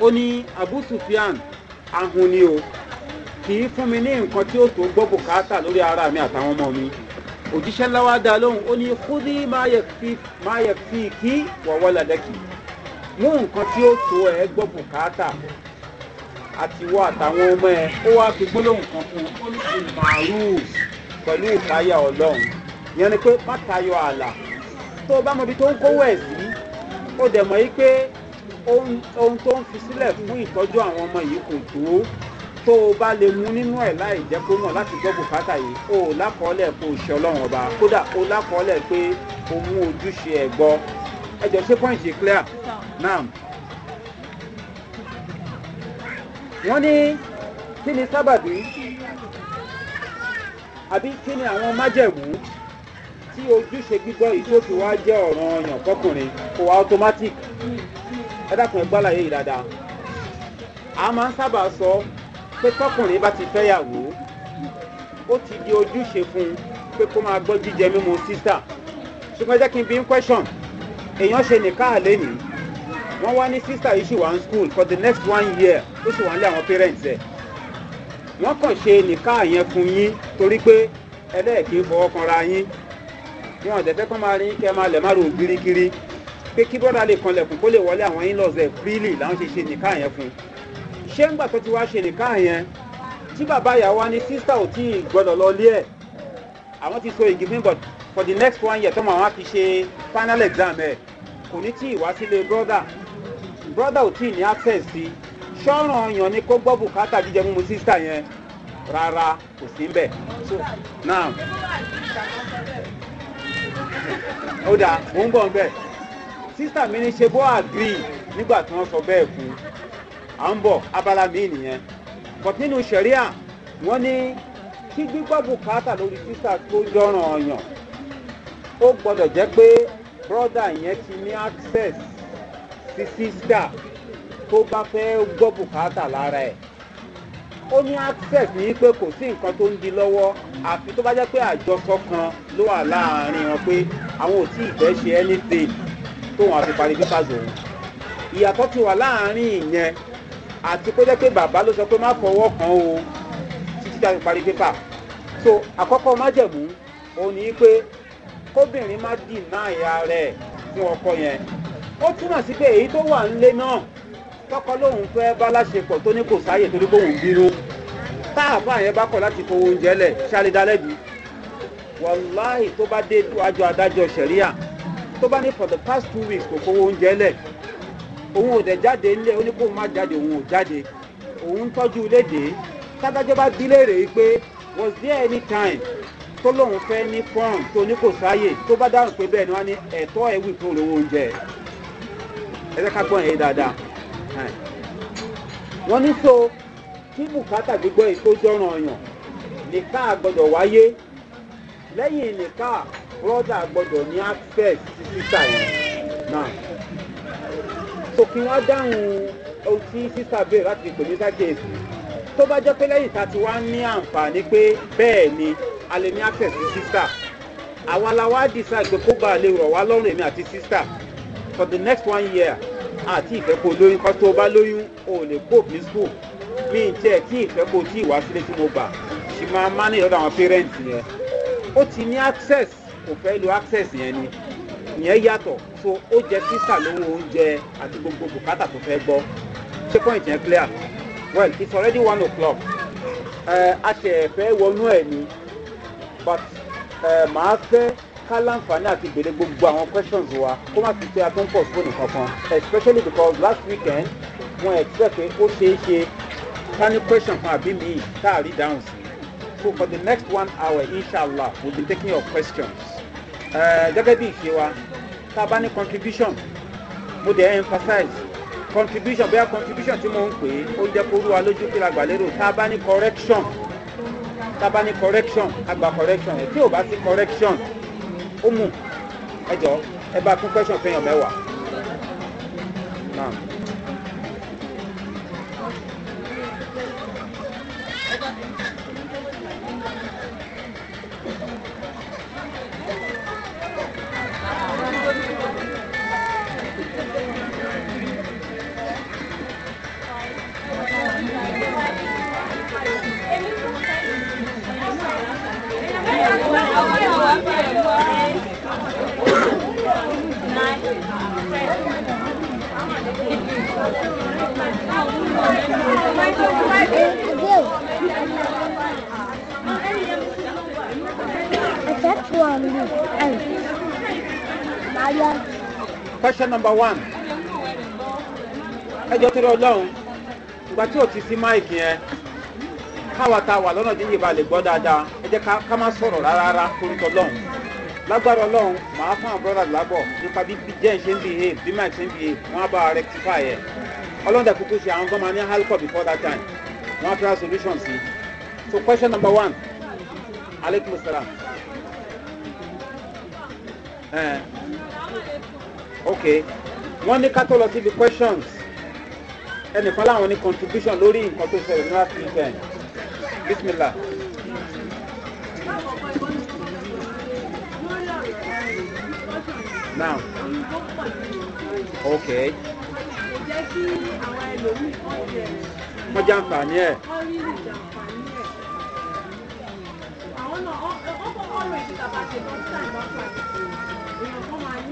ó ní abu sufyan ahun ni o kì í fún mi ní nǹkan tí ó tó gbọ́ bùkátà lórí ara mi àtàwọn ọmọ mi òjíṣẹ́ ńlá wa dá lóhùn ó ní kúdí máa yẹ fi kí wọ̀wọ́ làdẹ́kì mú nǹkan tí ó tó ẹ gbọ́ bùkátà àti wọ àtàwọn ọmọ ẹ ó wá fi gbólóhùn kan fún un ó ní ìmàrú pẹ̀lú ìkáyà ọlọ́run yẹn ni pé má tayọ tó o bá mọ ibi tó ń kówó ẹ̀ sí ó dẹ̀ mọ̀ yìí pé ohun tó ń fi sílẹ̀ fún ìtọ́jú àwọn ọmọ yìí kò tó tó o bá lè mú nínú ẹ̀ láì jẹ́ kó mọ̀ láti gbọ́ bùkátà yìí o ò lákọọ́lẹ̀ kó o ṣe ọlọ́run ọba kódà o lákọọ́lẹ̀ pé o mú ojúṣe ẹ̀ gbọ́ ẹ jọ ṣe point ṣe clear now wọ́n ní kí ni sábàbí àbí kí ni àwọn májẹ̀mú tí ojúṣe gbígbọ́ yìí tó fi wá jẹ́ ọ̀ràn ọyàn fọkùnrin kò wá automatic ẹ dákun ẹ gbálàyé yìí dáadáa a máa ń sábà sọ pé tọkùnrin bá ti fẹ́yàwó ó ti di ojúṣe fún un pé kó máa gbọ́ jíjẹ mímu sísà ṣùgbọ́n jẹ́ kí n bí n question èèyàn ṣe nìka àlẹ́ nìí wọ́n wá ní sísà yìí ṣì wà ní school for the next one year ó sì wà ní àwọn parents ẹ̀ wọ́n kàn ṣe nìka yẹn fún yín torí pé ẹlẹ́ẹ̀kí fọwọ́ kanra yín wọn ò dẹ̀fẹ́ kọ́ máa rí kẹ́ máa lẹ̀ má ro girigiri pé kí bọ́dà lè kanlẹ̀kùn kó lè wọlé àwọn yín lọ́sẹ̀ fírílì làwọn ṣe ṣe nìkan yẹn fún un ṣé ń gbà tó ti wá ṣe nìkan yẹn tí bàbá ìyàwó wa ní sísá ò tí ì gbọdọ̀ lọ lé ẹ̀ àwọn ti so igi fún but for the next one year tọ́mọ àwọn á fi ṣe final exam ẹ̀ kò ní tí ì wá sílé brọ́dà brọ́dà ò tí ì ní access sí ṣọ́ràn ọyàn ni kó gbọ́ bùkátà jíjẹ mímu sísá yẹn rárá kò sí ń bẹ̀. now ó dà mò ń bọ̀ ń bẹ̀ sísà mi ní ṣe bó àgírí nígbà tí wọ́n sọ bẹ́ẹ̀ fún à ń bọ̀ abala mi nìyẹn but nínú sẹ̀ríà wọ́n ní kí gbígbọ́ bùkátà lórí sísà tó jọ̀ràn ọ̀yàn ó gbọ́dọ̀ jẹ́ pé brọ́dà yẹn ti ní access sí sísà tó bá fẹ́ gbọ́ bùkátà lára ẹ̀ ó ní access ní pé kò sí nǹkan tó ń di lọ́wọ́ àfi tó bá jẹ́ pé àjọsọ kan ló wà láàrin wọn pé àwọn ò tí ì fẹ́ ṣe anything tóun àfi parí papers òun ìyàtọ̀ ti wà láàrin ìyẹn àti kó jẹ́ pé bàbá ló sọ pé má fọwọ́ kan o títí tá a fi parí pépà so àkọ́kọ́ májẹ̀mú òun ní pé kóbìnrin má dì náà ìyá rẹ̀ fún ọkọ yẹn ó túmọ̀ sí pé èyí tó wà ń lé náà tọkọ lóun fẹ́ bá láṣepọ̀ tó ní kò sáyè torí kóun bínú tá àfa yẹn bá kọ̀ láti kó oúnjẹ lẹ̀ ṣáálí dálẹ́bi wàláhì tó bá dé àjọ adájọ́ sẹ̀ríà tó bá ní for the past two weeks kò kówó oúnjẹ lẹ̀ òun ò dẹ̀ jáde nílé ó ní kó má jáde òun ò jáde òun tọ́jú léde tádájọ́ bá bí léèrè pé was there any time tó lóun fẹ́ ní fọ́ọ̀n tó ní kò sáyè tó bá dáhùn pé bẹ́ẹ̀ ni wọ́n ní ẹ̀tọ́ ẹ̀ wí fún olówó oúnjẹ ẹ̀ ẹ̀ ká gbọ́n ẹ̀ dáadáa time. wọ́n ní so kí bùkátà gbígbọ́ yìí tó jọ́ràn ọ̀yàn nìka gbọ́dọ̀ wáyé lẹ́yìn nìka brọ́dà gbọ́dọ̀ ní access sí sísà yẹn náà. so kí wọ́n dáhùn ohun tí sísà béèrè láti pè ní sákèésì tó bá jẹ́ pé lẹ́yìn tá a ti wá ní àǹfààní pé bẹ́ẹ̀ ni a lè ní access sí sísà àwa la wá dìsa ìgbé kó bá a lè rọ̀ wá lọ́rùn èmi àti sísà for the next one year àti ìfẹ́ lóyún kọ́ tó bá lóyún ò lè cope ní school mi n tiẹ̀ tí ìfẹ́ tí ìwá sílé tí mo gbà ṣì máa manage lọ́dọ̀ àwọn parents yẹn ó ti ní access kò fẹ́ lo access yẹn ni ìyẹn yàtọ̀ so ó jẹ sísà lówó oúnjẹ àti gbogbo bùkátà tó fẹ́ gbọ́ ṣé point yẹn clear well it's already one o'clock ẹ a ṣe ẹ̀fẹ́ wọnú ẹ̀ ni but ẹ màá fẹ́ ká láǹfààní àti béèrè gbogbo àwọn questions wa kó má fi ṣe atún fóònù kankan especially because last weekend wọn expect pé ó ṣeé ṣe ká ní question kan àbí mi tá a rí dáhùn sí so for the next one hour inshallah we'll be taking your questions gẹ́gẹ́ bí ìṣe wa tá a bá ní contribution mo dẹ̀ emphasize contribution bóyá contribution tí mo ń pè é ó jẹ́ kó rú wa lójú kí la gbà lérò tá a bá ní correction tá a bá ní correction a gba correction ẹ̀ tí ò bá sí correction ó mú ẹ jọ ẹ bá kún question fẹ́yàn mẹ́wàá question number one ẹjọ́ tó lọ lọ́hùn ìgbà tí ò ti sí máìkì yẹn káwa ta wà lọ́nà jíjìn ba lè gbọ́ dáadáa ẹ jẹ́ ká má sọ̀rọ̀ rárá kórìtọ́ lọ́hùn lágbára ọlọ́run màá bí ṣe behave ṣe before that time solution so question number one Okay. wọ́n ní ká tó lọ síbi questions ẹnìkan láwọn ní contribution lórí nǹkan tó ṣẹlẹ̀ ní last weekend bismillah. now ok. wọ́n jẹ́ àǹfààní ẹ̀. àwọn náà ọkọ̀ ọ̀rọ̀ ìdíkà bá ṣe bọ́ sí àìbá fún àìbá.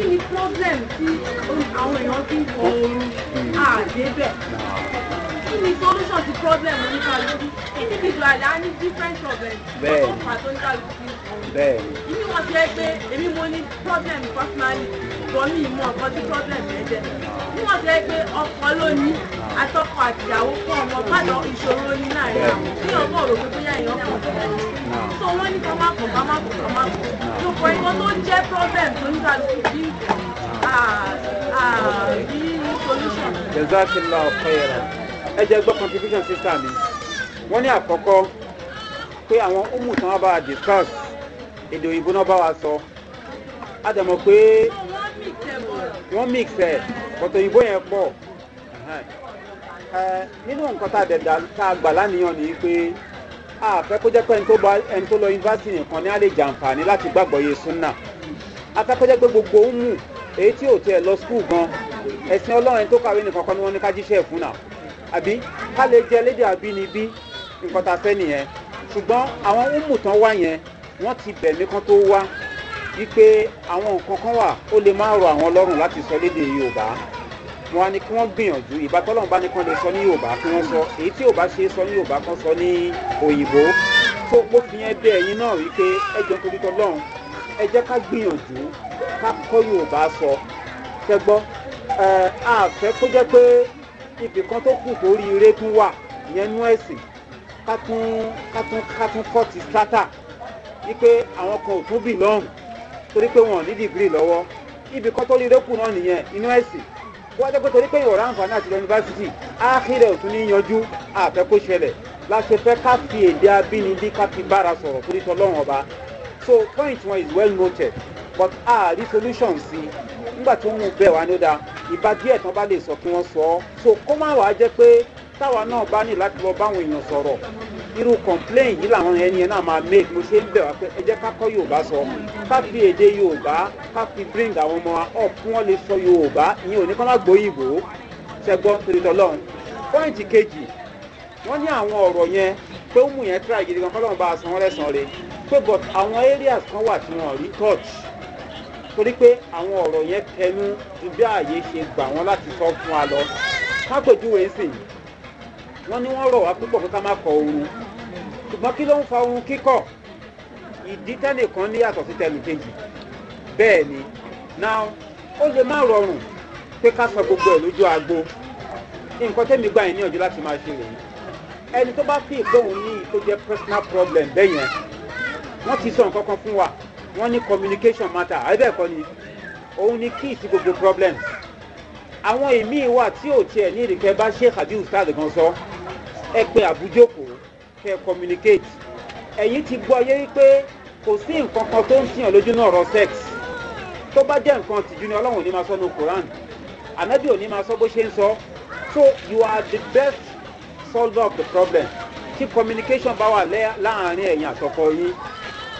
kí ni problem tí àwọn èèyàn fi ń kọ ooru àdébẹ̀ ah, kí ni solution ti problem oníkàlùkù individually a ní different problems bẹ́ẹ̀ ni bẹ́ẹ̀ ni ìmí wọn ti rẹ pé èmi mo ní problem personally ọkọ ní ìmọ̀ ọkọ tí problem ẹ̀ jẹ́ níwọ̀n tó yẹ pé ọkọ ló ní àtìyàwó fún ọmọ bàdàn ìṣòro ní láàrin àwọn tí rò pé bóyá èèyàn kàn fún ọmọ tó wọ́n ní kọ́ má kọ̀ má kọ̀ ká má kọ̀ lóko ìwọ́n tó jẹ́ problem tó ń ta bí bí solution. jazakallah khairan ẹ jẹ́ gbọ́ contribution sister mi wọ́n ní àkọ́kọ́ pé àwọn umu tí wọ́n bá discuss èdè òyìnbó náà bá wa sọ á dẹ̀ mọ̀ pé wọ́n mix ẹ̀ ọ̀tọ̀ òyìnbó yẹn pọ̀ nínú nǹkan tá a gbà lánìyàn ni pé a fẹ́ kó jẹ́ pé ẹni tó lọ yunifásitì nìkan ni a lè jàǹfààní láti gbàgbọ́ iye súnà a fẹ́ kó jẹ́ pé gbogbo ń mú èyí tí ò tiẹ̀ lọ skul gan ẹ̀sìn ọlọ́run tó kàwé nìkan kan ni wọ́n ní ká jíṣẹ́ fún náà àbí ká lè jẹ́ lédè àbínibí nǹkan tá a fẹ́ nìyẹn ṣùgbọ́n àwọn ń mú tán wá yẹn wọ́n ti bẹ̀mí kan tó wá wípé àwọn nǹkan kan wà ó lè máa rọ àwọn lọ́rùn láti sọ léde yorùbá wọn á ní kí wọ́n gbìyànjú ìbátọ́lọ́run bá ní kán lè sọ ní yorùbá kí wọ́n sọ èyí tí yorùbá ṣe é sọ ní yorùbá kan sọ ní òyìnbó tó ó fi yẹn bẹ ẹyin náà wípé ẹjọ torí tọlọ́run ẹ jẹ́ ká gbìyànjú ká kọ́ yorùbá sọ fẹ́ gbọ́ ẹ àfẹ́ kó jẹ́ pé ibì kan tó kù torí ire tún wà ìyẹn nú ẹ̀sìn ká tún ká tún ká tún kọ́ ti sátà wípé àwọn kan ò tún bì lọ́rùn torí pé wọn ò ní dìgírì lọ́wọ́ ibi kan tó lè rẹ́kù náà nìyẹn inú ẹ̀sìn wọ́n jẹ́ pé torí pé ìwọ̀rọ̀ àǹfààní àti yunifásitì áhìrẹ̀ ò tún ní yanjú àfẹ́kó ṣẹlẹ̀ láti fẹ́ ká fi èdè abínibí ká fi bára sọ̀rọ̀ torí tọ́lọ́run ọba so point one is well noted but a rí solution sí nígbà tí wọ́n mú bẹ́ẹ̀ wá ní ó dáa ìbá díẹ̀ tán bá lè sọ kí wọ́n sọ ọ́ so kó má wàá jẹ́ pé táwa náà bá ní láti lọ báwọn èèyàn sọ̀rọ̀ irú complain yìí làwọn ẹni ẹ náà máa make mo ṣe ń bẹ̀ wá pé ẹ jẹ́ ká kọ́ yorùbá sọ ká fi èdè yorùbá ká fi bring àwọn ọmọ wa up kí wọ́n lè sọ yorùbá ìyẹn ò ní kọ́ má gbọ́ ṣẹgbọ́n torí tọ́lọ́run pọ́ìntì kejì wọ́n ní àwọn ọ̀rọ̀ yẹn pé ó mú yẹn try gidi gan kọ́lọ́run bá a san lẹ́sàn-án pé but àwọn areas kan wà tí wọ́n rí touch torí pé àwọn ọ̀rọ̀ yẹn tẹnu ju bí ààyè ṣe gbà wọ́n láti sọ fún wa lọ ká pèjúwe wọ́n ní wọ́n rọ̀ wá púpọ̀ pé ká má kọ oorun ṣùgbọ́n kí ló ń fa oorun kíkọ̀ ìdí tẹ́nìkan ní yàtọ̀ sí tẹnu kejì bẹ́ẹ̀ ni now ó lè má rọrùn pé ká sọ gbogbo ẹ̀ lójú agbo nǹkan tẹ́mi gbà yín níyànjú láti máa ṣe rèé ẹni tó bá fi ìgbóhùn ní tó jẹ́ personal problem bẹ́ẹ̀ yẹn wọ́n ti sọ nǹkan kan fún wa wọ́n ní communication matter àbẹ́ẹ̀kọ́ ni òun ni key sí gbogbo problems àwọn ìmíì wà tí ò tiẹ̀ ní ìrìkẹ́ bá ṣe àbí ustaz gan sọ. So ẹ pe àbújòkó kẹ communicate ẹ̀yin ti gbọ́ yé pé kò sí nǹkan kan tó ń sìyàn lójú náà rọ sex tó bá jẹ́ nǹkan tìjú ni ọlọ́run ò ní máa sọ ní koran ànábì ò ní máa sọ bó ṣe ń sọ so you are the best solver of the problem tí communication bá wà láàrin ẹ̀yin àtọkọ yín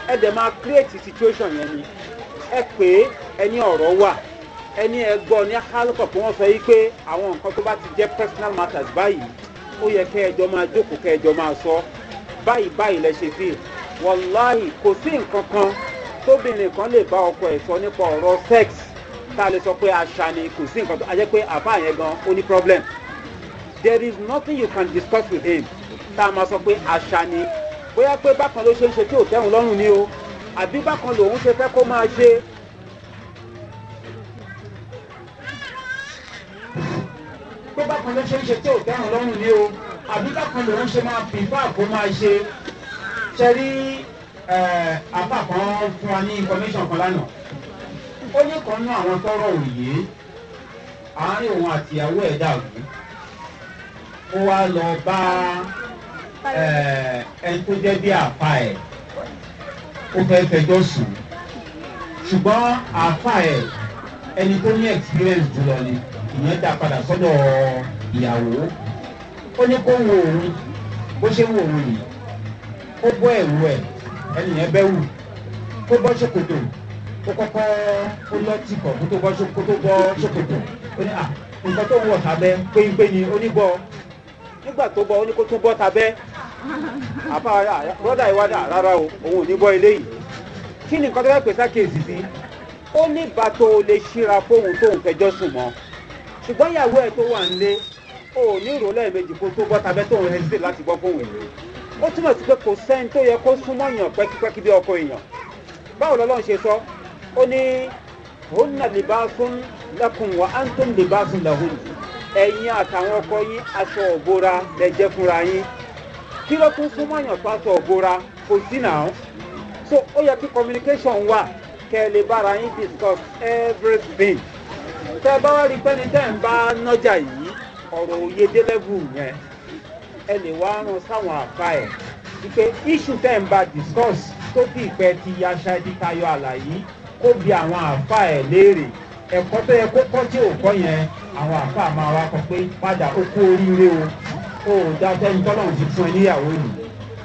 ẹ dẹ̀ máa create situation yẹn ni ẹ pé ẹni ọ̀rọ̀ wà ẹni ẹgbọ́ ní akálùkọ̀ pé wọ́n sọ yí pé àwọn nǹkan tó bá ti jẹ́ personal matters báyìí ó yẹ kẹjọ máa jókòó kẹjọ máa sọ báyìí báyìí lẹ ṣe fi wàláhì kò sí nǹkan kan tóbìnrin kan lè bá ọkọ ẹ̀ sọ nípa ọ̀rọ̀ sex tá a lè sọ pé àṣà ni kò sí nǹkan tó a jẹ́ pé àbá yẹn gan ó ní problem there is nothing you can discuss with him tá a máa sọ pé àṣà ni bóyá pé bákan ló ṣe ń ṣe tí ò tẹ́hùn lọ́rùn ni o àbí bákan lòun ṣe fẹ́ kó máa ṣe tó bá kan ló ṣe ń ṣe tí ò tẹ́ràn lọ́rùn ni o àbí bákan lòun ṣe máa fi ìfá àpò máa ṣe ṣe rí apá kan fún wa ní information kan lánàá ó ní kan náà àwọn tọrọ òye àárín òun àti ìyàwó ẹ̀ dàrú ó wá lọ bá ẹni tó jẹ́ bí àpá ẹ̀ ó fẹ́ fẹjọ́ sùn ṣùgbọ́n àpá ẹ̀ ẹni tó ní experience jùlọ ni ìyẹn dà padà sọ́dọ̀ ìyàwó ó ní kó wo òun bó ṣe wo òun yìí ó bọ́ ẹ̀wù ẹ̀ ẹnìyẹn bẹ́ wù kó bọ́ ṣòkòtò kó kọ́kọ́ kó lọ tìkọ̀ kó tó bọ́ ṣòkòtò ó ní à nǹkan tó ń wọ̀ sábẹ́ péńpé ni ó ní bọ́ nígbà tó bọ́ ó ní kó tún bọ́ sábẹ́ àfa rọ́dà ìwádà rárá o òun ò ní bọ́ eléyìí kí ni nǹkan tó fẹ́ pèsè àkíyèsí sí ó ní bàtò lè ṣíra fóun tóun fẹjọ́ sùn mọ́ ṣùgbọ́n ìyàwó ẹ̀ tó wà nílé o ò ní ìrọ̀lẹ́ ìmejì kó tó bọ́ta bẹ́ẹ̀ tó ń hẹ́sítì láti gbọ́ fóun ìlú ó túmọ̀ sí pé kò sẹ́ni tó yẹ kó súnmọ́ èèyàn pẹ́kípẹ́kí bí ọkọ èèyàn báwo lọ́lọ́run ṣe sọ ó ní hona libasun lakun wa anton libasun lahun ẹ̀yin àtàwọn ọkọ yín aṣọ òbora lẹ jẹ́ fúnra yín kí ló tún súnmọ́ èèyàn tó aṣọ òbora kò sí náà so ó yẹ kí communication wà kẹ́ ẹ lè bára yín discuss everything tẹ́ bá wá rí pẹ́ni tẹ́ ń bá nọ́jà yìí ọ̀rọ̀ òye délẹ́bù yẹn ẹ lè wá rán sáwọn àfa ẹ̀ wípé iṣu tẹ́ ń bá discuss tó bí ìpẹ́ ti aṣa ẹni tayọ àlàyé kó bi àwọn àfa ẹ̀ léèrè ẹ̀kọ́ tó yẹ kó kọ́ tí ò yẹn àwọn àfa máa wá kọ pé padà ó kú oríire o ó dá tẹ́ni tọ́lọ́run ti fún ẹ níyàwó yìí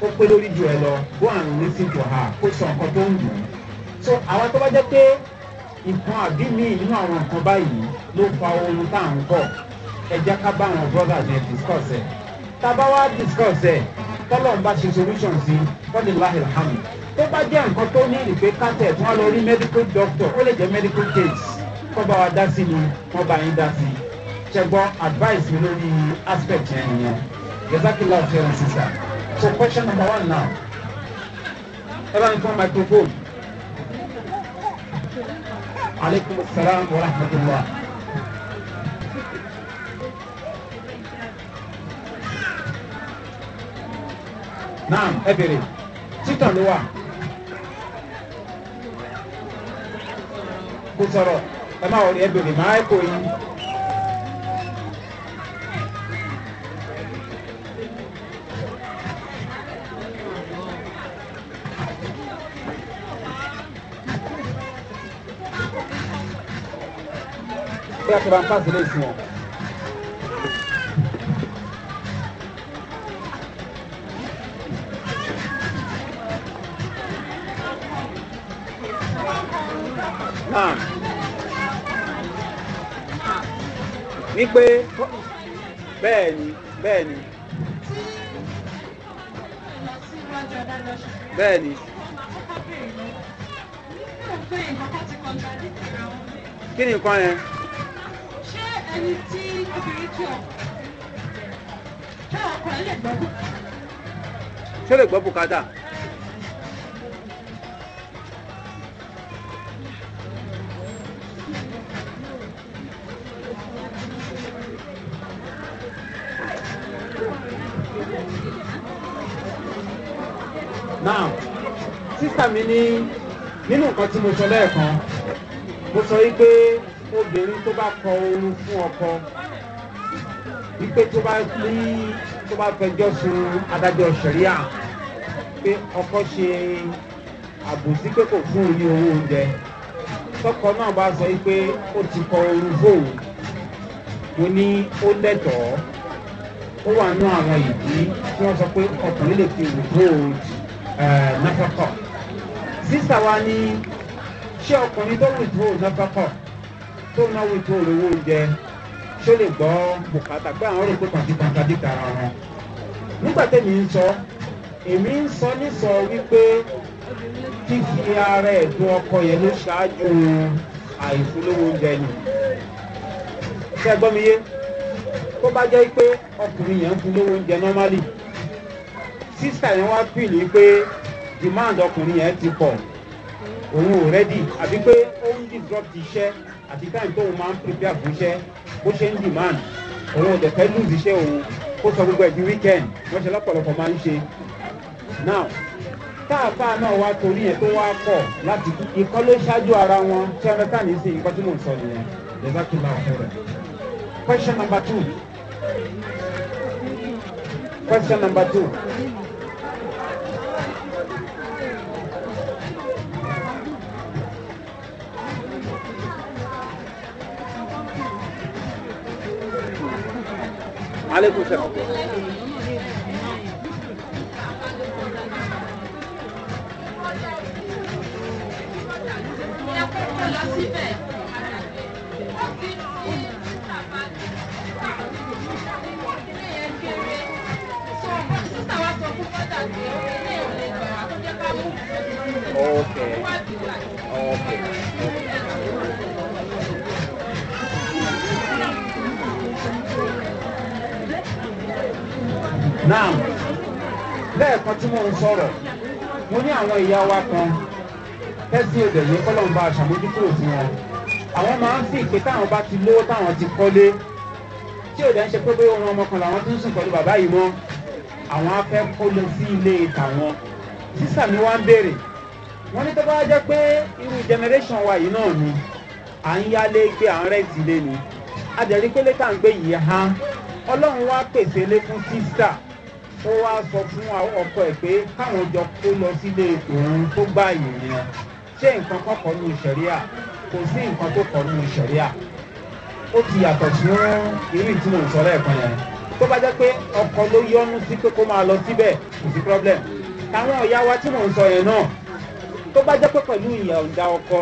ó pé lórí ju ẹ lọ go and lis ten to her kó sọ nǹkan tó ń dùn so àwọn tó bá jẹ́ pé ìkan àbí míì nínú àwọn nǹkan báyìí ló fa ohun tá à ń kọ ẹ jẹ́ ká bá àwọn brothers yẹn discuss ẹ̀ tá a bá wá discuss ẹ̀ tọ́lọ́run bá ṣe solution sí fọ́lì láhìl hàmì tó bá jẹ́ nǹkan tó ní ìpè kátẹ̀ tí wọ́n medical doctor ó lè jẹ́ medical case kọ́ bá wa dá sí ni wọ́n bá yín dá sí ṣẹgbọ́ advice mi lórí aspect yẹn nìyẹn jẹ́sàkìlá ọ̀fẹ́ ọ̀sísà so question number one now ẹ bá mi fún microphone aleykum salaam wa rahmatulah. naam ẹ bèrè títàn ló wà kó sọ̀rọ̀ ẹ má wọlé ẹ bèrè máa ẹ kó yín. bí ṣe bá ń pàṣẹ lè sùn wọn. náà bẹ́ẹ̀ ni bẹ́ẹ̀ ni bẹ́ẹ̀ ni kí ni nǹkan yẹn ẹni tí obìnrin tí now sísà mi ní nínú nǹkan tí mo sọ lẹ́ẹ̀kan mo sọ yí pé obìnrin tó bá kọ oorun fún ọkọ wípé tó bá ní tó bá fẹjọ́ sun adájọ́ sẹ̀ríà pé ọkọ ṣe àbòsí pé kò fún òní owó oúnjẹ tọkọ náà bá sọ wípé ó ti kọ oorun fóun mo ní ó lẹ́tọ̀ọ́ ó wà nú àwọn ìdí tí wọ́n sọ pé ọkùnrin lè fi wò ó náfọ́kọ̀ sísà wa ní ṣé ọkùnrin tó wù ó náfọ́kọ̀ tó náwó tó lówó oúnjẹ ṣó lè gbọ́ bùkátà pé àwọn rò pé kọ̀ǹtìkọ̀ǹtà dì tara wọn. nígbà tẹ́mi ń sọ èmi ń sọ nísọ wípé fífi ara ẹ̀dùn ọkọ yẹn ló ṣáájú àìfúnlówó oúnjẹ nì. ṣé ẹ gbọ́ mi yé tó bá jẹ́ pé ọkùnrin yẹn ń fúnlówó oúnjẹ normally sísà yẹn wá pìlì pé demand ọkùnrin yẹn ti pọ̀ òun ò rẹ́dì àbí pé ó ń disrupt iṣẹ́ àti táyì tóun máa ń pèpè àfúnṣẹ́ bó ṣe ń dìmáàn òun ò dẹ̀fẹ́ lùzì iṣẹ́ òun kó sọ gbogbo ẹ̀dí wíkẹ́ǹd wọ́n ṣe lọ́pọ̀lọpọ̀ máa ń ṣe. now táàfáà náà wá torí yẹn tó wá kọ̀ láti ikọ́ ló ṣáájú ara wọn tí ọ̀rẹ́ tà ní sí ikọ́ tí mò ń sọ nìyẹn lẹ́sàkìlá ọ̀fẹ́rẹ́. question number two question number two. عليكم السلام Okay. Okay. náà lẹ́ẹ̀kan tí mò ń sọ̀rọ̀ mo ní àwọn ìyá wa kan tẹ́sí èdè yìí kọ́lọ́n bá aṣàmójúkúrò fún wọn àwọn máa ń fi ìpè táwọn bá ti lówó táwọn ti kọ́lé tí èdè ń ṣe pé bóyá ohun ọmọkan làwọn tún sùn pẹ̀lú bàbá yìí mọ́ àwọn á fẹ́ kó lọ sí ilé tàwọn sísà mi wá ń béèrè wọ́n ní tó bá jẹ́ pé irú generation wa yìí náà ni à ń yálé gbé à ń rẹ́ǹtì lé ni a dẹ̀ rí pé létà ń gbé yìí hán ọlọ́run wá pèsè ilé fún sísà ó wá sọ fún ọkọ ẹ̀ pé káwọn jọ kó lọ sílé òun tó gbà yìí yẹn ṣé nǹkan kan kọ́ nínú ìṣẹ̀ríà kò sí nǹkan tó kọ́ nínú ìṣẹ̀ríà ó ti yàtọ̀ sí irú tí mo sọ yẹn tó bá jẹ́ pé ọkọ ló yọnu sí pé kó máa lọ síbẹ̀ kò sí problem táwọn ọ̀yá wa tí mo ń sọ yẹn náà tó bá jẹ́ pé pẹ̀lú ìyọ̀ǹda ọkọ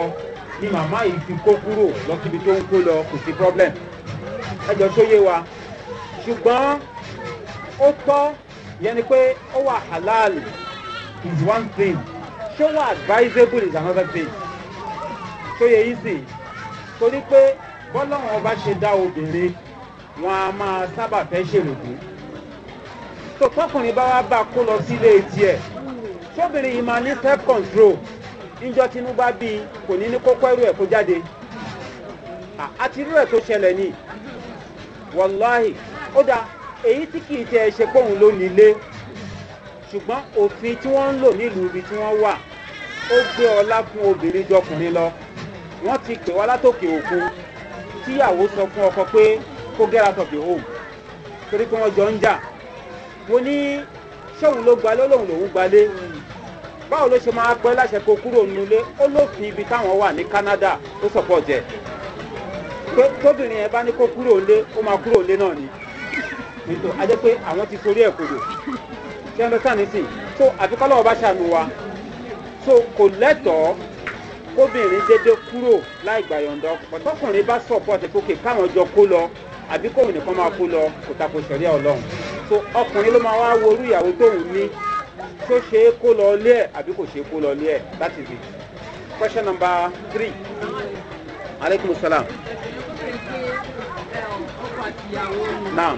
ni màmá yìí fi kó kúrò lọ síbi tó ń kó lọ kò sí problem ẹjọ́ tó yé wa ṣùgbọ́n ó tọ́ yẹn ni pé ó wà halal is one thing ṣé ó wà advisable is another thing tó yẹ yìí sì torí pé bọ́lọ́wọ́n bá ṣe dá obìnrin wọn a máa sábà fẹ́ ṣèlòdì tó tọkùnrin bá wá bá kó lọ sílé tiẹ̀ tóbìnrin yìí máa ní self control níjọ́ tínú bá bí kò ní ní kókó ẹrú ẹ̀ kó jáde àti irú ẹ̀ tó ṣẹlẹ̀ ni wàláhì ó dáa èyí tí kì í tẹ ṣe pọ̀hún ló nílé ṣùgbọ́n òfin tí wọ́n ń lò nílùú ibi tí wọ́n wà ó gbé ọlá fún obìnrin jọkùnrin lọ wọ́n ti pè wá látòkè òkun tíyàwó sọ fún ọkọ pé kó get out of the home torí pé wọ́n jọ ń jà mo ní ṣéun ló gbalé olóhùn lòún gbalé báwo ló ṣe máa pẹ́ láṣẹ kó kúrò nílé ó lófin ibi táwọn wà ní canada ó sọ̀pọ̀ jẹ tóbìnrin yẹn bá ní kó kúrò nílé ó máa kúrò nílé náà ni ètò ajẹ́ pé àwọn ti forí ẹ̀ kodò ṣé ẹ lọ́sàn ní sìn so àfikọ́lọ́ ọba ṣàánú wa so kò lẹ́tọ̀ọ́ kóbìnrin dédé kúrò láì gbàyọ̀ǹdọ́ ọ̀tọ́kùnrin bá sọ̀pọ̀tì kókè káwọn jọ kó lọ àbí kóhùn nìkan máa kó lọ kò tako ìṣẹ̀rí ọlọ́run so ọkùnrin ló máa wá worú ìyàwó tóun ní tó ṣe é kó lọ lé ẹ̀ àbí kò ṣe é kó lọ lé ẹ̀ that is question number three aleykum salaam. naam.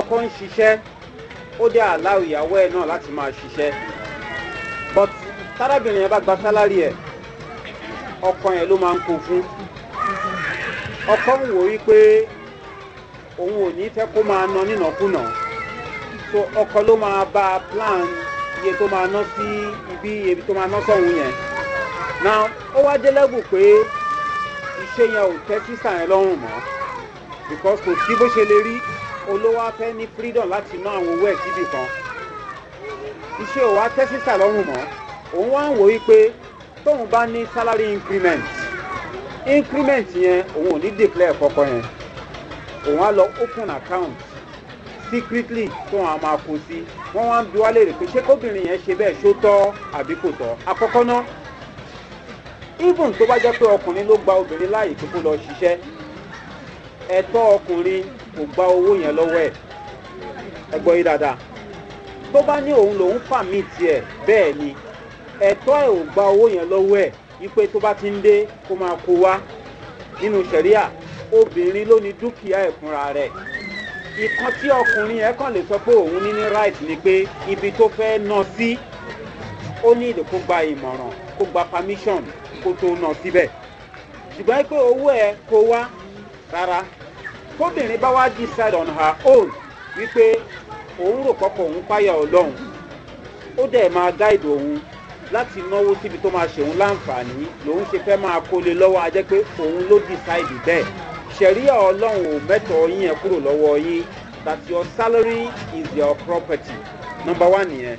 ọkọ ń ṣiṣẹ́ ó dé àláwò ìyàwó ẹ̀ náà láti máa ṣiṣẹ́ but tárábìnrin yẹn bá gba sálárì ẹ̀ ọkọ yẹn ló máa ń kó fún ọkọ ń wò wípé òun ò ní fẹ́ kó máa ná nínàkúnà so ọkọ ló máa bá plan iye tó máa ná sí ibi ibi tó máa ná sọ̀hún yẹn now ó wá dé pé iṣẹ́ yẹn ò tẹ́ sísà yẹn lọ́rùn mọ́ because kò sí bó ṣe lè rí olówó afẹ́ ní freedom láti ná àwọn owó ẹ̀ síbì kan iṣẹ́ òwò atẹ́ sísà lọ́rùn mọ́ òun wá ń wò wípé tóun bá ní salary increment increment yẹn òun ò ní declare kọ́kọ́ yẹn òun á lọ open account secretly tó wọn a máa kó sí wọn wá ń bi wá léèrè pé ṣé kóbìnrin yẹn ṣe bẹ́ẹ̀ ṣó tọ́ àbí kò tọ́ àkọ́kọ́ ná even tó bá jẹ́ pé ọkùnrin ló gba obìnrin láàyè pé kó lọ ṣiṣẹ́ ẹ̀tọ́ ọkùnrin kò gba owó yẹn lọ́wọ́ ẹ̀ ẹ gbọ́ yí dáadáa tó bá ní òun lòun fà mí tiẹ̀ bẹ́ẹ̀ ni ẹ̀tọ́ ẹ̀ ò gba owó yẹn lọ́wọ́ ẹ̀ wípé tó bá ti ń dé kó máa kó wá nínú sẹ̀ríà obìnrin ló ní dúkìá ẹ̀ rẹ̀ ìkan tí ọkùnrin ẹ̀ kàn lè sọ pé òun ní ní right ni pé ibi tó fẹ́ nà sí ó ní ìdè kó gba ìmọ̀ràn kó gba permission kó tó nà síbẹ̀ ṣùgbọ́n pé owó ẹ̀ kó wá rárá tóbìnrin bá wá decide on her own wípé òun rò pọ́pọ̀ òun páyà ọlọ́run ó dẹ̀ máa gáìdì òun láti náwó síbi tó máa ṣèun láǹfààní lòun ṣe fẹ́ máa kólé lọ́wọ́ ajẹ́ pé òun ló decide bẹ́ẹ̀ ṣẹ̀ríà ọlọ́run ò mẹ́tọ̀ọ́ yín yẹn kúrò lọ́wọ́ yín that your salary is your property number one yẹn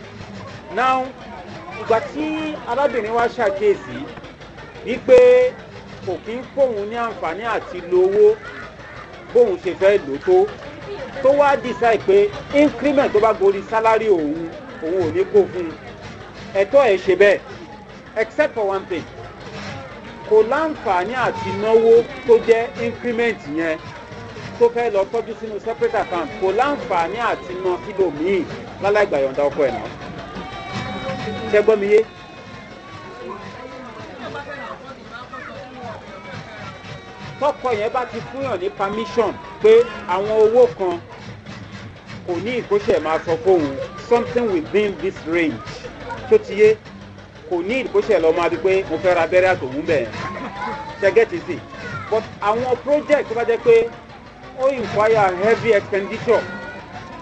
now ìgbà tí arábìnrin wa ṣàkíyèsí wípé kò kí ń fóun ní àǹfààní àti lo owó bóun ṣe fẹ́ lò tó tó wá decide pé increment tó bá gorí sálárì òun òun ò ní kó fún un ẹ̀tọ́ ẹ̀ ṣe bẹ́ẹ̀ except for one thing kò láǹfààní àti náwó tó jẹ́ increment yẹn tó fẹ́ lọ tọ́jú sínú separate account kò láǹfààní àti ná síbòmíì láláìgbàyọ̀ǹda ọkọ ẹ̀ náà ṣẹ́gbọ́n mi yé. tọkọ yẹn bá ti fúnyàn ní permission pé àwọn owó kan kò ní ìkóṣẹ̀ máa sọ fóun something within this range tó ti yé kò ní ìkóṣẹ̀ lọ máa di pé mo fẹ́ ra abẹ́rẹ́ àtòun bẹ̀rẹ̀ ṣẹ́gẹ́tì sí but àwọn project tó bá jẹ́ pé ó inquire heavy expenditure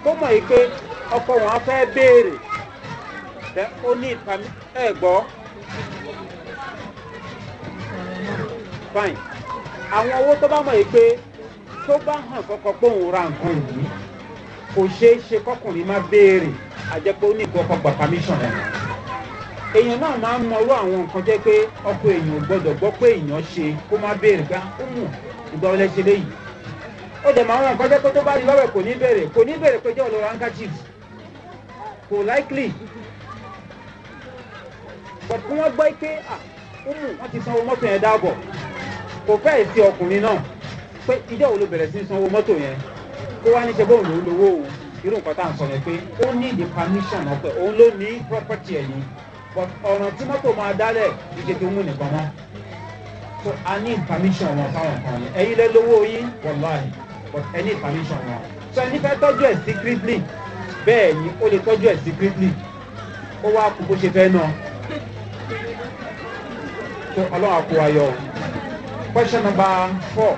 tó mọ̀ yìí pé ọkọ wọn á fẹ́ béèrè ẹ ó ní ìpamẹ́ ẹ gbọ́ fine. àwọn owó tó bá mọ̀ yìí pé tó bá hàn kọ́kọ́ pé òun ra nǹkan yìí kò ṣeé ṣe kọkùnrin má béèrè àjẹpọ̀ onígbọ̀ ọkọ̀ gbà permission ẹ̀. èèyàn náà máa ń mọrú àwọn nǹkan jẹ́ pé ọkọ̀ èèyàn gbọ́dọ̀ gbọ́ pé èèyàn ṣe kó má béèrè ó ìgbà ṣe léyìí. ó dẹ̀ kò fẹ́ẹ̀ sí ọkùnrin náà pé ìjọ wo ló bẹ̀rẹ̀ sí sanwó mọ́tò yẹn kó wá níṣẹ́ bóun ló lówó o irú nǹkan tá à ń sọ yẹn pé ó ní the permission ọ̀pẹ òun ló ní property ẹ̀yìn but ọ̀ràn tí mọ́tò máa dálẹ̀ ìṣètò òun nìkan mọ́ so a ní permission wọn fáwọn kan yẹn ẹ̀yin lẹ́ lówó yín wọ̀láì but ẹ ní permission wọn so ẹni fẹ́ tọ́jú ẹ̀ secretly bẹ́ẹ̀ ni ó lè tọ́jú ẹ̀ secretly ó wá kú bó ṣe fẹ́ náà so ọlọ́run àkó ayọ̀ o question number four.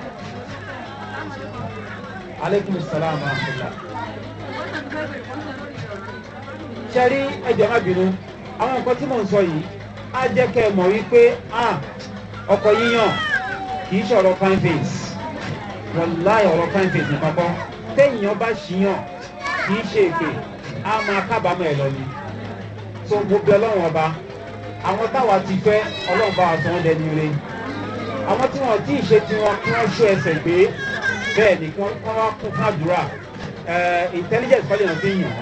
aleykum salaam wa rahmatulah. sẹ́rí ẹ̀jẹ̀ má bínú àwọn nǹkan tí mò ń sọ yìí á jẹ́ kẹ́ ẹ mọ̀ wípé ọkọ̀ yíyàn kì í ṣọ̀rọ̀ fine face wàláì ọ̀rọ̀ fine face nìkan kan téèyàn bá ṣìyàn kì í ṣe èpè á máa kábàámọ̀ ẹ̀ lọ ni tó gbogbo ọlọ́run ọba àwọn táwa ti fẹ́ ọlọ́run bá wa sọ wọ́n dẹni rẹ̀ àwọn tí wọn tí ì ṣe tiwọn kí wọn ṣó ẹsẹ gbé bẹẹ ni wọn wá kún fún àdúrà intelligence kọ́lé fi yàn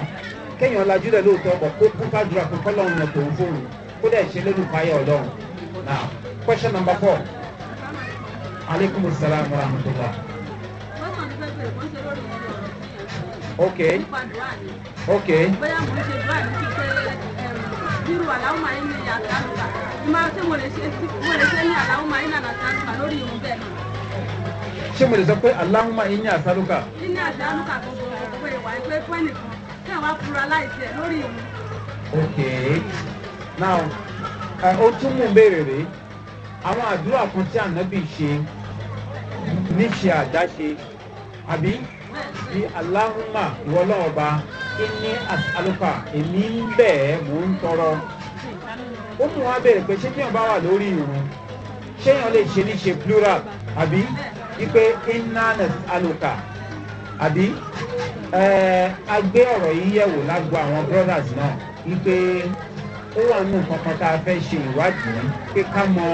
kéèyàn lajú rẹ lóòótọ́ bọ̀ kó kún fún àdúrà kó kọ́lọ́ ọ̀nà tòun fóònù kó dẹ̀ ṣe lónìí fáyà ọlọ́run now question number four aleykum salaam wa rahmatulah. ok ok. bóyá mo ń ṣe dúrà ní kíkẹ́ àdírù àláwùmá yín ní àtàlùkà ní máa ṣé mo lè ṣe ní àláwùmá yín nànà àtàlùkà lórí ìhun bẹ́ẹ̀ náà. ṣé mo lè sọ pé àláwùmá yín ní àtàlùkà. yín ní àtàlùkà gbogbo gbogbo ìwà ìpè fún ok now ó tún mú béèrè rèé àwọn àdúrà kan tí ànábì ṣe níṣe àdáṣe àbí. bí aláhùnmá wọlọ́ọ̀ba ọba àlùkà èmi ń bẹ̀ ẹ́ mò tọrọ. ó mú wa béèrè pé ṣé tíyàn bá wà lórí ìrun ṣéyàn lè ṣe níṣe plural àbí wípé aluka àbí agbe gbé ọ̀rọ̀ yìí yẹ̀wò lágbo àwọn brothers náà wípé ó wà nù kankan tá a fẹ́ ṣe ìwádìí pé ká mọ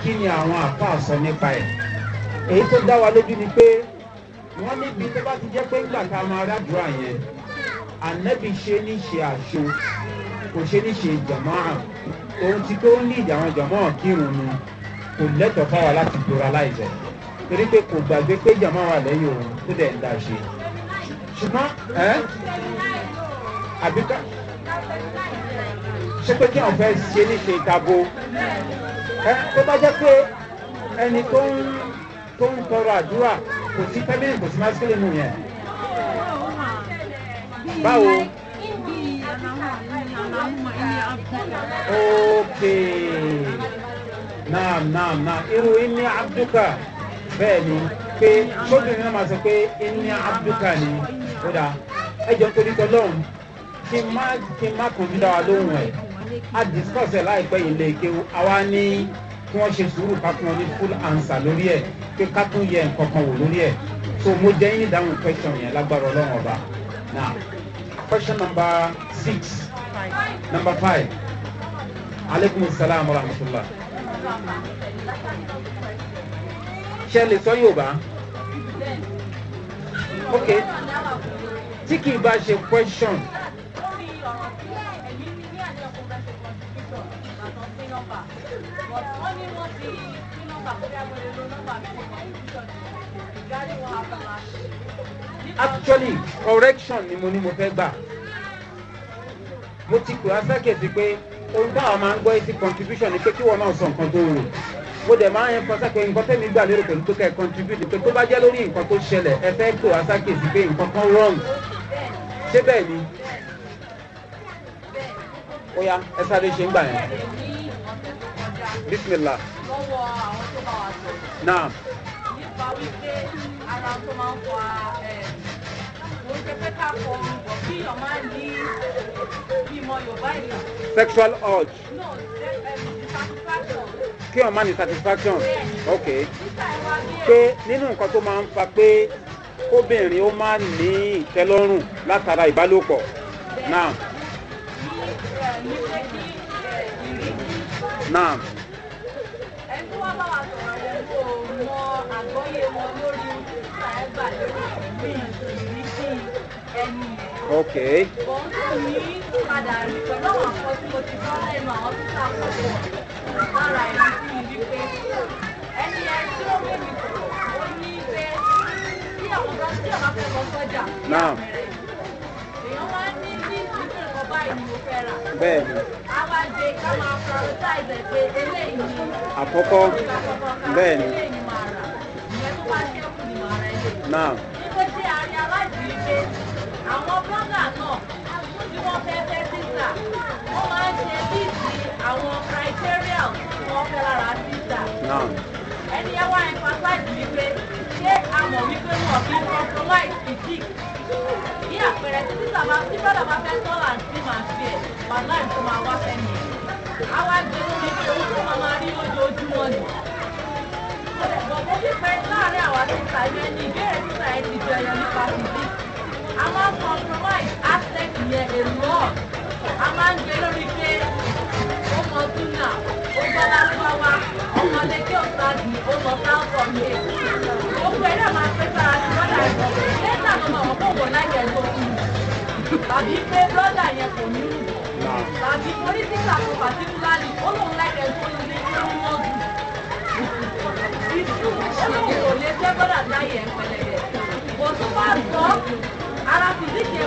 kí ni àwọn àpá àsọ nípa ẹ̀ èyí tó dá ni pé. wọ́n níbi tó bá ti jẹ́ pé ńgbà tá a máa rádùúrà yẹn ànẹ́bí ṣe ní ṣe àṣo kò ṣe ní ṣe jàmáà ohun tí tó ń ní ìdí àwọn jàmáà kírun nu kò lẹ́tọ̀ọ́ fáwa láti dora láìsẹ̀ torí pé kò gbàgbé pé jàmáà wà lẹ́yìn òun tó dẹ̀ ń dá ṣe ṣùgbọ́n ẹ́ àbíká ṣé pé kí àwọn fẹ́ ṣe ní ṣe ìtabo ẹ tó bá jẹ́ pé ẹni tó ń tó ń tọrọ àdúrà kò sí pẹ́lẹ́ kò sí másílẹ̀ nù yẹn. báwo. ok naam naam naam irú inni abduka bẹ́ẹ̀ ni pé sóbìnrin náà máa sọ pé inni abduka ni ó dáa ẹ jọ torí tọ́lọ́run kí n má kí n má kò ní dára lóhùn ẹ̀ a discuss ẹ̀ láìpẹ́ yìí lè kéwu àwa ní kí wọ́n ṣe sùúrù ká fún wọn ní full answer lórí ẹ̀ pé ká tún yẹ nǹkan kan wò lórí ẹ̀ so mo jẹ́ yín dáhùn question yẹn lágbára ọlọ́run ọba Na. question number six number five aleykum salaam wa rahmatulah ṣe lè sọ yorùbá ok tí kì í bá ṣe question. actually correction ni mo ní mo fẹ́ gbà mo ti pè wá sákèsí pé ohun táwọn máa ń gbọ́ etí contribution ni pé kí wọ́n náà sọ nǹkan tó rò mo dẹ̀ máa ń yẹn kọ́sá pé nǹkan tẹ́mi gbà lérò pẹ̀lú pé ká ẹ contribute pé tó bá jẹ́ lórí nǹkan tó ṣẹlẹ̀ ẹ fẹ́ pè wá pé nǹkan kan wrong ṣé bẹ́ẹ̀ ni ó yá ẹ sáré ṣe ń gbà yẹn bismillah. lọ́wọ́ àwọn tó bá wa sọ. naam. nípa wípé ara tó máa ń fa mo ń jẹ́ ká kọ orúkọ kí èèyàn máa ní ìmọ̀ yorùbá ìlà. sexual urge. no satisfaction. kí èèyàn máa ní satisfaction. ok. pé nínú nǹkan tó máa ń fa pé kóbìnrin ó máa ní ìtẹ́lọ́rùn látara ìbálòpọ̀. náà. ní pé kí náà. ẹ tó bá wa sọ̀rọ̀ yẹn kó o mọ àgbọ́yé wọn lórí ṣàẹ́bà lórí ìpín ìrísí ẹni yẹn. ok. mo ń ní padà rí pẹ̀lú àwọn àkọ́ tí mo lẹ́nu àwọn tó ṣàkóso lára ìrísí yìí wípé ẹni yẹn tí ó gbé mi sọ̀rọ̀ ó ní pé tí àwọn bá fẹ́ lọ sọ́jà ní èèyàn wá ní ní títí nǹkan báyìí ni mo fẹ́ rà. bẹ́ẹ̀ni. a wá gbé ká máa prioritize ẹ pé eléyìí ni. àkọ́kọ́ bẹ́ẹ̀ni. eléyìí ni màá rà ìyẹn tó bá ṣẹ́kù ni màá rà eléyìí. náà. wípé ṣé a rí àwọn blọ́gà náà tí wọ́n fẹ́ fẹ́ sísà wọ́n máa ń ṣe bíi ti àwọn criteria tí wọ́n fẹ́ lára sísà. ẹni ẹ wá emphasize wípé ṣé a mọ̀ wípé wọn kì í compromise fìdík bí àpẹẹrẹ tí títà bá tí bọ́dà bá fẹ́ tọ́là tí màá fi ẹ̀ wà láì tó máa wá fẹ́ mi àwa gbé omi pé owó tó máa rí lójoojúmọ́ ni bọ̀dé pípẹ́ láàrin àwa títà yẹn ni ìbéèrè títà yẹn ti jẹ ẹyọ nípa fìdík a máa compromise aspect yẹn a lot a máa ń gbé lórí pé ọmọ júnà ó gbọ́ lárúbáwá ọmọ lẹ́kẹ́ ọ̀sádì ó mọ sáfọ̀ mi. gbogbo ẹ̀rẹ́ máa pẹ́ sára sí bọ́dà ẹ̀kọ́ lẹ́tà ló máa wọ́pọ̀ wọ̀ láyẹ̀ tó kù. tàbí pé bọ́dà yẹn kò ní rù tàbí pólítíkà tó pàtíkúlárì ó lóun láyẹ̀ tó ní ilé tó ń mọ́ jù. ìtú olóhùn kò lè jẹ́ bọ́dà láyẹ̀ pẹ̀lẹ́yẹ. kò tún wá sọ ara fìdíkì ẹ̀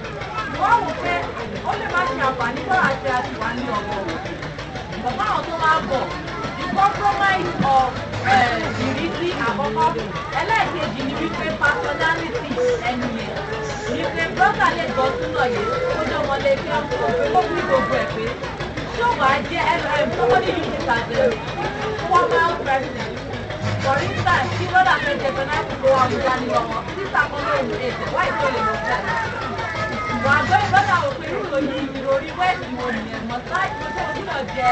wọ́n wò pé only lè má ṣe àǹfààní bọ́ àti àtiwá ní ọ̀rọ̀ bàbá àwọn tó máa bọ̀ the compromise of ìrísí eh, àkọ́kọ́ ẹlẹ́ẹ̀kejì ni wípé personality ẹni yẹn ni pé brọ́dà lè gbọ́ súnà yẹn ó jọ mọ́ lè fi ọkọ̀ òfin ó wí gbogbo ẹ̀ pé ṣé òun á eh, eh, president for instance kí brọ́dà fẹ́ jẹ pé náà kó àwọn ìlànà ọmọ títà kan lóòrùn ètò wáìtì ò lè lọ wà á gbọ́ ìgbọ́dọ̀ àwọn pẹ̀lú ìròyìn ìròrí wẹ́ẹ̀sì mo nìyẹn mọ̀ láì mọ̀ tó ojú náà jẹ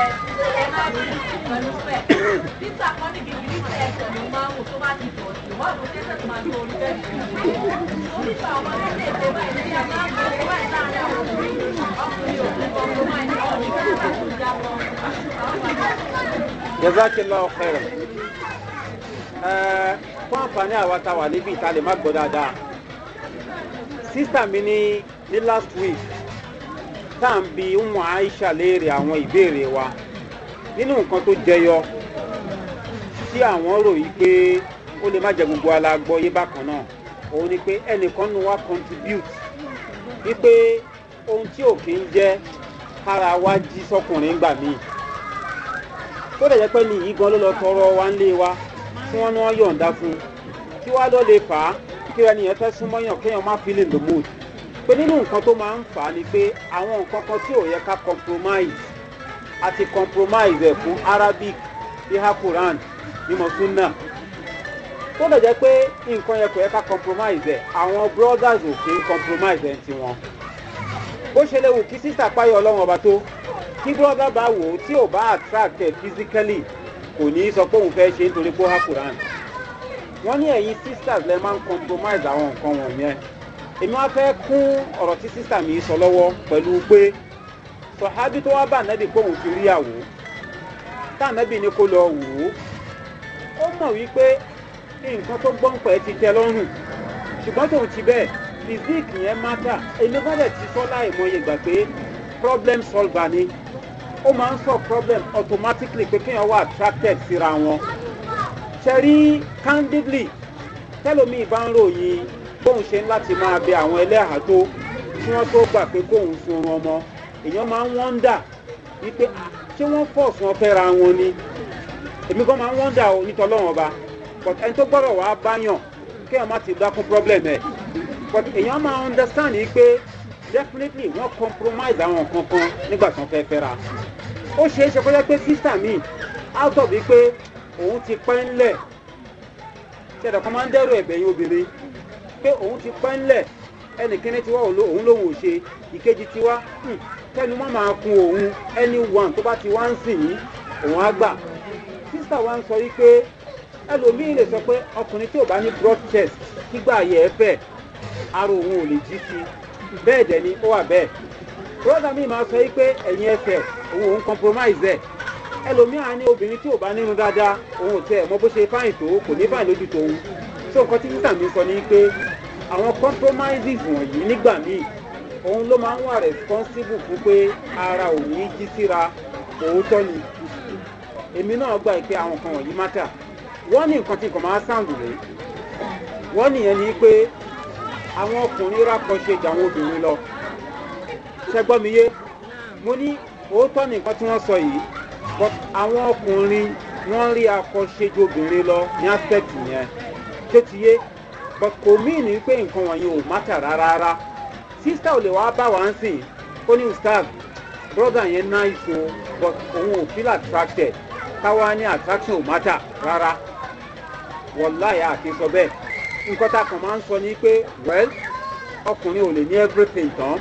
ẹ̀ẹ́dẹ́gbẹ̀rún pẹ̀lú pẹ̀ títà kan ní gidi nípa ẹ̀sẹ̀ ló máa ń wò tó bá ti dọ̀ sí wọ́n àbò tẹ́sẹ̀ tó máa gbé orí bẹ́ẹ̀ onígbà ọmọ lẹ́sẹ̀ èdè báyìí ní fún àǹfààní àwa tá wà níbi ìta má gbọ́ dáadáa sísà mi ní ní last week tá à ń bi umu aisha léèrè àwọn ìbéèrè wa nínú nǹkan tó jẹyọ tí àwọn rò yìí pé ó lè má jẹ gbogbo alágbọ yé bákan náà òun ni pé ẹnìkan nu wa contribute wípé ohun tí ò kí ń jẹ kára wa jí sọkùnrin gbà míì tó dẹ̀ jẹ́ pé ní yìí gan ló lọ tọrọ wa ń lé wa tí wọ́n ní wọ́n yọ̀ǹda fún un tí wàá lọ́ọ́ lè fà á kí ẹnìyẹn fẹ́ súnmọ́ yàn kéèyàn má fi lè mood pé nínú nǹkan tó máa ń fà á ni pé àwọn nǹkan kan tí ò yẹ ká compromise àti compromise ẹ̀ fún arabic iha quran mímọ sunna tó lè jẹ́ pé nǹkan yẹn kò yẹ ká compromise ẹ̀ àwọn brothers ò kí ń compromise ẹ̀ tiwọn ó ṣe léwu kí sísà páyọ ọlọ́run ọba tó kí brother bá wò ó tí ò bá attract ẹ̀ physically kò ní í sọ pé òun fẹ́ ṣe nítorí pé ó ha quran wọ́n ní ẹ̀yin sisters lẹ máa ń compromise àwọn nǹkan wọ̀nyẹn èmi wá fẹ́ kún ọ̀rọ̀ tí sísà mi sọ lọ́wọ́ pẹ̀lú pé sọ̀hábí tó wá bá ànábì pé òun ti ríyàwó táànábì ni kó lọ wò ó ó mọ̀ wípé nǹkan tó gbọ́n pẹ̀ ti tẹ lọ́rùn ṣùgbọ́n tòun ti bẹ́ẹ̀ physique yẹn mátà elébàdẹ̀ ti sọ láìmọye ìgbà pé problem solver ni ó máa ń sọ problem automatically pé kéèyàn wà attracted síra wọn ṣe rí candidly tẹ́lómi ìbá ń ròyìn bóun ṣe ń láti máa bẹ àwọn ẹlẹ́hà tó tí wọ́n tó gbà pé kóun sorun ọmọ èèyàn máa ń wọ́ndà wípé ṣé wọ́n fọ̀ọ̀sì wọn fẹ́ra wọn ni èmi kan máa ń wọ́ndà o nítorí ọba but ẹni tó gbọ́dọ̀ wàá báyàn kéèyàn má ti dákún problem ẹ̀ but èèyàn máa understand yìí pé definitely wọ́n compromise àwọn nǹkan kan nígbà tí wọ́n fẹ́ fẹ́ra ó ṣeé ṣe kó pé sísà mi out of wípé òun ti pẹ́ ńlẹ̀ ṣẹ̀dọ̀ máa ń dẹ́rù ẹ̀bẹ̀yìn obìnrin pé òun ti pẹ́ ńlẹ̀ ẹnìkíní tiwa òun lòun ò ṣe ìkejì tiwa hmm, kẹ́nu má máa kun òun ẹni wọn tó bá ti wá ń sìn yín òun á gbà sísà wa ń sọ wípé ẹlòmíín lè sọ pé ọkùnrin tí ò bá ní broad chest kígbà yẹ fẹ ara òun ò lè jí sí bẹ́ẹ̀ dẹ̀ ni ó wà bẹ́ẹ̀ broda mi máa sọ wípé ẹ̀yin ẹsẹ̀ òun òun compromise ẹ̀ ẹlòmíín á ní obìnrin tí ò bá nínú dáadáa òun ò tẹ mọ bó ṣe fáyìn tó kò ní fáyìn lójú tòun so nǹkan tí títà mi sọ ni pé àwọn compromises wọ̀nyí nígbà míì òun ló máa ń wà responsible fún pé ara òní jí síra òótọ́ ni èmi náà gbà pé àwọn kan wọ̀nyí mátà wọ́n ní nǹkan tí kò máa sáǹdù rèé wọ́n nìyẹn ni pé àwọn ọkùnrin rákọ̀ṣe jà àwọn obìnrin lọ ṣẹgbọ́miyé mo ní òótọ́ nìkan tí wọ́n sọ yìí but àwọn ọkùnrin wọ́n rí akọ̀ṣe ju obìnrin lọ ní aspect yẹn ṣé but kò míì ní pé nǹkan wọ̀nyí ò mátà rárá sísá ò lè wá bá wa ń sìn ó ní ustaz brother yẹn ná ìṣó but òun ò feel attracted táwa ní attraction ò mátà rárá wọláyà àti sọ bẹ́ẹ̀ nǹkan tá a kàn máa ń sọ ni pé well ọkùnrin ò lè ní everything tán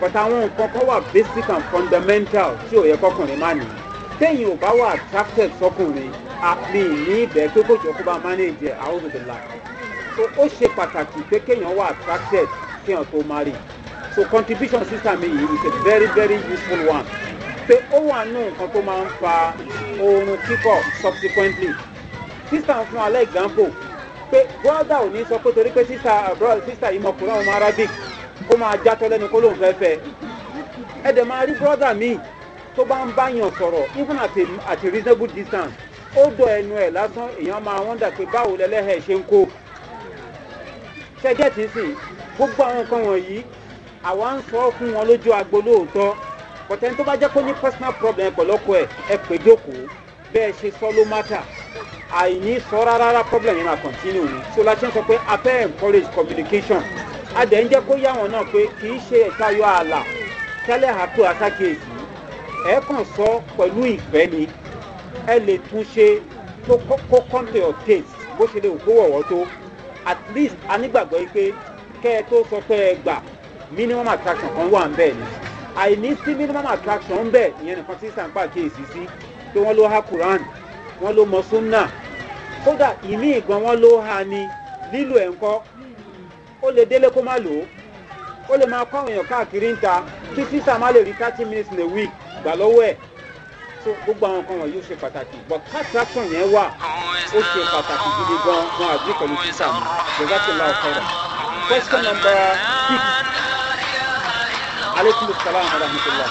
but àwọn nǹkan kan wà basic and fundamental tí ò yẹ kọkùnrin má nìyí téèyàn ò bá wà attracted sọkùnrin àmì ní ibẹ̀ pé kò jọ kó bá manage àwọn òdòdó so ó ṣe pàtàkì pé kéèyàn wà attracted kéèyàn tó marry so contribution system yìí is a very very useful one pé ó wà nù nǹkan tó máa ń fa oorun kíkọ subsequently sister fún alẹ́ example pé brother ò ní sọ pé torí pé sister brother sister ìmọ̀kùnrin ọmọ arabic kó máa já tọ́lẹ́nu kó lóun fẹ́ fẹ́ ẹ̀ dẹ̀ máa rí brother míì tó bá ń báyàn sọ̀rọ̀ even at a at a reasonable distance ó dọ̀ ẹnu ẹ̀ lásán èèyàn máa wọ́n dà pé báwo lẹ́lẹ́hẹ̀ ṣe ń kó ṣẹ́gẹ́ tí ń sìn gbogbo àwọn nǹkan wọ̀nyí àwa ń sọ fún wọn lójú agbo lóòótọ́ pọ̀tẹ́ni tó bá jẹ́ kó ní personal problem pẹ̀lú ọkọ ẹ̀ ẹ pè jókòó bẹ́ẹ̀ ṣe sọ ló mátà àìní sọ rárá problem yẹn máa continue ni so la ṣe ń sọ pé abẹ́ encourage communication adẹ̀ ń jẹ́ kó yá wọn náà pé kì í ṣe ẹ̀ka yọ ààlà tẹ́lẹ̀ àpò àtàkì èsì ẹ kàn sọ pẹ̀lú ìfẹ́ ni ẹ lè tún ṣe tó kó kọ́ńtẹ̀ ọ̀ tèèsì bó ṣe lè kó wọ̀wọ́ tó at least a nígbàgbọ́ yìí pé kẹ́ ẹ tó sọ pé ẹ gbà minimum attraction kan wà ń bẹ̀ ni àìní sí minimum attraction ń bẹ̀ ìyẹn nìkan tí sàn pàkíyèsí sí pé wọ́n ló ha quran wọ́n ló mọ sunna kódà ìmí ìgbọ́n wọ́n ló ha ni lílo ẹ̀ ń kọ́ ó lè délé kó má lò ó ó lè máa kọ́ àwọn èèyàn káàkiri ń ta kí sísà má lè rí thirty minutes in a week gbà lọ́wọ́ ẹ̀ so gbogbo àwọn kan wọ̀nyí ó ṣe pàtàkì but kátàkùn yẹn wà ó ṣe pàtàkì gidi gan gan àbí pẹ̀lú títà mi jọba ti la ọ̀fẹ́ rẹ̀ question number six aleykum salaam wa rahmatulah.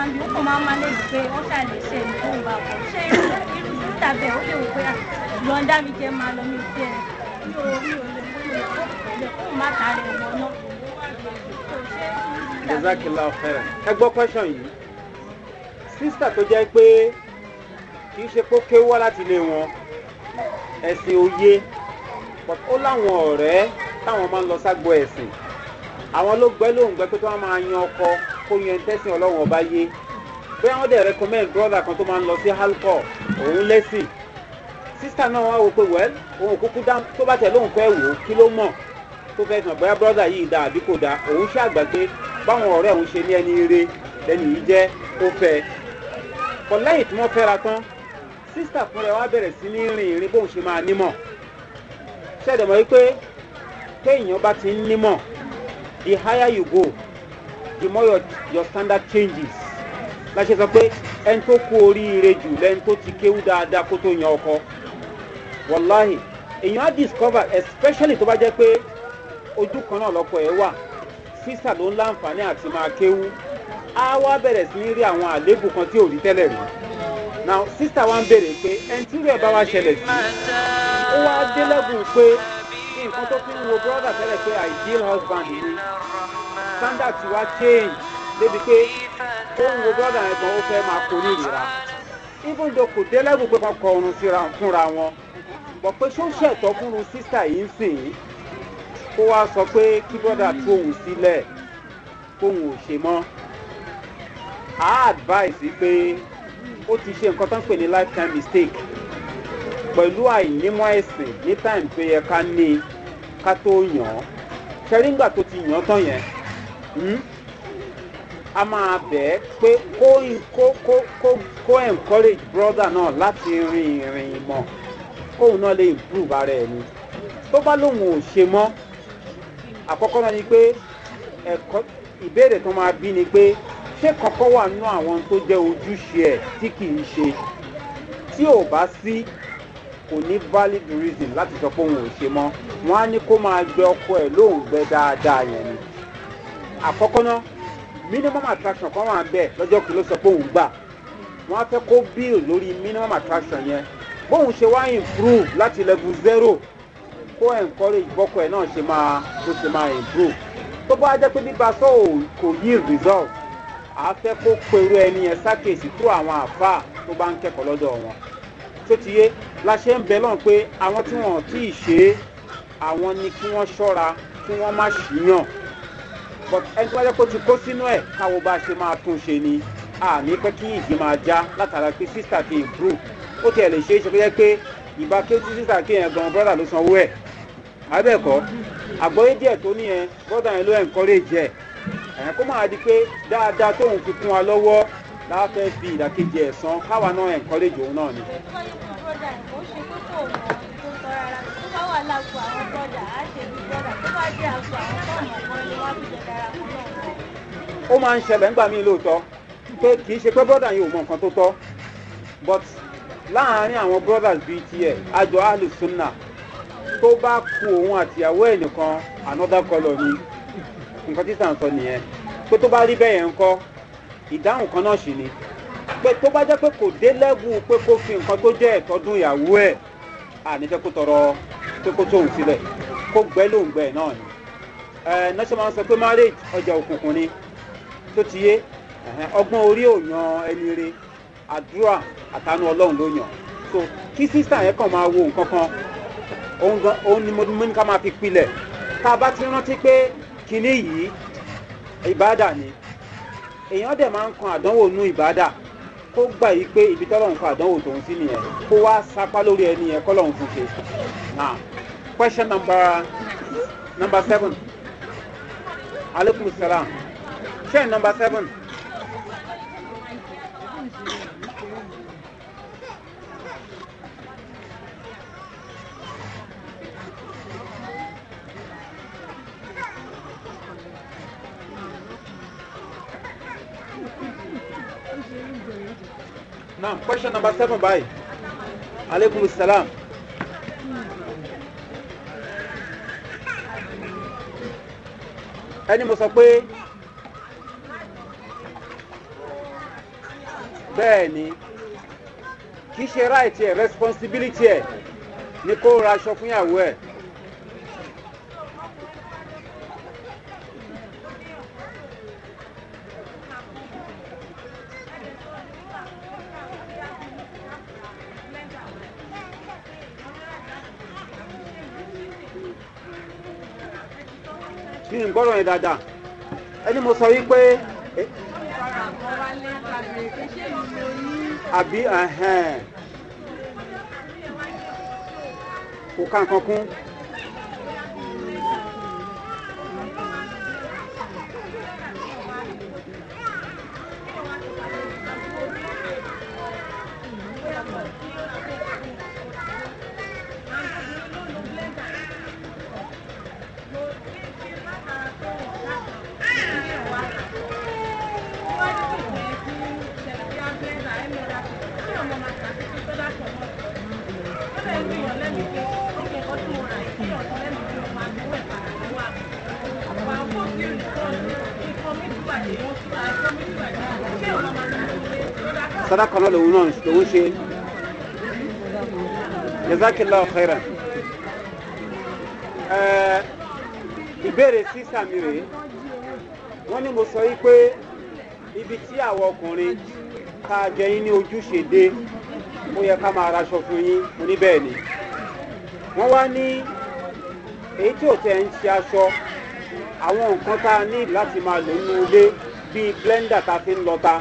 máa ń yòókù máa ń máa lébi pé wọ́n ṣàlè ṣe nǹkan ìgbà pọ̀ ṣé irú sísà bẹ́ẹ̀ ó lè wò pé yọ̀ǹda mi jẹ́ máa lọ mí sí ẹ̀ mi ò mi ò lè fún mi kó pẹ̀lẹ́ kó má tààrẹ̀ wọn náà. jẹ́sàkìlá ọ̀fẹ́rẹ̀ ẹ gbọ́ question yìí sísà tó jẹ́ pé kì í ṣe pé ó kéwú wá láti ilé wọn ẹ̀sìn òye ó láwọn ọ̀rẹ́ táwọn máa ń lọ ságbo ẹ̀sìn àwọn ló gbẹ́ lóhùn gbẹ́ pé tó wọ́n máa yan ọkọ kó yan tẹ́sìn ọba yé bóyá wọ́n dẹ̀ recommend brother kan tó máa ń lọ sí halkọ òun lẹ́sìn sísá náà wá wò pé wẹ́l òun kúkú dá tó bá tẹ̀ lóun fẹ́ wò ó kí ló mọ̀ tó fẹ́ sàn bóyá brother yìí da àbí kò da òun ṣàgbà pé báwọn ọ̀rẹ́ òun ṣe ní ẹni ire lẹ́nu yìí jẹ́ ó fẹ́ kọ lẹ́yìn tí wọ́n fẹ́ra tán sísá fúnra wa bẹ̀rẹ̀ sí ní rìn ìrìn bóun ṣe máa nímọ̀ ṣẹ̀dẹ̀ wípé téèyàn bá ti ń nímọ̀ the higher you go the more your, your standard changes láṣẹ sọ pé ẹni tó kú oríire jù lẹni tó ti kéwú dáadáa kó tó yan ọkọ wàláhì èèyàn á discover especially tó bá jẹ́ pé ojú kan náà lọ́kọ̀ ẹ̀ wà sísà ló ń láǹfààní àti máa kéwú á wá bẹ̀rẹ̀ sí ní rí àwọn àléébù kan tí ò rí tẹ́lẹ̀ rí now sísà wa ń béèrè pé ẹni tí rẹ̀ bá wá ṣẹlẹ̀ sí ó wá délẹ́gùn pé nǹkan tó fi ń wo brother tẹ́lẹ̀ pé ideal husband ni standard ti wá change débi pé ó ń wo brọ́dà yẹn gan ó fẹ́ máa kó ní ìlera even though kò délẹ́gùn pé kọ́ kọ ọrùn fúnra wọn bọ̀ pé ṣó ṣẹ̀tọ́ fúnru sísà yìí ń sìn yìí kó wá sọ pé kí brọ́dà tú òun sílẹ̀ kóun ò ṣe mọ́ a advice pé ó ti ṣe nǹkan tó ń pè ní lifetime mistake pẹ̀lú àìnímọ̀ ẹ̀sìn ní time tó yẹ ká ní ká tó yàn án ṣẹ́rí ńgbà tó ti yàn án tán yẹn. Hmm? a máa bẹ̀ ẹ́ pé kó kó encourage brother náà láti rin ìrìn ìmọ̀ kóun náà lè improve ara ẹ̀ ni tó bá lóun ò ṣe mọ́ àkọ́kọ́ náà ni pé ẹ̀kọ́ ìbéèrè tó máa bí ni pé ṣé kọ̀ọ̀kan wà nínú àwọn tó jẹ́ ojúṣe ẹ̀ tí kì í ṣe tí ò bá sí kò ní valid reason láti sọ pé òun ò ṣe mọ́ wọn á ní kó máa gbẹ ọkọ ẹ̀ lóun gbẹ dáadáa yẹn ni àkọ́kọ́ náà minimum attraction kan wà bẹ́ẹ̀ lọ́jọ́ kí ló sọ pé òun gbà wọ́n á fẹ́ kó bill lórí minimum attraction yẹn bóun ṣe wá improve láti level zero kó encourage bọ́kọ ẹ̀ náà ṣe máa kó ṣe máa improve tó bá jẹ́ pé bíbá sọ kò yí result a fẹ́ kó peru ẹni yẹn sákèsì tó àwọn àfa tó bá ń kẹ́kọ̀ọ́ lọ́dọ̀ wọn tó ti yé la ṣe ń bẹ lọ́n pé àwọn tí wọ́n ti ṣe é àwọn ni kí wọ́n ṣọ́ra kí wọ́n má ṣíyàn but ẹni tó bá jẹ́ pé ó ti kó sínú ẹ̀ káwo bá ṣe máa tún ṣe ni àmì pé kí ìdí máa já látara pé sísà ti improve ó tiẹ̀ lè ṣe é ṣe pé pé ìbá kí ó ti sísà kí yẹn gan brọ́dà ló sanwó ẹ̀ abẹ́ẹ̀kọ́ àgbọ́yé díẹ̀ tó ní yẹn brọ́dà yẹn ló encourage ẹ̀ ẹ̀yìn kó máa di pé dáadáa tóun fi kún wa lọ́wọ́ láà fi ìdàkejì ẹ̀ san káwa náà encourage òun náà ni. tó bá wà lágbo àwọn brọ́dà ṣe bí brọ́dà tó ó máa ń ṣẹlẹ̀ ńgbà míì lóòótọ́ pé kì í ṣe pé brother yìí ò mọ nǹkan tó tọ́ but láàárín àwọn brothers bíi tiẹ̀ àjọ alusunna tó bá ku òun àtìyàwó ẹ̀ nìkan another colour ni nǹkan tí sàn sọ nìyẹn pé tó bá rí bẹ́ẹ̀ yẹn ńkọ́ ìdáhùn kan náà sì ni pé tó bá jẹ́ pé kò dé lẹ́gùn pé kó fi nǹkan tó jẹ́ ẹ̀tọ́dún ìyàwó ẹ̀ àníjẹ́ kó tọrọ pé kó tóun sílẹ̀ kó gbẹ́ lóun gbẹ́ ẹ̀ náà ṣe máa sọ pé marriage ọjà òkùnkùn ni tó ti yé ọgbọ́n orí ò yan ẹni re àdúrà àtànú ọlọ́run ló yàn so kí sísà yẹn kàn máa wo nǹkan kan òun ni mo ní ká máa fi pilẹ̀ tá a bá ti rántí pé kinní yìí ìbáàdà ni èèyàn dẹ̀ máa ń kan àdánwò nú ìbáàdà kó gbà yí pé ibi tọ́lọ́run kan àdánwò tòun sí nìyẹn kó wá sapá lórí ẹni yẹn kọ́lọ́run fún ṣe now question number number seven aleykum salaam. Chain number seven. Now, question number seven, by. Alaikum salam. Ẹni mo bẹ́ẹ̀ ni kì í ṣe ráìtì ẹ̀ responsibility ẹ̀ ni kó ra aṣọ fún ìyàwó ẹ̀. kí n gbọ́dọ̀ yẹn dáadáa ẹni mo sọ yí pé. àbí kò ká nǹkan kún. lòun ṣe jazakila ọ̀kẹ́rà ìbéèrè sísà mi rèé wọ́n ní mo sọ yí pé ibi tí àwọn ọkùnrin ká jẹ yín ní ojúṣe dé ó yẹ ká máa raṣọ fún yín oníbẹ̀ẹ́ ni wọ́n wá ní èyí tí ò tẹ̀ ń ṣe aṣọ àwọn nǹkan tá a ní láti máa lò nínú ilé bíi blender tá a fi ń lọta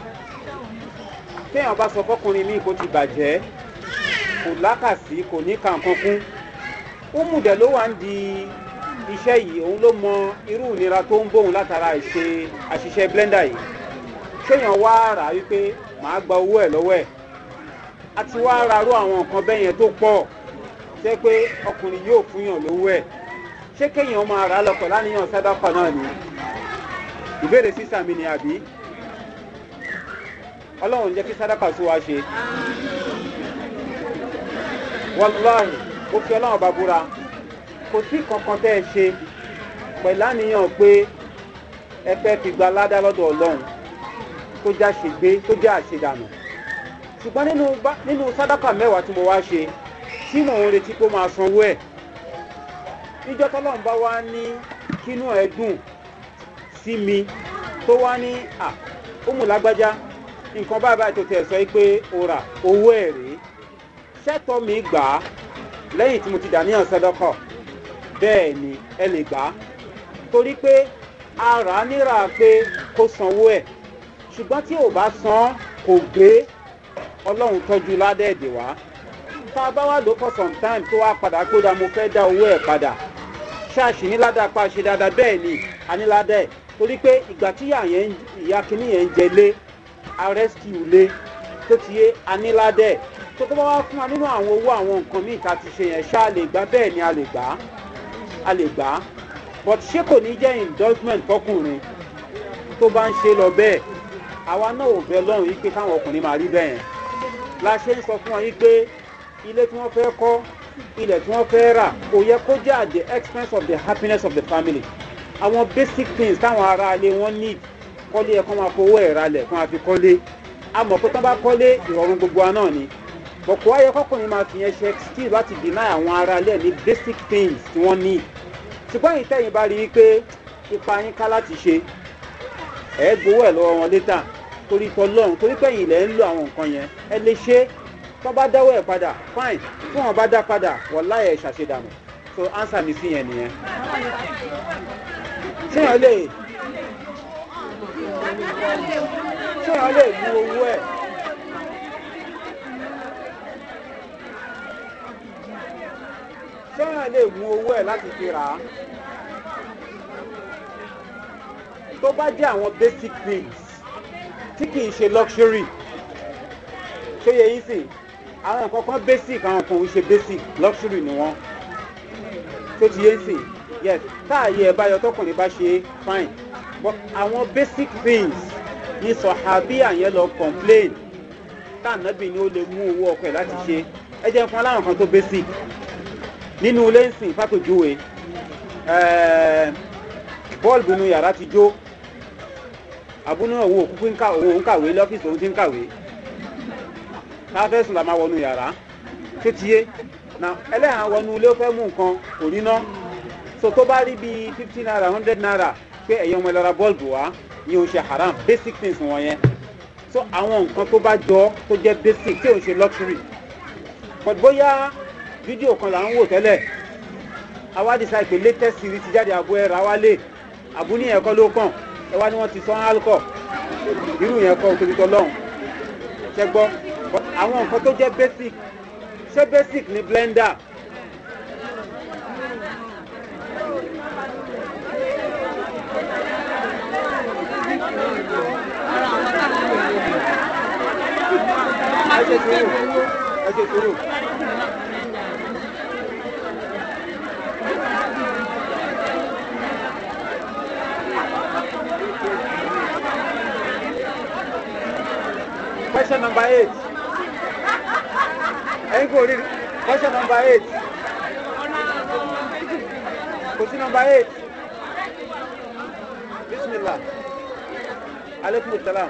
téèyàn bá sọ fọkùnrin míì kó ti bàjẹ́ kò lákàsí kò ní kàǹkan kún ó mùdẹ̀ ló wà ń di iṣẹ́ yìí òun ló mọ irú ìnira tó ń bóun látara ìṣe àṣìṣe blender yìí kéèyàn wá rà á wípé màá gba owó ẹ̀ lọ́wọ́ ẹ̀ a ti wá ra àwọn nǹkan bẹ́ẹ̀ yẹn tó pọ̀ jẹ́ pé ọkùnrin yóò fún yàn lówó ẹ̀ ṣé kéèyàn máa rà á lọ pẹ̀lú àníyàn sádàpà náà ni ìbéèrè sísàmì ni àbí ọlọ́run jẹ́ kí sádàkà tó wá ṣe wàláhì ó fi ọlọ́run bá búra kò sí kankan tẹ́ ẹ ṣe pẹ̀lú àníyàn pé ẹ fẹ́ fi gba ládá lọ́dọ̀ ọlọ́run tó já ṣègbé tó já àṣedànù ṣùgbọ́n nínú sádàkà mẹ́wàá tí mo wá ṣe tí mò ń retí pé ó máa sanwó ẹ̀ níjọ́ tọ́lọ́run bá wá ní kínú ẹ̀ dùn sí mi tó wá ní à ó mú lágbájá nǹkan báyìí báyìí tó tẹ̀ sọ pé o rà owó ẹ̀ rèé ṣẹ́tọ́ mi gbà á lẹ́yìn tí mo ti dàníyàn sẹ́dọ́kọ̀ bẹ́ẹ̀ ni ẹ lè gbà á torí pé a rà pé kó sanwó ẹ̀ ṣùgbọ́n tí ò bá san kò gbé ọlọ́run tọ́jú ládẹ́ẹ̀dẹ̀ wá tá a bá wà lóko sometime tó wá padà gbódà mo fẹ́ dá owó ẹ̀ padà ṣáàṣì ní ládàá pa ṣe dáadáa bẹ́ẹ̀ ni a torí pé ìgbà tí ìyá kínní yẹn ń jẹ lé arẹ́sìkì òlé tó ti yé aníládẹ́ tó tó bá wá fún wa nínú àwọn owó àwọn nǹkan míì ká ti ṣe yẹn ṣá a lè gbá bẹ́ẹ̀ ni a lè gbá a lè gbá but ṣé kò ní jẹ́ endorsement fọkùnrin tó bá ń ṣe lọ bẹ́ẹ̀ àwa náà ò bẹ lọ́rùn yìí pé káwọn ọkùnrin máa rí bẹ́ẹ̀ yẹn la ṣe ń sọ fún wa yìí pé ilé tí wọ́n fẹ́ kọ́ ilẹ̀ tí wọ́n fẹ́ rà kò yẹ kó jẹ́ at the expense of the happiness of the family àwọn basic things táwọn ará ilé wọn need kọ́lé ẹ̀ kọ́ máa fowó ẹ̀ ralẹ̀ kọ́ máa fi kọ́lé a mọ̀ pé tán bá kọ́lé ìrọ̀rùn gbogbo wa náà ni bọ̀kọ̀ ayẹ kọ́kùnrin máa fi yẹn ṣe excuse láti deny àwọn aráalẹ̀ ní basic things tí wọ́n ní ṣùgbọ́n ìtẹ̀yìn bá rí i pé ipa yín ká láti ṣe ẹ̀ gbowó ẹ̀ lọ́wọ́ wọn létà torí tọlọ́run torí pẹ̀yìn ilẹ̀ ń lo àwọn nǹkan yẹn ẹ lè ṣe tó bá dáwọ́ ẹ̀ padà fine tí wọ́n bá dá padà wọ́n láyẹ̀ ṣàṣedànù so answer mi sí yẹn nìyẹn ṣé a lè lu owó ẹ̀. ṣé a lè mú owó ẹ̀ láti fi rà á. tó bá jẹ́ àwọn basic things. tí kì í ṣe luxury ṣé yẹ yín sìn àwọn nǹkan kan basic àwọn nǹkan òun ṣe basic luxury ni wọ́n tó ti yé sìn yes táàyè ẹ̀ bá yọ tọkùnrin bá ṣe fine but àwọn basic things ni sọ̀hábí àyẹn lọ complain tànàbì ni ó lè mú owó ọkọ̀ ẹ̀ láti ṣe ẹ jẹ́ fún aláwọn kan tó basic nínú ilé ń sìn fàpèjúwe eh, bọ́ọ̀lù inú yàrá ti jó àbúrò náà wo òkú òun kàwé lọ́fíìsì òun ti ń kàwé láfẹ́sùn la máa wọnú yàrá tó ti na ẹlẹ́yà wọnú ilé ó fẹ́ mú nǹkan òríná so tó bá rí bíi fifteen naira hundred naira pé ẹ̀yọ́ ọmọ ìlọra bọ́ọ̀lù wá yín o ṣe haram basic things wọ̀nyẹn so àwọn nǹkan tó bá jọ tó jẹ́ basic tí ò ń ṣe lọ́tírì but bóyá fídíò kan là ń wò tẹ́lẹ̀ àwa decide pé latest series ti jáde àbú ẹ̀rọ àwa lè àbú ní ẹ̀kọ́ ló kàn ẹ wá ní wọ́n ti sán alkọ irú yẹn kọ́ torí tọ́ lọ́hùn ṣẹ́gbọ́ àwọn nǹkan tó jẹ́ basic ṣé basic ni blender Question number eight. Ẹyin kò rí question number eight. Question number eight. Bismillah. Aleykum salaam.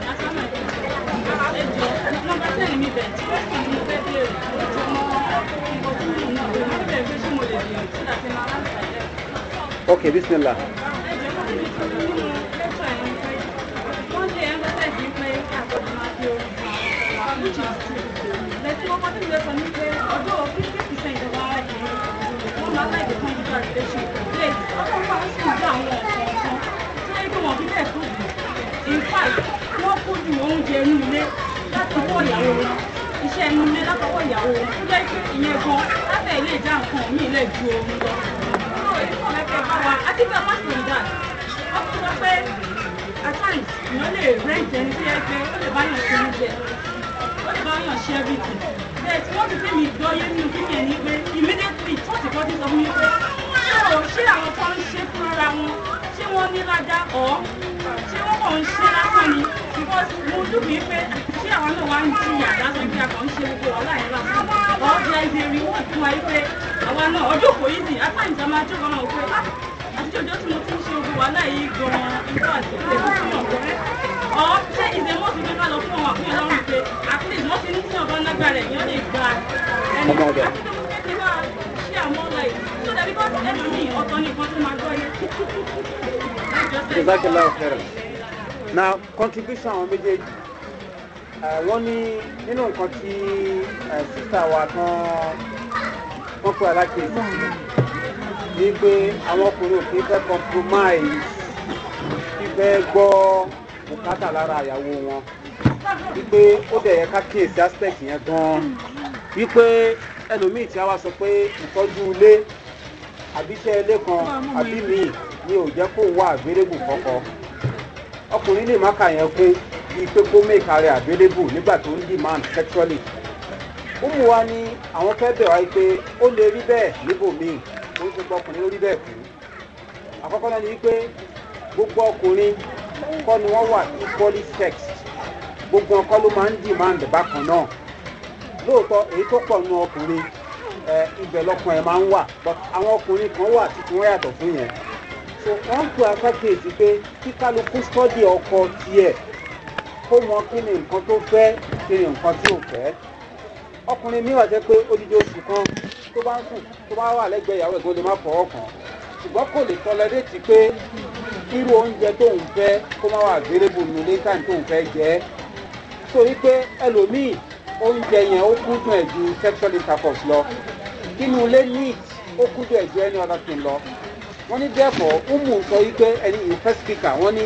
ok bisimilah. In fact, kójú oúnjẹ inú ilé láti wọ ìyàwó wọn iṣẹ́ inú ilé látọwọ́ ìyàwó wọn tó jẹ́ pé ìyẹn gan lábẹ́ ilé ìjà nǹkan míì lẹ̀ ju oorun lọ. àti bí a má dà wọ́n sọ pé at times lè rẹ́ǹtì ẹni tó yẹ pé ó lè bá yàn ṣe oúnjẹ ó lè bá yàn ṣe everything but wọ́n ti tẹ́mi gbọ́yé nínú kíkẹ́ ni pé immediately tó ti sọ fún mi pé ṣé àwọn kan ń ṣe fúnra wọn ṣé wọ́n ní ládàá ọ̀ ṣé wọ́n kàn ń ṣe lásán ni because mo dùn pé ṣé àwọn náà wá ń jìyà lásán kí a kàn ń ṣe gbogbo wàhálà yẹn lásán or there is a reward fún wa yìí pé àwa náà ọdún kò yìí sìn after ìjà máa jókòó náà pé ah, àtijọ́ ọjọ́ tí mo ti ń ṣe gbogbo wàhálà yìí gan-an ìgbà àti ìgbà ìgbà ìgbà ìgbà or ṣé ìṣe mọ́ ti gbé bá lọ fún àwọn àkúnyẹ̀ lọ́rùn pé at least wọ́n ti ní tí ọba lágbára èèyàn lè gba ẹni jazakillah khairan na contribution àwọn méjèèjì wọ́n ní nínú nǹkan tí sísá wa tán wọ́n pè alákèésí ni pé àwọn ọkùnrin ò kí fẹ́ compromise fífẹ́ gbọ́ bùkátà lára ìyàwó wọn wípé ó dẹ̀ yẹ ká kíyèsí aspect yẹn gan-an wípé ẹlòmíì tí a wá sọ pé ìtọ́jú ilé àbíṣẹ́ ilé kan àbí míì ni ò jẹ́ kó wá àgbélébù kọ́kọ́ ọkùnrin lè má kà yẹn kún bíi kó mẹ́ka rẹ̀ àgbélébù nígbà tó ń demand sexually umu wa ni àwọn fẹ́ bẹ̀ wáyé pé ó lè rí bẹ́ẹ̀ níbòmíì kò ń ọkùnrin ó rí bẹ́ẹ̀ kú àkọ́kọ́ náà ni wípé gbogbo ọkùnrin kọ́ ni wọ́n wà equally sexed gbogbo ọkọ ló máa ń demand bákan náà lóòótọ́ èyí tó pọ̀ nu ọkùnrin ibẹ̀ lọkùnrin máa ń wà but àwọn ọkùnrin kan wà tí wọ́n yàtọ̀ fún yẹn so wọ́n pe àkàkíyèsí pé kí kálukú sọ́dì ọkọ tiẹ̀ kó mọ kí ni nǹkan tó fẹ́ kí ni nǹkan tí ò fẹ́ ọkùnrin mi wà jẹ́ pé odidi oṣù kan tó bá ń kù tó bá wà lẹ́gbẹ̀ẹ́ ìyàwó ẹ̀gbọ́n lè má fọwọ́ kàn ṣùgbọ́n kò lè tọ́lẹ́dẹ́tì pé irú oúnjẹ tóun fẹ́ kó má wà available nù ní time tóun fẹ́ jẹ ẹ́ torí pé ẹlòmíì oúnjẹ yẹn ó kún jù ẹ̀ ju sexual intercourse lọ kínú ilé neat ó kún jù ẹ̀ ju any other thing lọ wọ́n ní therefore umu sọ wípé ẹni ìfẹ́ speaker wọ́n ní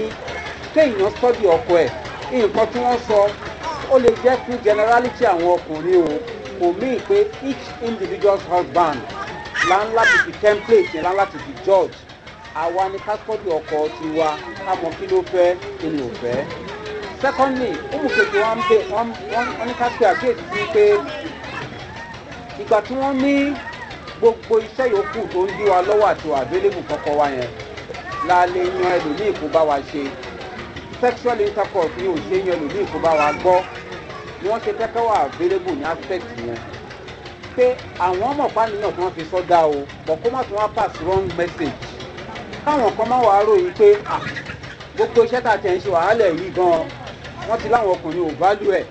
kéèyàn sọ́dí ọkọ ẹ̀ nǹkan tí wọ́n sọ ó lè jẹ́ fún generality àwọn ọkùnrin o kò mean pé each individual husband láńlá ti fi template yẹn láńlá ti fi judge àwa ni ká sọ́dí ọkọ tiwa ká mọ kí ló fẹ́ kí ni ò fẹ́ secondly umu kejì wọn bẹ wọn ní ká pe àkíyèsí sí pé ìgbà tí wọ́n ní gbogbo iṣẹ́ yòókù tó ń dí wa lọ́wọ́ àti àbélébù kọ́kọ́ wa yẹn la lè yan ẹlòmíì kó bá wa ṣe sexual intercourse ni ò ṣe yan ẹlòmíì kó bá wa gbọ́ ni wọ́n ṣe fẹ́ ká wà àbélébù ní aspect yẹn pé àwọn ọmọ pàníyàn tí wọ́n fi sọ́dá o bọ̀ kó má tún wá pass wrong message káwọn kan má wàá ròyìn pé gbogbo iṣẹ́ tá a tẹ̀ ń ṣe wàhálẹ̀ yìí gan-an wọ́n ti láwọn ọkùnrin ò bá lù ẹ̀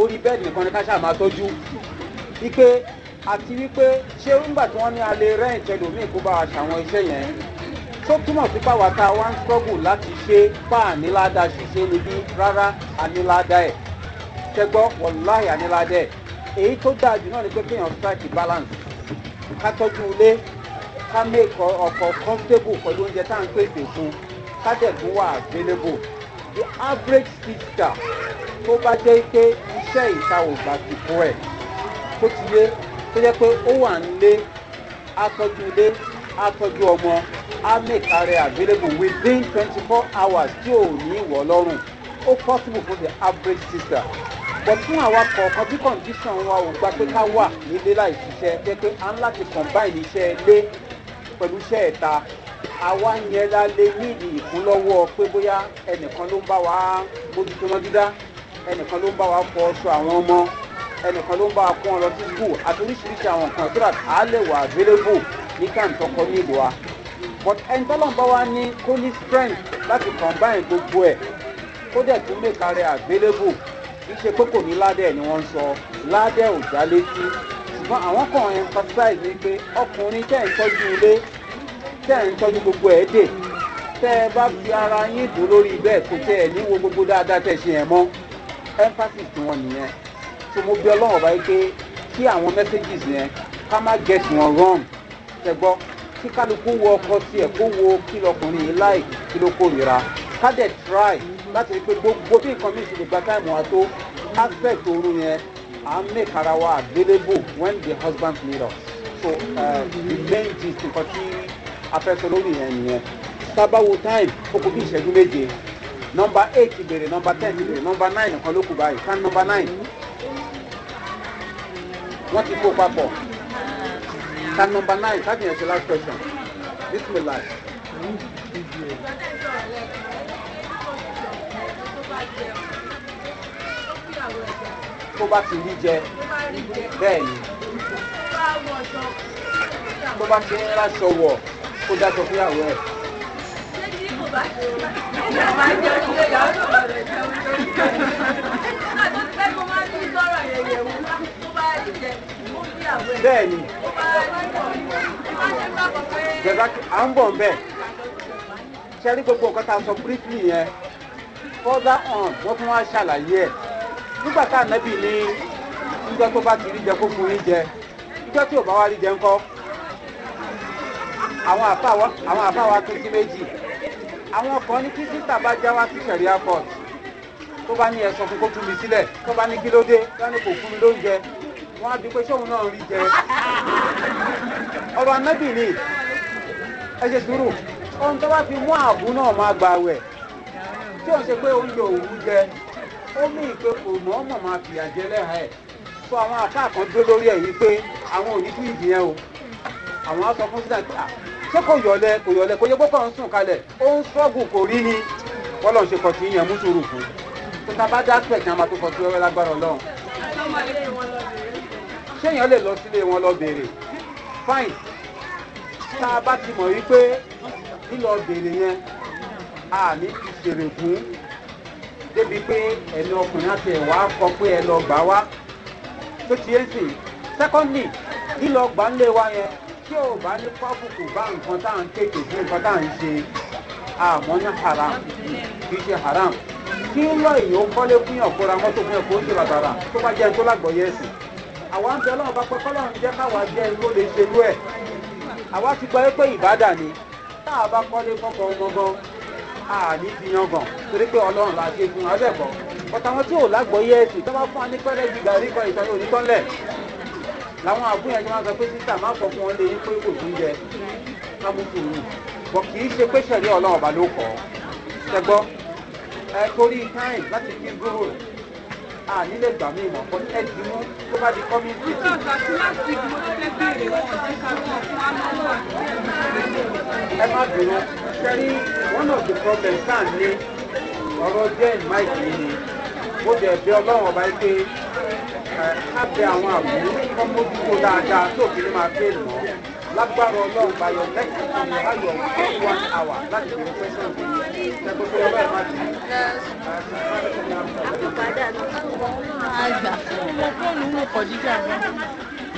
orí bẹ́ẹ̀ nìkan ni ká ṣáà máa tọ́jú wípé àti wípé ṣé nígbà tí wọ́n ní alẹ́ rẹ́ ìtẹlómìn kó bá wa ṣàwọn iṣẹ́ yẹn tó túmọ̀ sí pàwọ́ tá a wá ń struggle láti ṣe bá àníláda ṣíṣe níbí rárá àníláda ẹ̀ tẹ́gbọ́ wọ̀láì àníláda ẹ̀ èyí tó dáa jù náà ni pé kéèyàn strike balance ká tọ́jú ilé ká make ọkọ̀ comfortable pẹ̀lú oúnjẹ tá à ń pèsè fún ká dẹ̀ wà available the average speedster tó bá jẹ́ pé iṣẹ́ ìta ò gbà tìkú ẹ̀ tó ti yé tó jẹ́ pé ó wà nílé atọ́jú ilé atọ́jú ọmọ á make ààrẹ available within twenty four hours tí ò ní ìwọ̀ lọ́rùn ó possible for the average sister but fún àwa kọ̀ọ̀kan bí condition wa ò gba pé ká wà nílé láì ṣiṣẹ́ jẹ́ pé à ń láti combine iṣẹ́ ilé pẹ̀lú iṣẹ́ ẹ̀ta àwa yẹn la lè nídìí ìkúnlọ́wọ́ pé bóyá ẹnìkan ló ń bá wa mójútó mọ́ dídá ẹnìkan ló ń bá wa fọ ọṣọ àwọn ọmọ ẹnìkan ló ń bá a kún ọ lọ sí skul àti oríṣiríṣi àwọn nǹkan so that a wà available ní kàǹtọ́kọ ní ìlú wa but ẹni tọ́lọ̀ ń bá wa ní kó ní strength láti combine gbogbo ẹ̀ kó dẹ̀ tún lè kárẹ̀ available kì í ṣe pé kò ní ládẹ́ ni wọ́n ń sọ ládẹ́ ò já létí ṣùgbọ́n àwọn kan emphasize ni pé ọkùnrin tẹ́ ń tọ́jú ilé tẹ́ ń tọ́jú gbogbo ẹ̀ dè tẹ́ ẹ bá fi ara yín dùn lórí bẹ́ẹ̀ kò tẹ́ ẹ níwo gbogbo dáadáa tẹ́ ṣe ẹ̀ mọ́ emphasis tí wọ́n nìyẹn so mo bí ọlọ́run ọba yìí pé kí àwọn messages yẹn ká má get wọn wrong ṣe gbọ́ kí kálukú wo ọkọ tiẹ̀ kó wo kí lọkùnrin yìí láì kí ló kórìíra ká dẹ̀ try láti rí i pé gbogbo bí nǹkan mi ìṣòro gba táìmù tó aspect ooru yẹn à ń make ara wa available when the husband need us so uh, the main gist nǹkan tí a fẹ́ sọ lórí yẹn nìyẹn tábàwò time ó kò bí ìṣẹ́jú méje Number eight ìbèrè nọmba ten ìbèrè nọmba nine nǹkan ló kù báyìí kan nọmba nine wọ́n ti kó papọ̀ ta number nine that is the last question bismillah. tó bá ti rí jẹ bẹ́ẹ̀ ni tó bá ti ń láṣọ wọ̀ kó dáṣọ fún ìyàwó ẹ̀. ṣé kí kò bá ṣe é bá ṣe é bá ṣe é ìyàwó náà rẹ̀ jẹun lórí ẹ̀. bẹ́ẹ̀ ni à ń bọ̀ bẹ́ẹ̀ ṣe rí gbogbo nǹkan tá a sọ briefly yẹn further on wọ́n tún wá ṣàlàyé ẹ̀ nígbà tá ànábì ní ìjọ tó bá ti rí jẹ kó fún yín jẹ ìjọ tí ò bá wá rí jẹ ńkọ́ àwọn àfa wa pín sí méjì àwọn kan ní kí sísà bá já wá sí sẹ̀ríà port tó bá ní ẹ̀sán fún kó fún mi sílẹ̀ tó bá ní kí ló dé tó bá ní kò fún mi lóúnjẹ wọ́n á bí pé ṣóun náà rí jẹ ọ̀rọ̀ anábì ni ẹ ṣe sùúrù ohun tó bá fi mú ààbò náà máa gba wẹ̀ tí ò ń ṣe pé oúnjẹ òwú jẹ ó mú ìpè kò mọ́ ọmọ máa fìyà jẹ lẹ́hà ẹ̀ fún àwọn akáàkan dúró lórí ẹ̀ wípé àwọn ò ní kí ìdí yẹn o àwọn á sọ fún sídà pé ṣé kò yọlẹ kò yọlẹ kò yẹ kókò ń sùn kalẹ̀ ó ń sọ́ọ̀gù kò rí ni bọ́lọ̀ ń ṣe kọ̀tì yẹn mú sùúrù fún tó ta bá dá pẹ̀ kí wẹ́wẹ́ lágbára ọlọ́run kéèyàn lè lọ sílé wọn lọ bèrè fine tá a bá ti mọ̀ wípé lílọ bèrè yẹn a ní ti ṣèrè fún débi pé ẹni ọkùnrin àti ẹ̀wà kọ pé ẹ lọ gbà wá tó ti yé sí secondly lílọ gbà ń lé wa yẹn tí ò bá ní pábùkù bá nǹkan tá à ń kéèké sí nǹkan tá à ń ṣe àmọ́ ní haram kì í ṣe haram kí lọ èèyàn kọ́lé fún yàn kóra mọ́tò fún yàn kó ń ṣe bàtàrà tó bá jẹ́ ẹni tó lágbọ̀ọ́yé ẹ̀sìn àwọn àǹtí ọlọ́run bá pẹ́ kọ́lọ́run jẹ́ káwa jẹ́ irú lè ṣe irú ẹ̀ àwa ti gbọ́ pé ìbádà ni tá a bá kọ́lé kọ́kọ́ gangan a ní fi yan gan torí pé ọlọ́run la ṣe fún wa bẹ́ẹ̀ kọ́ bọ́tà wọn tí ò lágbọ́yé ẹ̀sìn tó bá fún wa ní pẹ́rẹ́ gbígbà rí kọ́ ìtọ́jú onítọ́lẹ̀ làwọn àbúyẹn jọ máa sọ pé sísà má fọ fún wọn lè yín pé kò tún jẹ kábùkù rù bọ̀ kì í ṣe pé ṣẹ̀rí ọlọ́run ọba ló kọ́ ṣẹgbọ́ ẹ torí time láti fi gbúrò ànílẹ̀ gbà mí mọ̀ kọ́ ẹ tó bá di kọ́ mi dì. ó náà gbà tí láti ìgbìmọ̀ tó fẹ́ béèrè wọn ò jẹ́ ká fún anáwó ẹ má dúró sẹ́rí one of the problems náà ní ọ̀rọ̀ jẹ́ ìmáìkì ni ó jẹ́ ẹ̀bí ọlọ́run ọba pé ká bẹ àwọn àbúrò kọ́ mójútó dáadáa tó fi ní máa fẹ́ lọ́ọ́ lágbára ọlọ́run bayọ̀ lẹ́yìn ìpínlẹ̀ ayọ̀ one hour láti fi pẹ́ sí ọ̀gbìn yìí ṣẹ́gun pé ọlọ́run má ti. àgbà mo fóònù mo kọ̀ jíjà mi.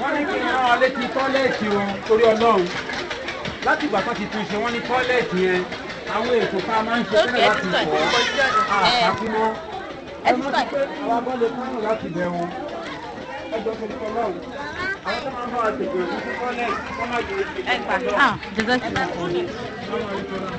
wọ́n ní kí n rán ọ létí tọ́lẹ́ẹ̀tì wọn torí ọlọ́run láti ìgbà kan ti tún ṣe wọ́n ní tọ́lẹ́ẹ̀tì yẹn àwọn ètò tá a máa ń ṣe sílẹ̀ láti wọ̀ ọ́ àkàkùn mọ́ ẹ mọ́ ti pé àwọn abọ́lé kúrò láti bẹ̀ wọn. Ah, 18